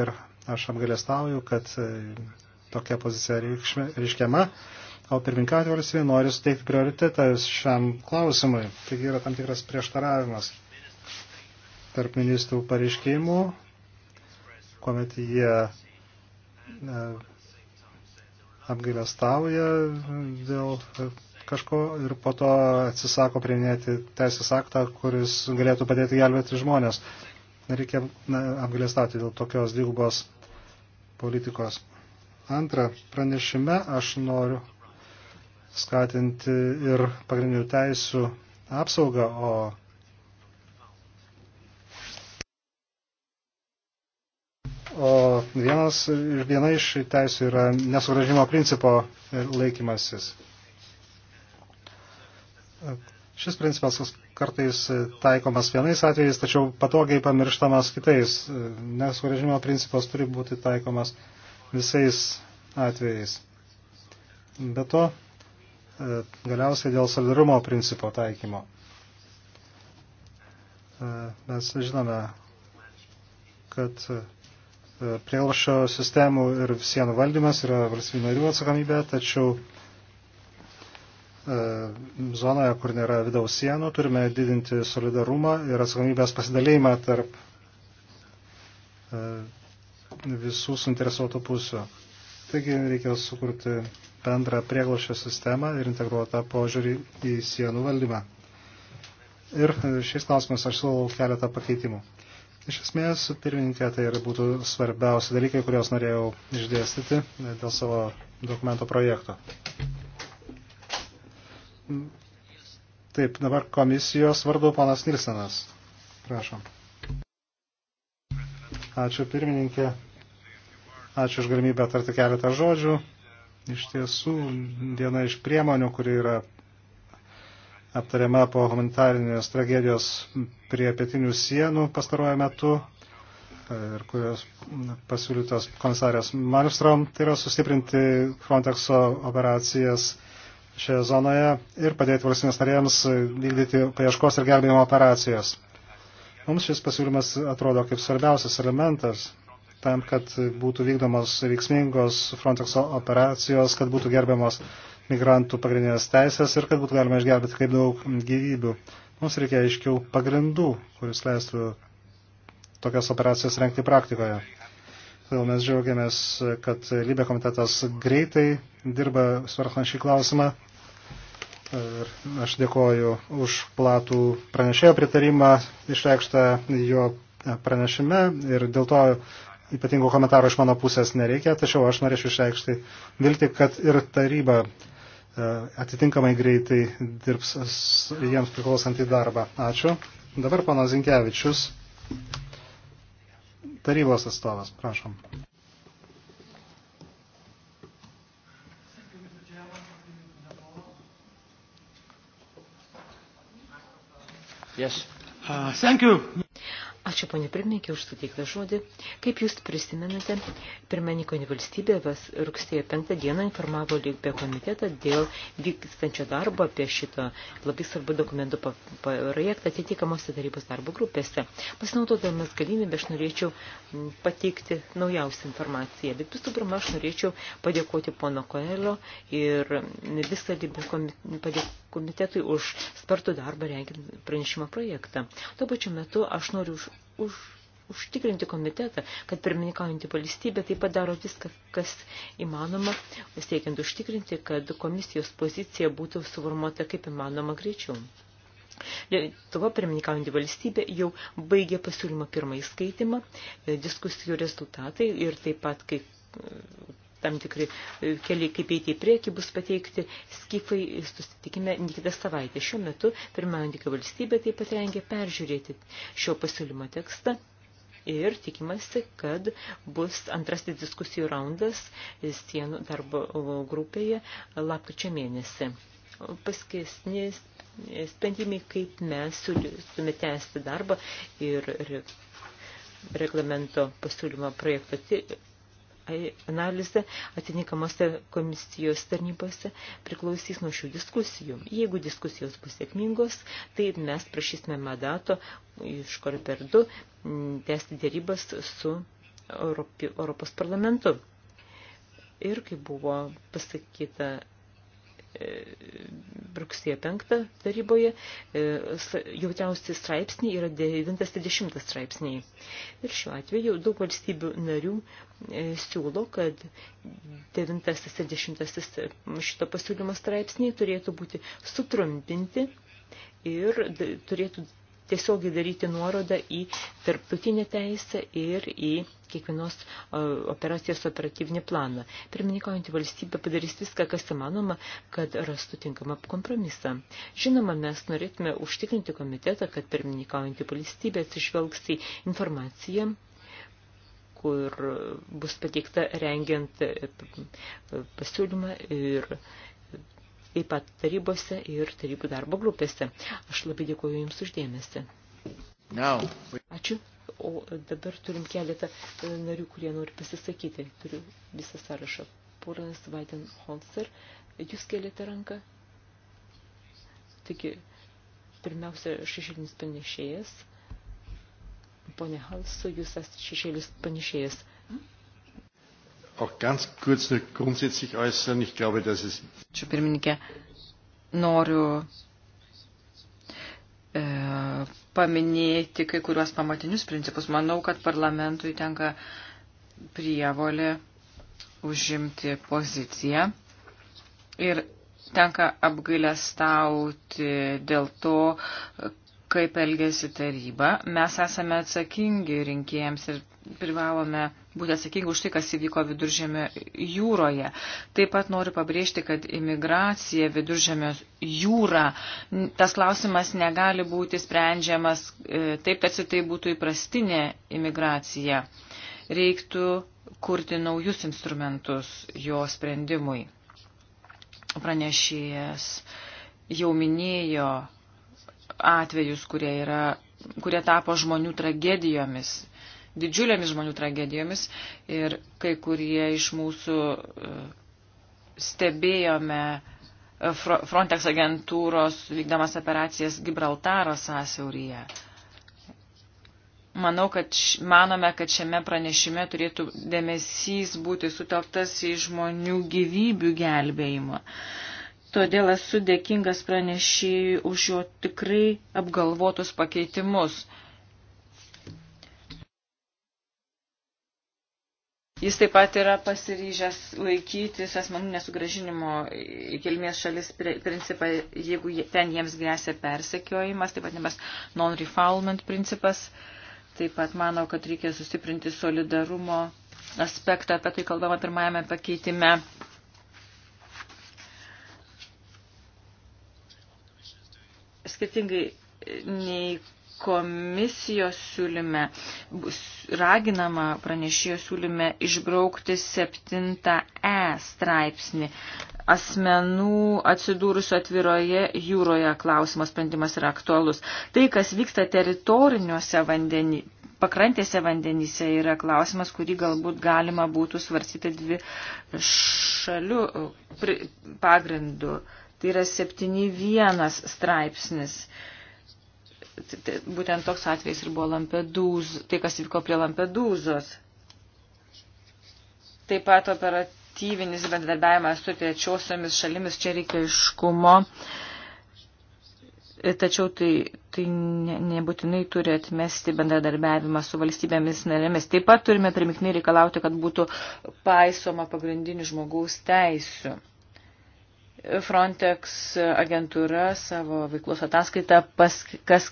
ir aš apgalėstauju, kad e, tokia pozicija reiškiama, o pirminkatė valstybė nori suteikti prioritetą šiam klausimui. Taigi yra tam tikras prieštaravimas tarp ministrų pareiškimų, kuomet jie e, apgailestauja dėl kažko ir po to atsisako prieinėti teisės aktą, kuris galėtų padėti gelbėti žmonės. Reikia apgailestauti dėl tokios dvigubos politikos. Antra, pranešime aš noriu skatinti ir pagrindinių teisų apsaugą, o O vienas, viena iš teisų yra nesugražimo principo laikymasis. Šis principas kartais taikomas vienais atvejais, tačiau patogiai pamirštamas kitais. Nesugražimo principas turi būti taikomas visais atvejais. Be to, galiausiai dėl solidarumo principo taikymo. Mes žinome, kad prieglobšio sistemų ir sienų valdymas yra valstybių narių atsakomybė, tačiau e, zonoje, kur nėra vidaus sienų, turime didinti solidarumą ir atsakomybės pasidalėjimą tarp e, visų suinteresuotų pusių. Taigi reikia sukurti bendrą prieglošio sistemą ir integruotą požiūrį į sienų valdymą. Ir e, šiais klausimais aš siūlau keletą pakeitimų. Iš esmės, pirmininkė, tai ir būtų svarbiausi dalykai, kuriuos norėjau išdėstyti dėl savo dokumento projekto. Taip, dabar komisijos vardu panas Nilsenas. Prašom. Ačiū pirmininkė. Ačiū už galimybę tarti keletą žodžių. Iš tiesų, viena iš priemonių, kuri yra aptariama po humanitarinės tragedijos prie pietinių sienų pastaruoju metu ir kurios pasiūlytos komisarės Malmström, tai yra sustiprinti Frontexo operacijas šioje zonoje ir padėti valstybės narėms vykdyti paieškos ir gelbėjimo operacijas. Mums šis pasiūlymas atrodo kaip svarbiausias elementas tam, kad būtų vykdomos veiksmingos Frontexo operacijos, kad būtų gerbiamos migrantų pagrindinės teisės ir kad būtų galima išgelbėti kaip daug gyvybių. Mums reikia aiškiau pagrindų, kuris leistų tokias operacijas renkti praktikoje. Todėl mes džiaugiamės, kad Lybė komitetas greitai dirba svarstant šį klausimą. Ir aš dėkoju už platų pranešėjo pritarimą išreikštą jo pranešime ir dėl to ypatingų komentarų iš mano pusės nereikia, tačiau aš norėčiau išreikšti vilti, kad ir taryba E, atitinkamai greitai dirbs jiems priklausantį darbą. Ačiū. Dabar panas Zinkevičius, tarybos atstovas, prašom. Yes. Uh, thank you. Ačiū, ponė pirmininkė, už suteiktą žodį. Kaip jūs prisimenate, pirmininkonė valstybė vas rugsėjo 5 dieną informavo lygbe komitetą dėl vykstančio darbo apie šito labai svarbu dokumento projektą atitikamosi tarybos darbo grupėse. Pasinaudodamas galimybę, aš norėčiau pateikti naujausią informaciją. Bet visų pirma, aš norėčiau padėkoti pono Koelio ir visą lygbe komitetui už spartų darbą rengiant pranešimo projektą. Tuo pačiu metu aš noriu už už, užtikrinti komitetą, kad pirmininkaujantį valstybę taip pat daro viską, kas įmanoma, siekiant užtikrinti, kad komisijos pozicija būtų suformuota kaip įmanoma greičiau. Lietuva pirmininkaujantį valstybę jau baigė pasiūlymą pirmąjį skaitimą, diskusijų rezultatai ir taip pat kaip tam tikri e, keliai, kaip eiti į priekį, bus pateikti skifai susitikime kitą savaitę. Šiuo metu pirmaujantikio valstybė taip pat rengia peržiūrėti šio pasiūlymo tekstą. Ir tikimasi, kad bus antrasis diskusijų raundas sienų darbo grupėje lapkričio mėnesį. Paskesnis sprendimai, kaip mes siūlytume tęsti darbą ir reglamento pasiūlymo projekto analizė atitinkamose komisijos tarnybose priklausys nuo šių diskusijų. Jeigu diskusijos bus sėkmingos, tai mes prašysime mandato iš Korperdu mm, tęsti dėrybas su Europi, Europos parlamentu. Ir kaip buvo pasakyta rugsėjo 5 taryboje, e, jautiausi straipsniai yra 9-10 straipsniai. Ir šiuo atveju daug valstybių narių e, siūlo, kad 9-10 šito pasiūlymo straipsniai turėtų būti sutrumpinti ir turėtų tiesiogiai daryti nuorodą į tarptautinę teisę ir į kiekvienos operacijos operatyvinį planą. Pirmininkaujantį valstybę padarys viską, kas įmanoma, kad rastų tinkamą kompromisą. Žinoma, mes norėtume užtikrinti komitetą, kad pirmininkaujantį valstybę atsižvelgs į informaciją kur bus pateikta rengiant e, pasiūlymą ir taip pat tarybose ir tarybų darbo grupėse. Aš labai dėkuoju Jums uždėmesi. Now. Ačiū. O dabar turim keletą e, narių, kurie nori pasisakyti. Turiu visą sąrašą. Poras Vaiden Holzer, jūs kėlėte ranką? Taigi, pirmiausia, šešėlinis panešėjas. Pone Halsu, jūs esate šešėlis panešėjas auch ganz kurz nur grundsätzlich äußern. Ich glaube, dass es. Čia pirmininkė, noriu e, paminėti kai kuriuos pamatinius principus. Manau, kad parlamentui tenka prievolė užimti poziciją ir tenka apgailestauti dėl to, kaip elgėsi taryba. Mes esame atsakingi rinkėjams ir privalome būti atsakingi už tai, kas įvyko viduržėmio jūroje. Taip pat noriu pabrėžti, kad imigracija viduržėmio jūra, tas klausimas negali būti sprendžiamas e, taip, tarsi tai būtų įprastinė imigracija. Reiktų kurti naujus instrumentus jo sprendimui. Pranešėjas jau minėjo atvejus, kurie, yra, kurie tapo žmonių tragedijomis didžiulėmis žmonių tragedijomis ir kai kurie iš mūsų e, stebėjome e, Frontex agentūros vykdamas operacijas Gibraltaro sąsiauryje. Manau, kad š, manome, kad šiame pranešime turėtų dėmesys būti sutelktas į žmonių gyvybių gelbėjimą. Todėl esu dėkingas pranešėjui už jo tikrai apgalvotus pakeitimus. Uh, Jis taip pat yra pasiryžęs laikytis asmenų nesugražinimo į kilmės šalis principą, jeigu ten jiems grėsia persekiojimas, taip pat nebes non-refoulement principas. Taip pat manau, kad reikia sustiprinti solidarumo aspektą, apie tai kalbama pirmajame pakeitime. Skirtingai nei komisijos siūlyme, raginama pranešėjo siūlyme išbraukti 7e straipsnį. Asmenų atsidūrusių atviroje jūroje klausimas sprendimas yra aktualus. Tai, kas vyksta teritoriniuose vandenį, pakrantėse vandenyse, yra klausimas, kurį galbūt galima būtų svarstyti dvi šalių e, pagrindų. Tai yra 7.1 straipsnis. Uh, būtent toks atvejs ir buvo Lampedūz, tai, kas įvyko prie Lampedūzos. Taip pat operatyvinis bendradarbiavimas su trečiosiomis šalimis čia reikia iškumo, tačiau tai, tai ne, nebūtinai turi atmesti bendradarbiavimą su valstybėmis narėmis. Taip pat turime primiknai reikalauti, kad būtų paisoma pagrindinių žmogaus teisių. Frontex agentūra savo veiklos ataskaitą pas, kas,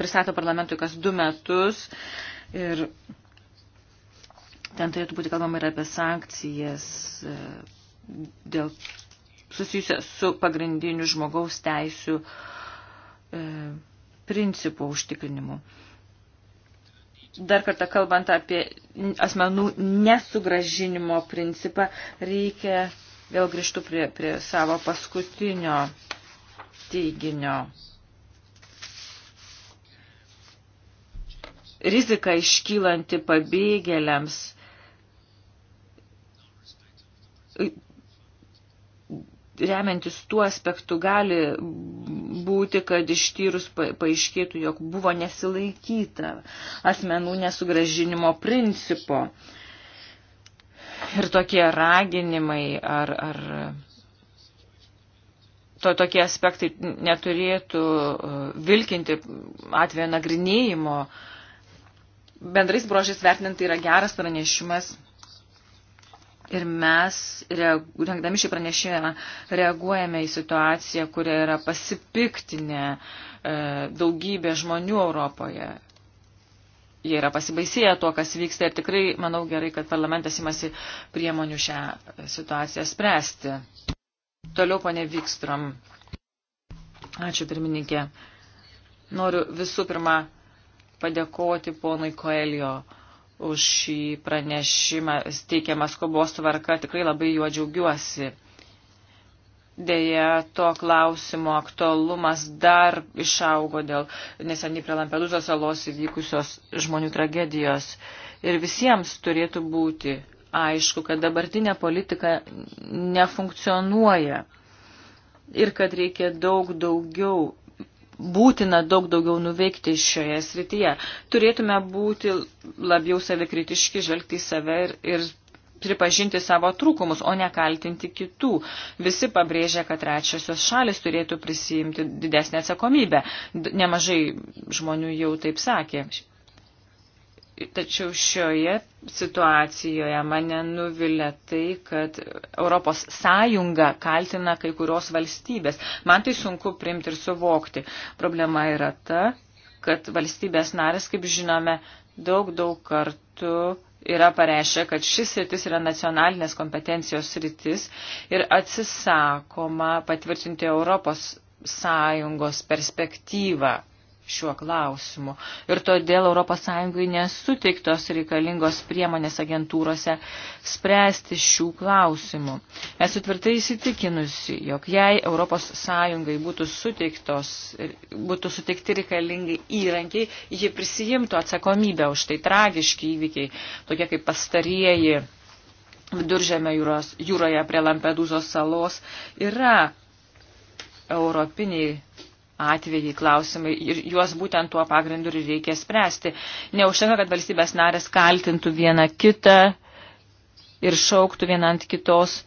pristato parlamentui kas du metus ir ten turėtų būti kalbama ir apie sankcijas e, dėl susijusias su pagrindiniu žmogaus teisų e, principų užtikrinimu. Dar kartą kalbant apie asmenų nesugražinimo principą, reikia Vėl grįžtu prie, prie savo paskutinio teiginio. Rizika iškylanti pabėgėliams remiantis tuo aspektu gali būti, kad ištyrus paaiškėtų, jog buvo nesilaikyta asmenų nesugražinimo principo. Uh, ir tokie raginimai ar, ar to, tokie aspektai neturėtų e, vilkinti atvejo nagrinėjimo. Bendrais brožiais vertinant tai yra geras pranešimas. Ir mes, rengdami šį pranešimą, reaguojame į situaciją, kuria yra pasipiktinę e, daugybė žmonių Europoje jie yra pasibaisėję tuo, kas vyksta ir tikrai manau gerai, kad parlamentas imasi priemonių šią situaciją spręsti. Toliau, ponė Vikstrom. Ačiū, pirmininkė. Noriu visų pirma padėkoti ponui Koelio už šį pranešimą, teikiamas skubos tvarka, tikrai labai juo džiaugiuosi. Deja, to klausimo aktualumas dar išaugo dėl neseniai prie Lampedūzos salos įvykusios žmonių tragedijos. Ir visiems turėtų būti aišku, kad dabartinė politika nefunkcionuoja ir kad reikia daug daugiau, būtina daug daugiau nuveikti šioje srityje. Turėtume būti labiau savikritiški, žvelgti į save ir, ir pripažinti savo trūkumus, o ne kaltinti kitų. Visi pabrėžia, kad trečiosios šalis turėtų prisijimti didesnę atsakomybę. Nemažai žmonių jau taip sakė. Tačiau šioje situacijoje mane nuvilia tai, kad Europos Sąjunga kaltina kai kurios valstybės. Man tai sunku primti ir suvokti. Problema yra ta, kad valstybės narės, kaip žinome, daug daug kartų yra pareiškę, kad šis sritis yra nacionalinės kompetencijos sritis ir atsisakoma patvirtinti Europos sąjungos perspektyvą šiuo klausimu. Ir todėl ES nesuteiktos reikalingos priemonės agentūrose spręsti šių klausimų. Esu tvirtai įsitikinusi, jog jei ES būtų, suteiktos, būtų suteikti reikalingi įrankiai, ji prisijimtų atsakomybę už tai tragiški įvykiai, tokie kaip pastarieji. Viduržėme jūros, jūroje prie Lampedūzos salos yra europiniai atvejai, klausimai ir juos būtent tuo pagrindu ir reikia spręsti. Neužtenka, kad valstybės narės kaltintų vieną kitą ir šauktų vieną ant kitos.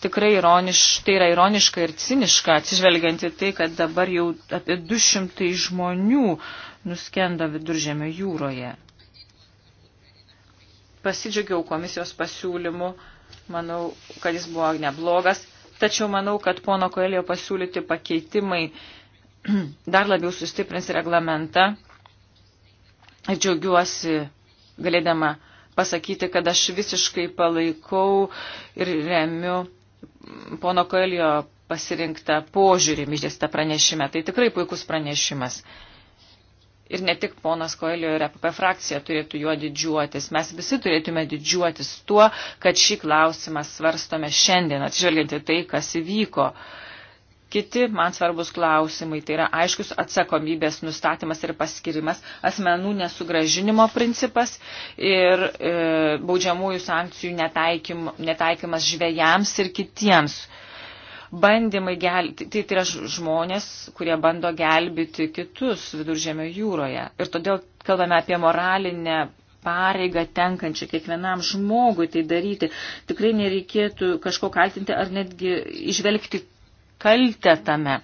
Tikrai ironiš, tai yra ironiška ir ciniška, atsižvelgianti tai, kad dabar jau apie 200 žmonių nuskenda viduržėmio jūroje. Pasidžiaugiau komisijos pasiūlymu, manau, kad jis buvo neblogas Tačiau manau, kad pono Koelio pasiūlyti pakeitimai dar labiau sustiprins reglamentą. Ir džiaugiuosi galėdama pasakyti, kad aš visiškai palaikau ir remiu pono Koelio pasirinktą požiūrį, išdėstą pranešimą. Tai tikrai puikus pranešimas ir ne tik ponas Koelio ir EPP frakcija turėtų juo didžiuotis. Mes visi turėtume didžiuotis tuo, kad šį klausimą svarstome šiandien, atžvelgiant į tai, kas įvyko. Kiti man svarbus klausimai tai yra aiškus atsakomybės nustatymas ir paskirimas, asmenų nesugražinimo principas ir e, baudžiamųjų sankcijų netaikim, netaikymas žvėjams ir kitiems. E, bandymai gelbėti, tai, tai yra žmonės, kurie bando gelbėti kitus viduržėmio jūroje. Ir todėl kalbame apie moralinę pareigą tenkančią kiekvienam žmogui tai daryti. Tikrai nereikėtų kažko kaltinti ar netgi išvelgti kaltę tame.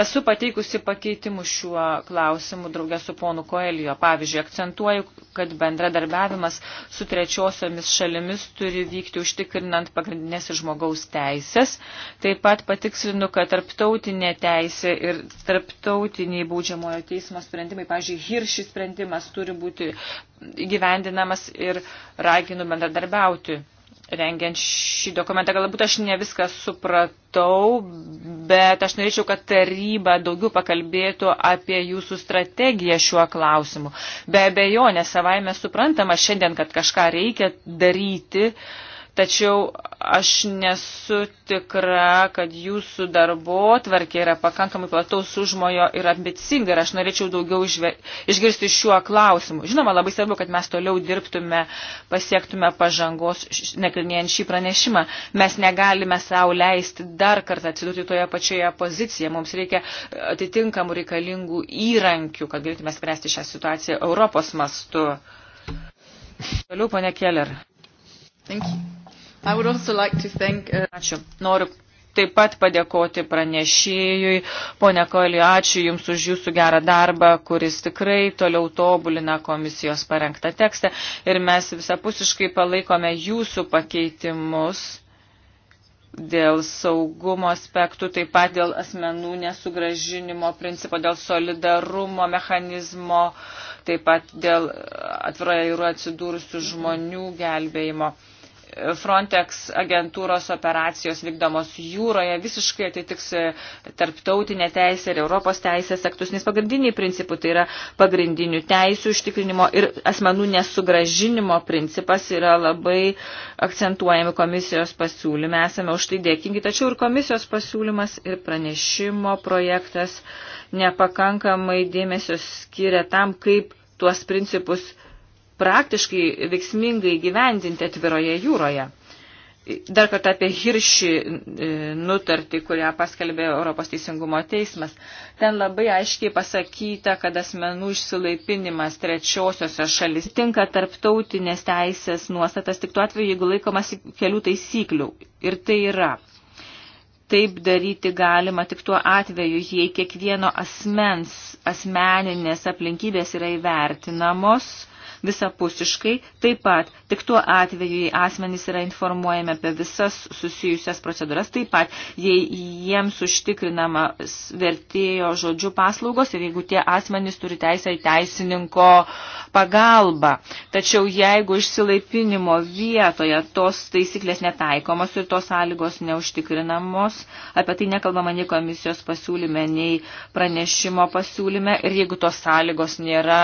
Esu pateikusi pakeitimų šiuo klausimu draugė su ponu Koelijo. Pavyzdžiui, akcentuoju, kad bendradarbiavimas su trečiosiomis šalimis turi vykti užtikrinant pagrindinės ir žmogaus teisės. Taip pat patikslinu, kad tarptautinė teisė ir tarptautiniai baudžiamojo teismo sprendimai, pavyzdžiui, hiršys sprendimas turi būti gyvendinamas ir raginu bendradarbiauti rengiant šį dokumentą. Galbūt aš ne viską supratau, bet aš norėčiau, kad taryba daugiau pakalbėtų apie jūsų strategiją šiuo klausimu. Be abejo, nesavaime suprantama šiandien, kad kažką reikia daryti. Uh, Tačiau aš nesu tikra, kad jūsų darbo tvarkė yra pakankamai plataus užmojo ir ambicinga ir aš norėčiau daugiau išgirsti šiuo klausimu. Žinoma, labai svarbu, kad mes toliau dirbtume, pasiektume pažangos, nekrinėjant šį pranešimą. Mes negalime savo leisti dar kartą atsidurti toje pačioje pozicijoje. Mums reikia atitinkamų reikalingų įrankių, kad galėtume spręsti šią situaciją Europos mastu. Toliau, ponia Keller. Thank you. Like thank, uh... Ačiū. Noriu taip pat padėkoti pranešėjui. Pone Koli, ačiū Jums už Jūsų gerą darbą, kuris tikrai toliau tobulina komisijos parengtą tekstą. Ir mes visapusiškai palaikome Jūsų pakeitimus dėl saugumo aspektų, taip pat dėl asmenų nesugražinimo principo, dėl solidarumo mechanizmo, taip pat dėl atviroje jūroje atsidūrusių žmonių gelbėjimo. Mm. Frontex agentūros operacijos vykdomos jūroje visiškai atitiks tarptautinę teisę ir Europos teisės aktus, nes pagrindiniai principų tai yra pagrindinių teisų užtikrinimo ir asmenų nesugražinimo principas yra labai akcentuojami komisijos pasiūlyme. Esame už tai dėkingi, tačiau ir komisijos pasiūlymas ir pranešimo projektas nepakankamai dėmesio skiria tam, kaip tuos principus praktiškai veiksmingai gyvendinti atviroje jūroje. Dar kartą apie Hiršį e, nutartį, kurią paskelbė Europos teisingumo teismas. Ten labai aiškiai pasakyta, kad asmenų išsilaipinimas trečiosiose šalis tinka tarptautinės teisės nuostatas tik tuo atveju, jeigu laikomas kelių taisyklių. Ir tai yra. Taip daryti galima tik tuo atveju, jei kiekvieno asmens asmeninės aplinkybės yra įvertinamos visapusiškai, taip pat tik tuo atveju, jei asmenys yra informuojami apie visas susijusias procedūras, taip pat jei jiems užtikrinama vertėjo žodžių paslaugos ir jeigu tie asmenys turi teisę į teisininko pagalbą. Tačiau jeigu išsilaipinimo vietoje tos taisyklės netaikomos ir tos sąlygos neužtikrinamos, apie tai nekalbama nei komisijos pasiūlyme, nei pranešimo pasiūlyme ir jeigu tos sąlygos nėra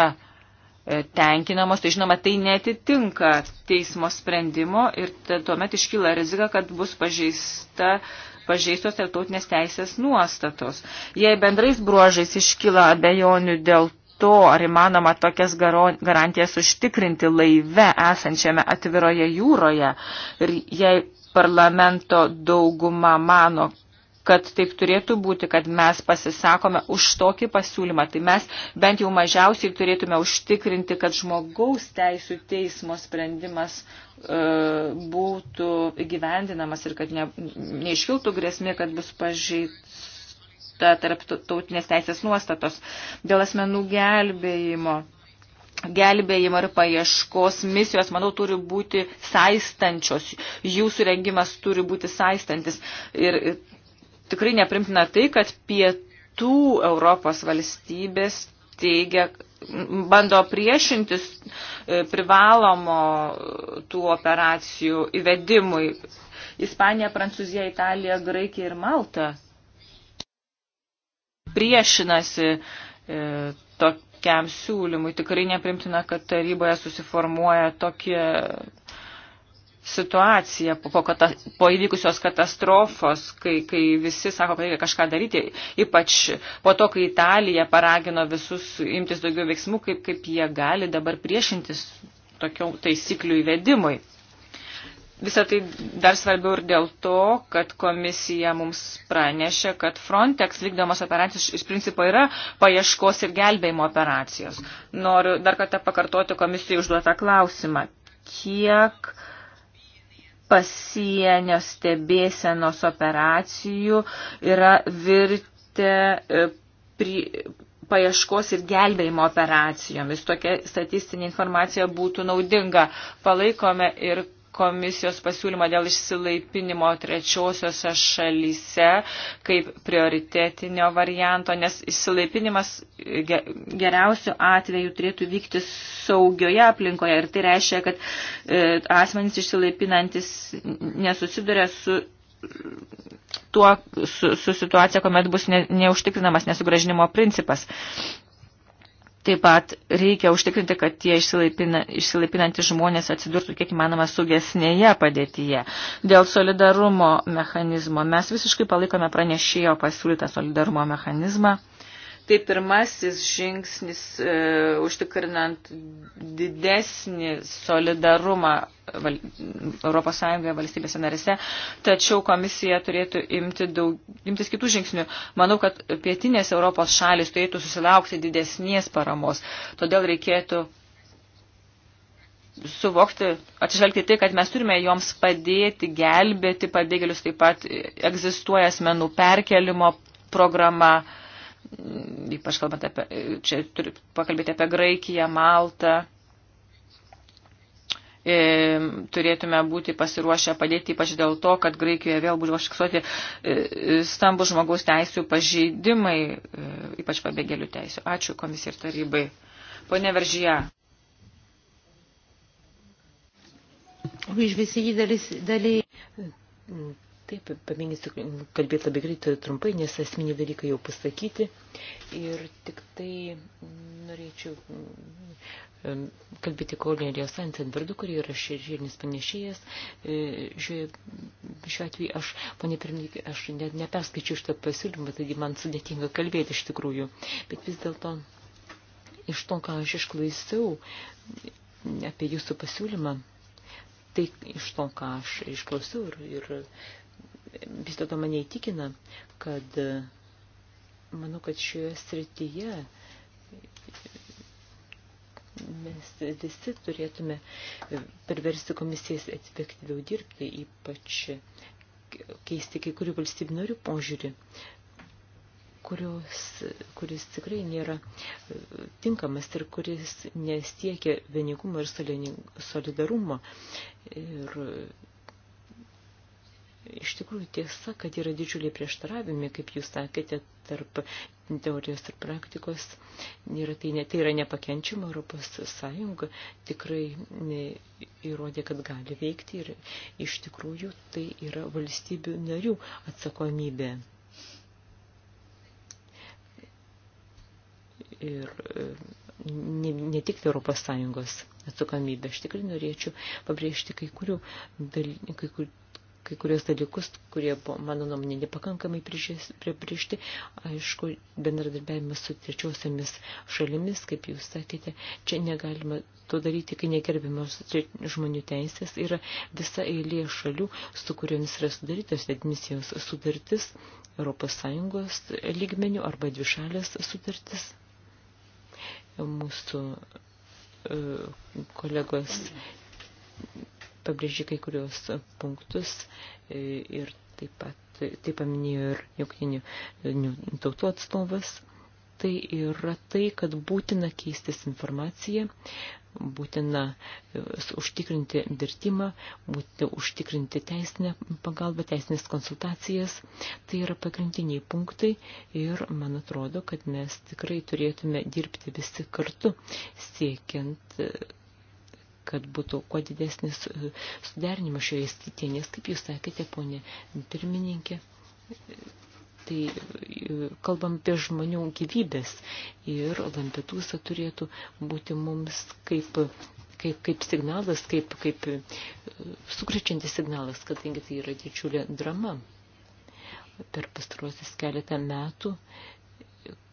E, tenkinamos, tai žinoma, tai netitinka teismo sprendimo ir tuomet iškyla rizika, kad bus pažeista pažeistos tarptautinės teisės nuostatos. Jei bendrais bruožais iškyla abejonių dėl to, ar įmanoma tokias garantijas užtikrinti laive esančiame atviroje jūroje ir jei parlamento dauguma mano, kad taip turėtų būti, kad mes pasisakome už tokį pasiūlymą. Tai mes bent jau mažiausiai turėtume užtikrinti, kad žmogaus teisų teismo sprendimas e, būtų gyvendinamas ir kad ne, neiškiltų grėsmė, kad bus pažeista tarptautinės teisės nuostatos dėl asmenų gelbėjimo gelbėjimo ir paieškos misijos, manau, turi būti saistančios. Jų surengimas turi būti saistantis. Ir tikrai neprimtina tai, kad pietų Europos valstybės teigia, bando priešintis e, privalomo tų operacijų įvedimui. Ispanija, Prancūzija, Italija, Graikija ir Malta priešinasi e, tokiam siūlymui. Tikrai neprimtina, kad taryboje susiformuoja tokie situacija po, kata, po įvykusios katastrofos, kai, kai visi sako, kad reikia kažką daryti, ypač po to, kai Italija paragino visus imtis daugiau veiksmų, kaip, kaip jie gali dabar priešintis tokių taisyklių įvedimui. Visą tai dar svarbiau ir dėl to, kad komisija mums pranešė, kad Frontex vykdomos operacijos iš principo yra paieškos ir gelbėjimo operacijos. Noriu dar kartą pakartoti komisijai užduotą klausimą. Kiek uh, pasienio stebėsenos operacijų yra virtę e, prie, paieškos ir gelbėjimo operacijomis. Tokia statistinė informacija būtų naudinga. Palaikome ir komisijos pasiūlymą dėl išsilaipinimo trečiosiose šalyse kaip prioritetinio varianto, nes išsilaipinimas geriausių atveju turėtų vykti saugioje aplinkoje ir tai reiškia, kad e, asmenys išsilaipinantis nesusiduria su tuo, su, su situacija, kuomet bus ne, neužtikrinamas nesugražinimo principas. Taip pat reikia užtikrinti, kad tie išsilaipina, išsilaipinantys žmonės atsidurtų kiek įmanoma sugesnėje padėtyje. Dėl solidarumo mechanizmo mes visiškai palaikome pranešėjo pasiūlytą solidarumo mechanizmą tai pirmasis žingsnis e, užtikrinant didesnį solidarumą val, ES valstybėse narėse, tačiau komisija turėtų imti daug, imtis kitų žingsnių. Manau, kad pietinės Europos šalis turėtų susilaukti didesnės paramos, todėl reikėtų suvokti, atsižvelgti tai, kad mes turime joms padėti, gelbėti pabėgėlius, taip pat egzistuoja asmenų perkelimo programa ypač kalbant apie, čia turiu pakalbėti apie Graikiją, Maltą, e, turėtume būti pasiruošę padėti, ypač dėl to, kad Graikijoje vėl buvo užfiksuoti e, stambų žmogaus teisų pažeidimai, e, ypač pabėgėlių teisų. Ačiū komisijai ir tarybai. Pone Veržyje. Oui, je vais essayer d'aller mm. Taip, pamėginsiu kalbėti labai greitai trumpai, nes esminiai dalykai jau pasakyti. Ir tik tai norėčiau kalbėti Kornelijos Ansen vardu, kuri yra šešėlinis panešėjas. E, šiuo atveju aš, ponė pirmininkė, aš ne, neperskaičiu šitą pasiūlymą, taigi man sudėtinga kalbėti iš tikrųjų. Bet vis dėlto iš to, ką aš išklausiau apie jūsų pasiūlymą, tai iš to, ką aš išklausiau ir, ir vis dėlto mane įtikina, kad e, manau, kad šioje srityje mes visi turėtume e, perversti komisijas efektyviau dirbti, ypač keisti kai kurių valstybių narių požiūrį, kurios, kuris tikrai nėra e, tinkamas ir kuris nesiekia vieningumo ir solidarumo. Ir Iš tikrųjų tiesa, kad yra didžiuliai prieštaravimai, kaip jūs sakėte, tarp teorijos ir praktikos. Ir tai, ne, tai yra nepakenčiama Europos Sąjunga, tikrai ne, įrodė, kad gali veikti ir iš tikrųjų tai yra valstybių narių atsakomybė. Ir ne, ne tik Europos Sąjungos atsakomybė. Aš tikrai norėčiau pabrėžti kai kurių dalykų kai kurios dalykus, kurie buvo, mano nuomonė, nepakankamai pripriešti. Aišku, bendradarbiavimas su trečiosiamis šalimis, kaip jūs sakėte, čia negalima to daryti, kai negerbimas žmonių teisės. Yra visa eilė šalių, su kuriomis yra sudarytas admisijos sudartis Europos Sąjungos lygmenių arba dvišalės sutartis. Mūsų e, kolegos pabrėžė kai kurios punktus e, ir taip pat tai paminėjo ir jungtinių e, tautų atstovas. Tai yra tai, kad būtina keistis informaciją, būtina e, užtikrinti dirtimą, būtina užtikrinti teisinę pagalbą, teisinės konsultacijas. Tai yra pagrindiniai punktai ir man atrodo, kad mes tikrai turėtume dirbti visi kartu, siekiant kad būtų kuo didesnis e, suderinimas šioje srityje, nes, kaip jūs sakėte, ponė pirmininkė, tai e, kalbam apie žmonių gyvybės ir Lampedusa turėtų būti mums kaip, kaip, kaip signalas, kaip, kaip e, sukrečiantis signalas, kadangi tai yra didžiulė drama per pastarosius keletą metų,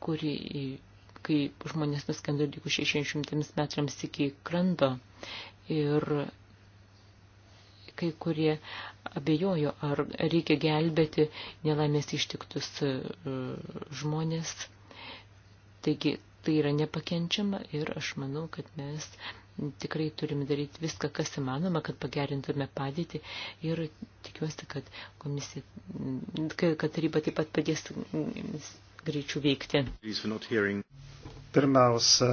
kuri kai žmonės nuskendo likus 600 metrams iki kranto ir kai kurie abejojo, ar reikia gelbėti nelaimės ištiktus e, žmonės. Taigi tai yra nepakenčiama ir aš manau, kad mes tikrai turime daryti viską, kas įmanoma, kad pagerintume padėtį ir tikiuosi, kad komisija, kad taryba taip pat padės greičiau veikti. Pirmiausia,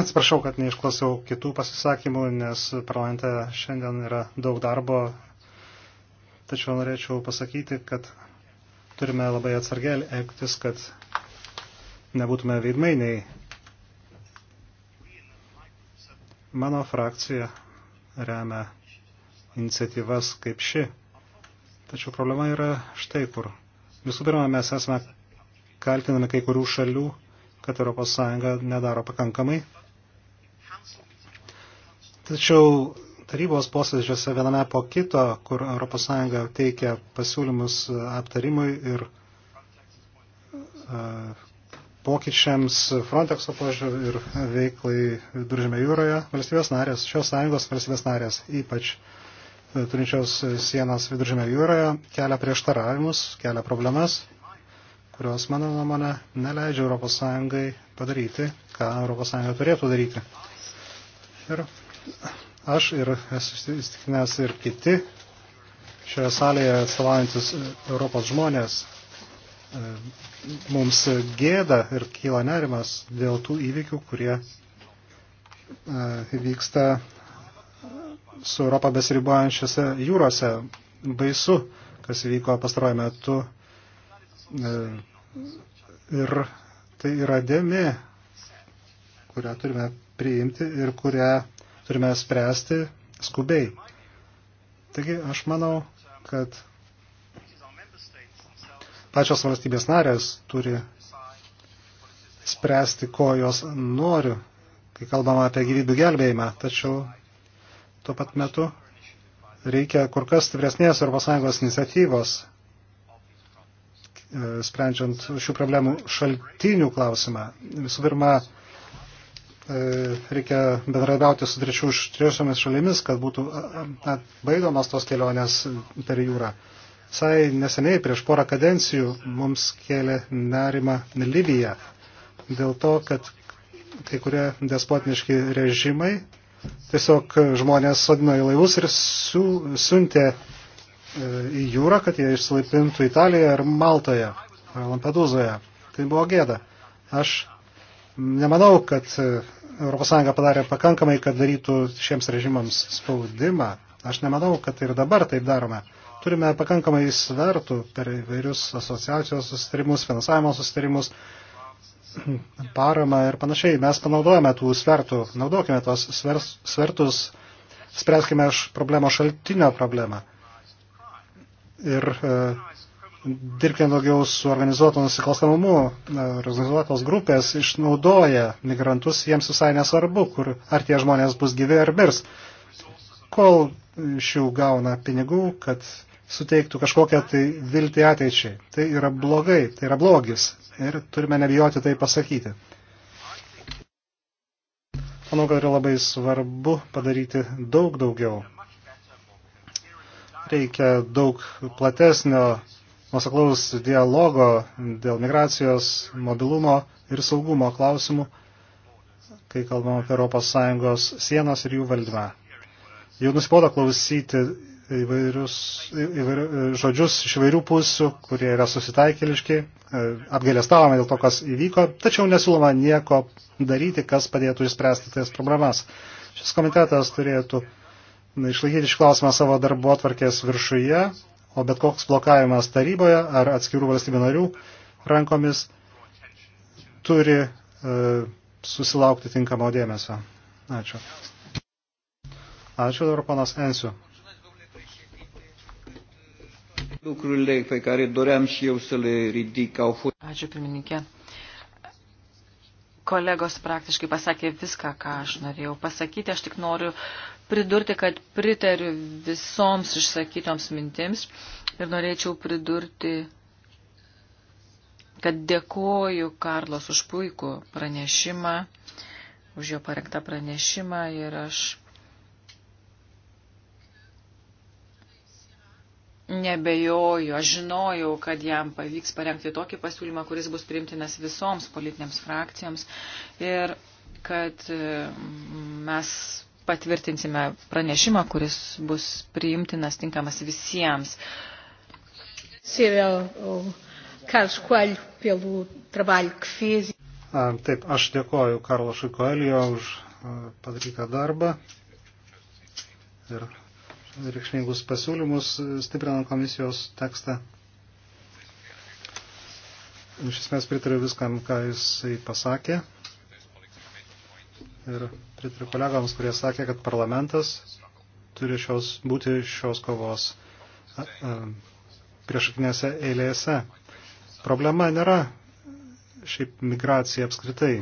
atsiprašau, kad neišklausiau kitų pasisakymų, nes parlamente šiandien yra daug darbo, tačiau norėčiau pasakyti, kad turime labai atsargiai elgtis, kad nebūtume veidmainiai. Mano frakcija remia iniciatyvas kaip ši. Tačiau problema yra štai kur. Visų pirma, mes esame kaltinami kai kurių šalių kad ES nedaro pakankamai. Tačiau tarybos posėdžiuose viename po kito, kur ES teikia pasiūlymus aptarimui ir e, pokyčiams Frontexo požiūrį ir veiklai Viduržėme jūroje, valstybės narės, šios sąjungos valstybės narės, ypač e, turinčios sienas Viduržėme jūroje, kelia prieštaravimus, kelia problemas kurios, mano nuomonė, neleidžia ES padaryti, ką ES turėtų daryti. Ir aš ir esu įstikinęs ir kiti šioje salėje atstovaujantis Europos žmonės, e, mums gėda ir kyla nerimas dėl tų įvykių, kurie e, vyksta su Europą besiribojančiose jūrose. Baisu, kas vyko pastaruoju metu E, ir tai yra dėmi, kurią turime priimti ir kurią turime spręsti skubiai. Taigi aš manau, kad pačios valstybės narės turi spręsti, ko jos nori, kai kalbama apie gyvybių gelbėjimą. Tačiau tuo pat metu reikia kur kas stipresnės Europos Sąjungos iniciatyvos E, sprendžiant šių problemų šaltinių klausimą. Visų pirma, e, reikia bendradauti su trečiosiomis šalimis, kad būtų e, atbaidomas tos kelionės per jūrą. Sai neseniai prieš porą kadencijų mums kėlė nerima Libija dėl to, kad kai kurie despotiniški režimai tiesiog žmonės sodino į laivus ir siū, siuntė į jūrą, kad jie išsilaipintų Italijoje ir Maltoje, Lampedūzoje. Tai buvo gėda. Aš nemanau, kad ES padarė pakankamai, kad darytų šiems režimams spaudimą. Aš nemanau, kad ir dabar taip darome. Turime pakankamai svertų per įvairius asociacijos sustarimus, finansavimo sustarimus, paramą ir panašiai. Mes panaudojame tų svertų, naudokime tos svertus, spręskime problemą šaltinio problemą ir e, dirbti daugiau su organizuotu nusikalstamumu. E, organizuotos grupės išnaudoja migrantus, jiems visai nesvarbu, kur ar tie žmonės bus gyvi ar mirs, kol iš jų gauna pinigų, kad suteiktų kažkokią tai viltį ateičiai. Tai yra blogai, tai yra blogis ir turime nebijoti tai pasakyti. Manau, kad yra labai svarbu padaryti daug daugiau reikia daug platesnio nuoseklaus dialogo dėl migracijos, mobilumo ir saugumo klausimų, kai kalbam apie ES sienas ir jų valdymą. Jau nusipodo klausyti įvairius įvairi, žodžius iš įvairių pusių, kurie yra susitaikėliški, e, apgailestavome dėl to, kas įvyko, tačiau nesiūloma nieko daryti, kas padėtų išspręsti tas problemas. Šis komitetas turėtų uh, išlaikyti šį klausimą savo darbo atvarkės viršuje, o bet koks blokavimas taryboje ar atskirų valstybių narių rankomis turi e, susilaukti tinkamo dėmesio. Ačiū. Ačiū dabar panas Ensiu. Ačiū pirmininkė kolegos praktiškai pasakė viską, ką aš norėjau pasakyti. Aš tik noriu pridurti, kad pritariu visoms išsakytoms mintims ir norėčiau pridurti, kad dėkoju Karlos už puikų pranešimą, už jo parengtą pranešimą ir aš nebejoju, aš žinojau, kad jam pavyks parengti tokį pasiūlymą, kuris bus priimtinas visoms politinėms frakcijoms ir kad e, mes patvirtinsime pranešimą, kuris bus priimtinas, tinkamas visiems. Taip, aš dėkoju Karlo Šikoelio už padarytą darbą ir reikšmingus pasiūlymus, stiprinant komisijos tekstą. Iš esmės pritariu viskam, ką jisai pasakė. Ir pritariu kolegams, kurie sakė, kad parlamentas turi šios, būti šios kovos priešakinėse eilėse. Problema nėra šiaip migracija apskritai.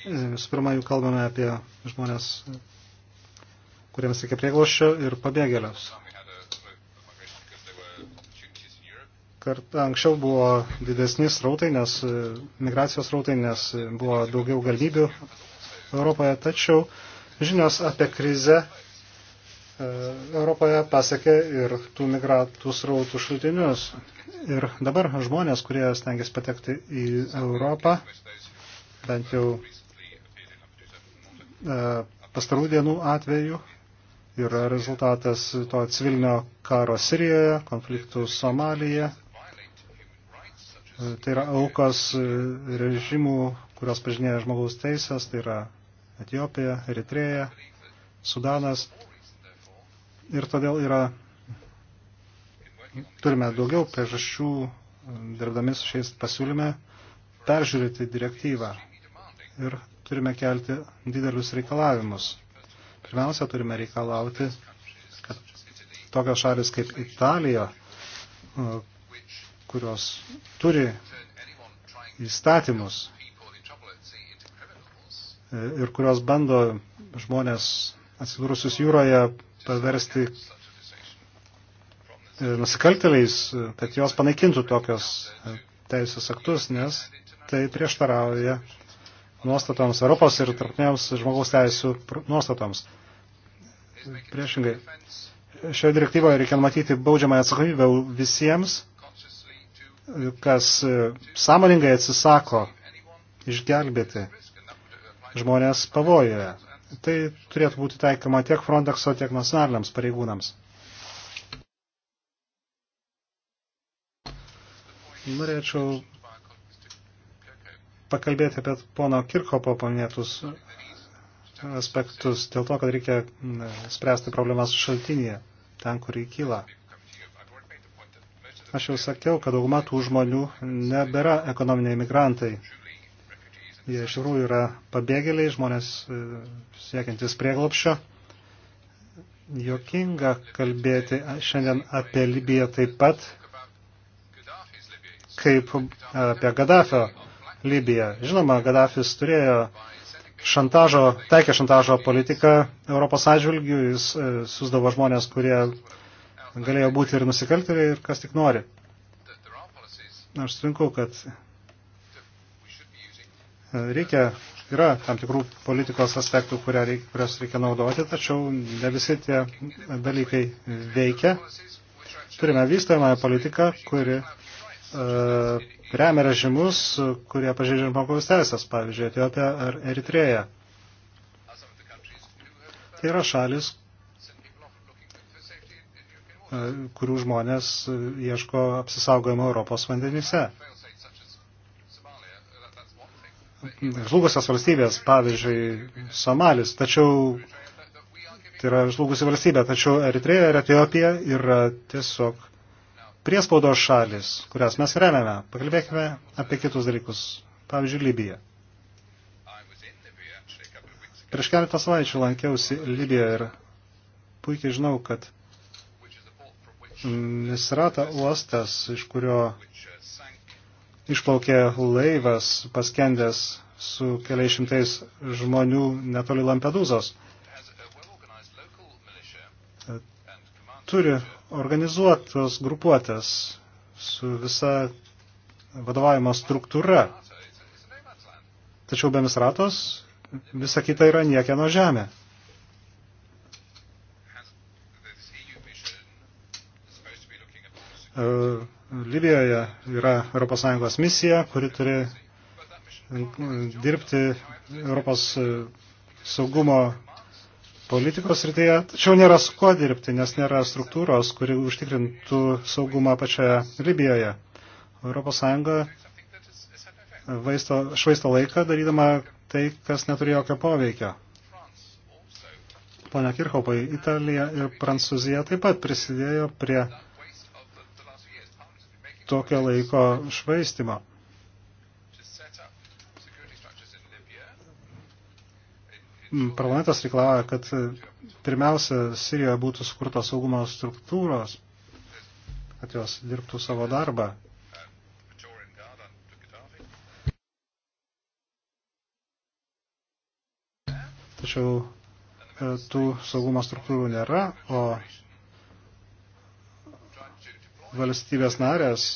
Visų pirma, jau kalbame apie žmonės kuriems reikia prieglošio ir pabėgėliams. Kart, anksčiau buvo didesni srautai, nes e, migracijos srautai, nes e, buvo daugiau galimybių Europoje, tačiau žinios apie krizę e, Europoje pasiekė ir tų migratų srautų šaltinius. Ir dabar žmonės, kurie stengiasi patekti į Europą, bent jau pastarų dienų atveju, yra rezultatas to civilinio karo Sirijoje, konfliktų Somalija. Tai yra aukos režimų, kurios pažinėja žmogaus teisės, tai yra Etijopija, Eritreja, Sudanas. Ir todėl yra, turime daugiau priežasčių, dirbdami su šiais pasiūlyme, peržiūrėti direktyvą ir turime kelti didelius reikalavimus Pirmiausia, turime reikalauti, kad tokios šalis kaip Italija, e, kurios turi įstatymus e, ir kurios bando žmonės atsidūrusius jūroje paversti e, nusikaltėliais, kad jos panaikintų tokios teisės aktus, nes tai prieštarauja nuostatoms, Europos ir tarptautiniams žmogaus teisų nuostatoms. Priešingai, šioje direktyvoje reikia numatyti baudžiamą atsakomybę visiems, kas e, sąmoningai atsisako išgelbėti žmonės pavojoje. Tai turėtų būti taikoma tiek Frontexo, tiek nacionaliniams pareigūnams. Norėčiau pakalbėti apie pono Kirchopo paminėtus aspektus dėl to, kad reikia spręsti problemas šaltinėje, ten, kur įkyla. Aš jau sakiau, kad dauguma tų žmonių nebėra ekonominiai migrantai. Jie iš tikrųjų yra pabėgėliai, žmonės e, siekiantis prieglopščio. Jokinga kalbėti šiandien apie Libiją taip pat, kaip apie Gaddafio Libiją. Žinoma, Gaddafis turėjo šantažo, taikė šantažo politiką Europos atžvilgių, jis e, susdavo žmonės, kurie galėjo būti ir nusikaltėliai, ir kas tik nori. Aš sutinku, kad e, reikia, yra tam tikrų politikos aspektų, reikia, kurias reikia naudoti, tačiau ne visi tie dalykai veikia. Turime vystojamąją politiką, kuri E, remia režimus, kurie pažeidžia žmogaus teisės, pavyzdžiui, Etiopija ar Eritreja. Tai yra šalis, e, kurių žmonės ieško apsisaugojimo Europos vandenyse. Žlugusios valstybės, pavyzdžiui, Somalis, tačiau tai yra žlugusi valstybė, tačiau Eritreja ir Etiopija yra tiesiog priespaudos šalis, kurias mes remiame. Pakalbėkime apie kitus dalykus. Pavyzdžiui, Libija. Prieš keletą savaičių lankiausi Libijoje ir puikiai žinau, kad Misrata uostas, iš kurio išplaukė laivas paskendęs su keliais šimtais žmonių netoli Lampedūzos, turi organizuotos grupuotės su visa vadovavimo struktūra. Tačiau be misratos visa kita yra niekieno žemė. E, Libijoje yra ES misija, kuri turi dirbti Europos saugumo politikos rytyje, tačiau nėra su kuo dirbti, nes nėra struktūros, kuri užtikrintų saugumą pačioje Libijoje. Europos Sąjunga vaisto, švaisto laiką darydama tai, kas neturi jokio poveikio. Pone Kirchopai, Italija ir Prancūzija taip pat prisidėjo prie tokio laiko švaistimo. Mm, parlamentas reikalauja, kad e, pirmiausia Sirijoje būtų sukurtos saugumo struktūros, kad jos dirbtų savo darbą. Tačiau e, tų saugumo struktūrų nėra, o valstybės narės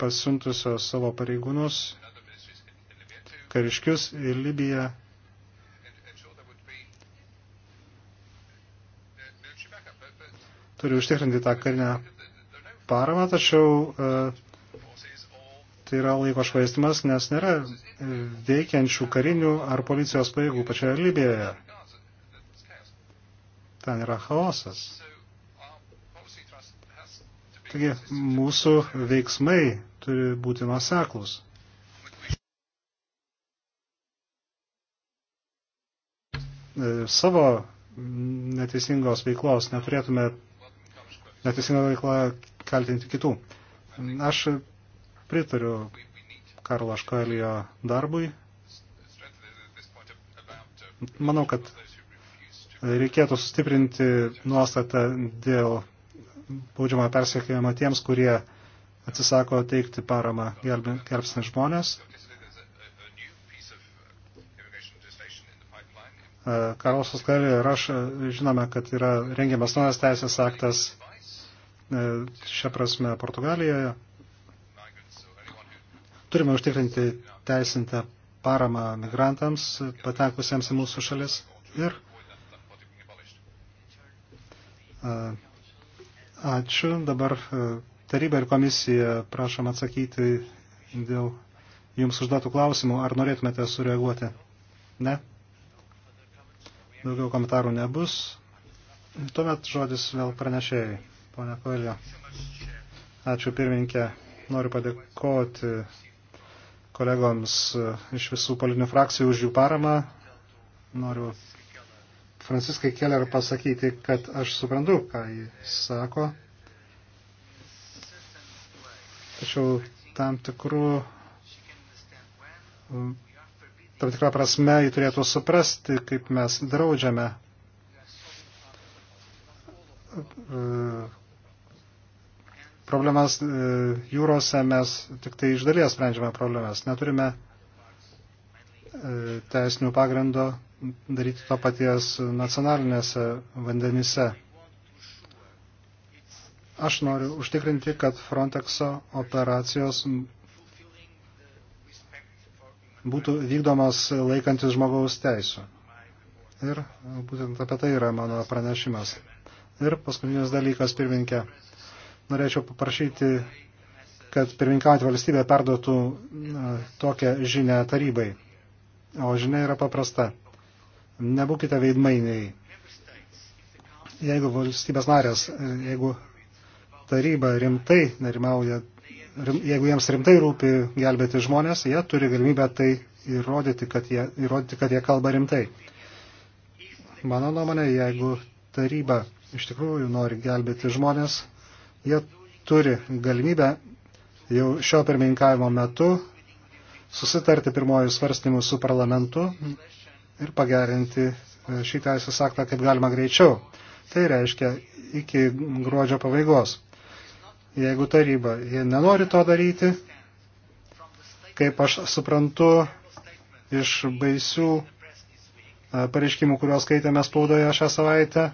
pasiuntusios savo pareigūnus kariškius į Libiją. Turi užtikrinti tą karinę paramą, tačiau e, tai yra laiko švaistimas, nes nėra e, veikiančių karinių ar policijos pajėgų pačioje Libijoje. Ten yra chaosas. Taigi mūsų veiksmai turi būti nuoseklus. E, savo neteisingos veiklos neturėtume neteisingą veiklą kaltinti kitų. Aš pritariu Karlo Škoelio darbui. Manau, kad reikėtų sustiprinti nuostatą dėl baudžiamą persiekėjimą tiems, kurie atsisako teikti paramą gelbsni žmonės. Karlosas Kali ir aš e, žinome, kad yra rengiamas naujas teisės aktas e, šią prasme Portugalijoje. Turime užtikrinti teisintę paramą migrantams patekusiems į mūsų šalis ir e, ačiū. Dabar taryba ir komisija prašom atsakyti dėl jums užduotų klausimų. Ar norėtumėte sureaguoti? Ne? Daugiau komentarų nebus. Tuomet žodis vėl pranešėjai. Pone Koelio. Ačiū pirmininkė. Noriu padėkoti kolegoms iš visų politinių frakcijų už jų paramą. Noriu Franciskai Keller pasakyti, kad aš suprantu, ką jis sako. Tačiau tam tikrų tam tikrą prasme jį turėtų suprasti, kaip mes draudžiame e, problemas e, jūrose, mes tik tai iš dalies sprendžiame problemas. Neturime e, teisinių pagrindo daryti to paties nacionalinėse vandenyse. Aš noriu užtikrinti, kad Frontexo operacijos būtų vykdomas laikantis žmogaus teisų. Ir būtent apie tai yra mano pranešimas. Ir paskutinis dalykas, pirminkė. Norėčiau paprašyti, kad pirminkaujant valstybė perduotų tokią žinę tarybai. O žinia yra paprasta. Nebūkite veidmainiai. Jeigu valstybės narės, jeigu taryba rimtai nerimauja jeigu jiems rimtai rūpi gelbėti žmonės, jie turi galimybę tai įrodyti, kad jie, įrodyti, kad jie kalba rimtai. Mano nuomonė, jeigu taryba iš tikrųjų nori gelbėti žmonės, jie turi galimybę jau šio pirmininkavimo metu susitarti pirmojų svarstymų su parlamentu ir pagerinti e, šį teisės aktą kaip galima greičiau. Tai reiškia iki gruodžio pabaigos jeigu taryba jie nenori to daryti, kaip aš suprantu iš baisių e, pareiškimų, kuriuos skaitėme spaudoje šią savaitę,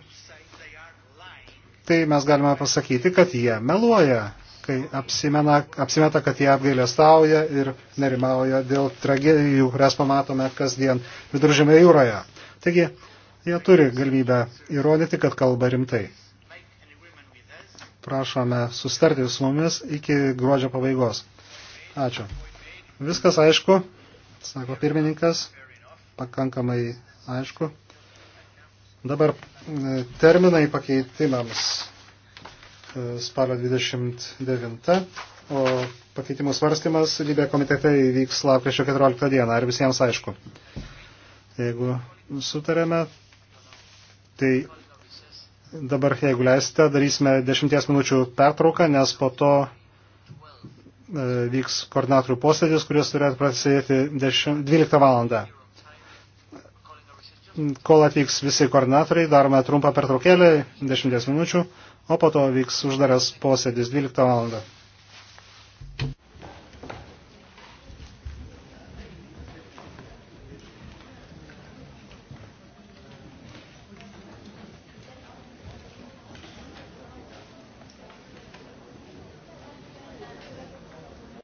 tai mes galime pasakyti, kad jie meluoja, kai apsimena, apsimeta, kad jie apgailestauja ir nerimauja dėl tragedijų, kurias pamatome kasdien viduržėme jūroje. Taigi, jie turi galimybę įrodyti, kad kalba rimtai prašome sustarti su mumis iki gruodžio pabaigos. Ačiū. Viskas aišku, sako pirmininkas, pakankamai aišku. Dabar e, terminai pakeitimams e, spalio 29, o pakeitimų svarstymas lybė komitete įvyks lapkričio 14 dieną. Ar visiems aišku? Jeigu sutarėme, tai dabar, jeigu leisite, darysime 10 minučių pertrauką, nes po to e, vyks koordinatorių posėdis, kuris turėtų prasidėti 12 valandą. Kol atvyks visi koordinatoriai, darome trumpą pertraukėlę 10 minučių, o po to vyks uždaras posėdis 12 valandą.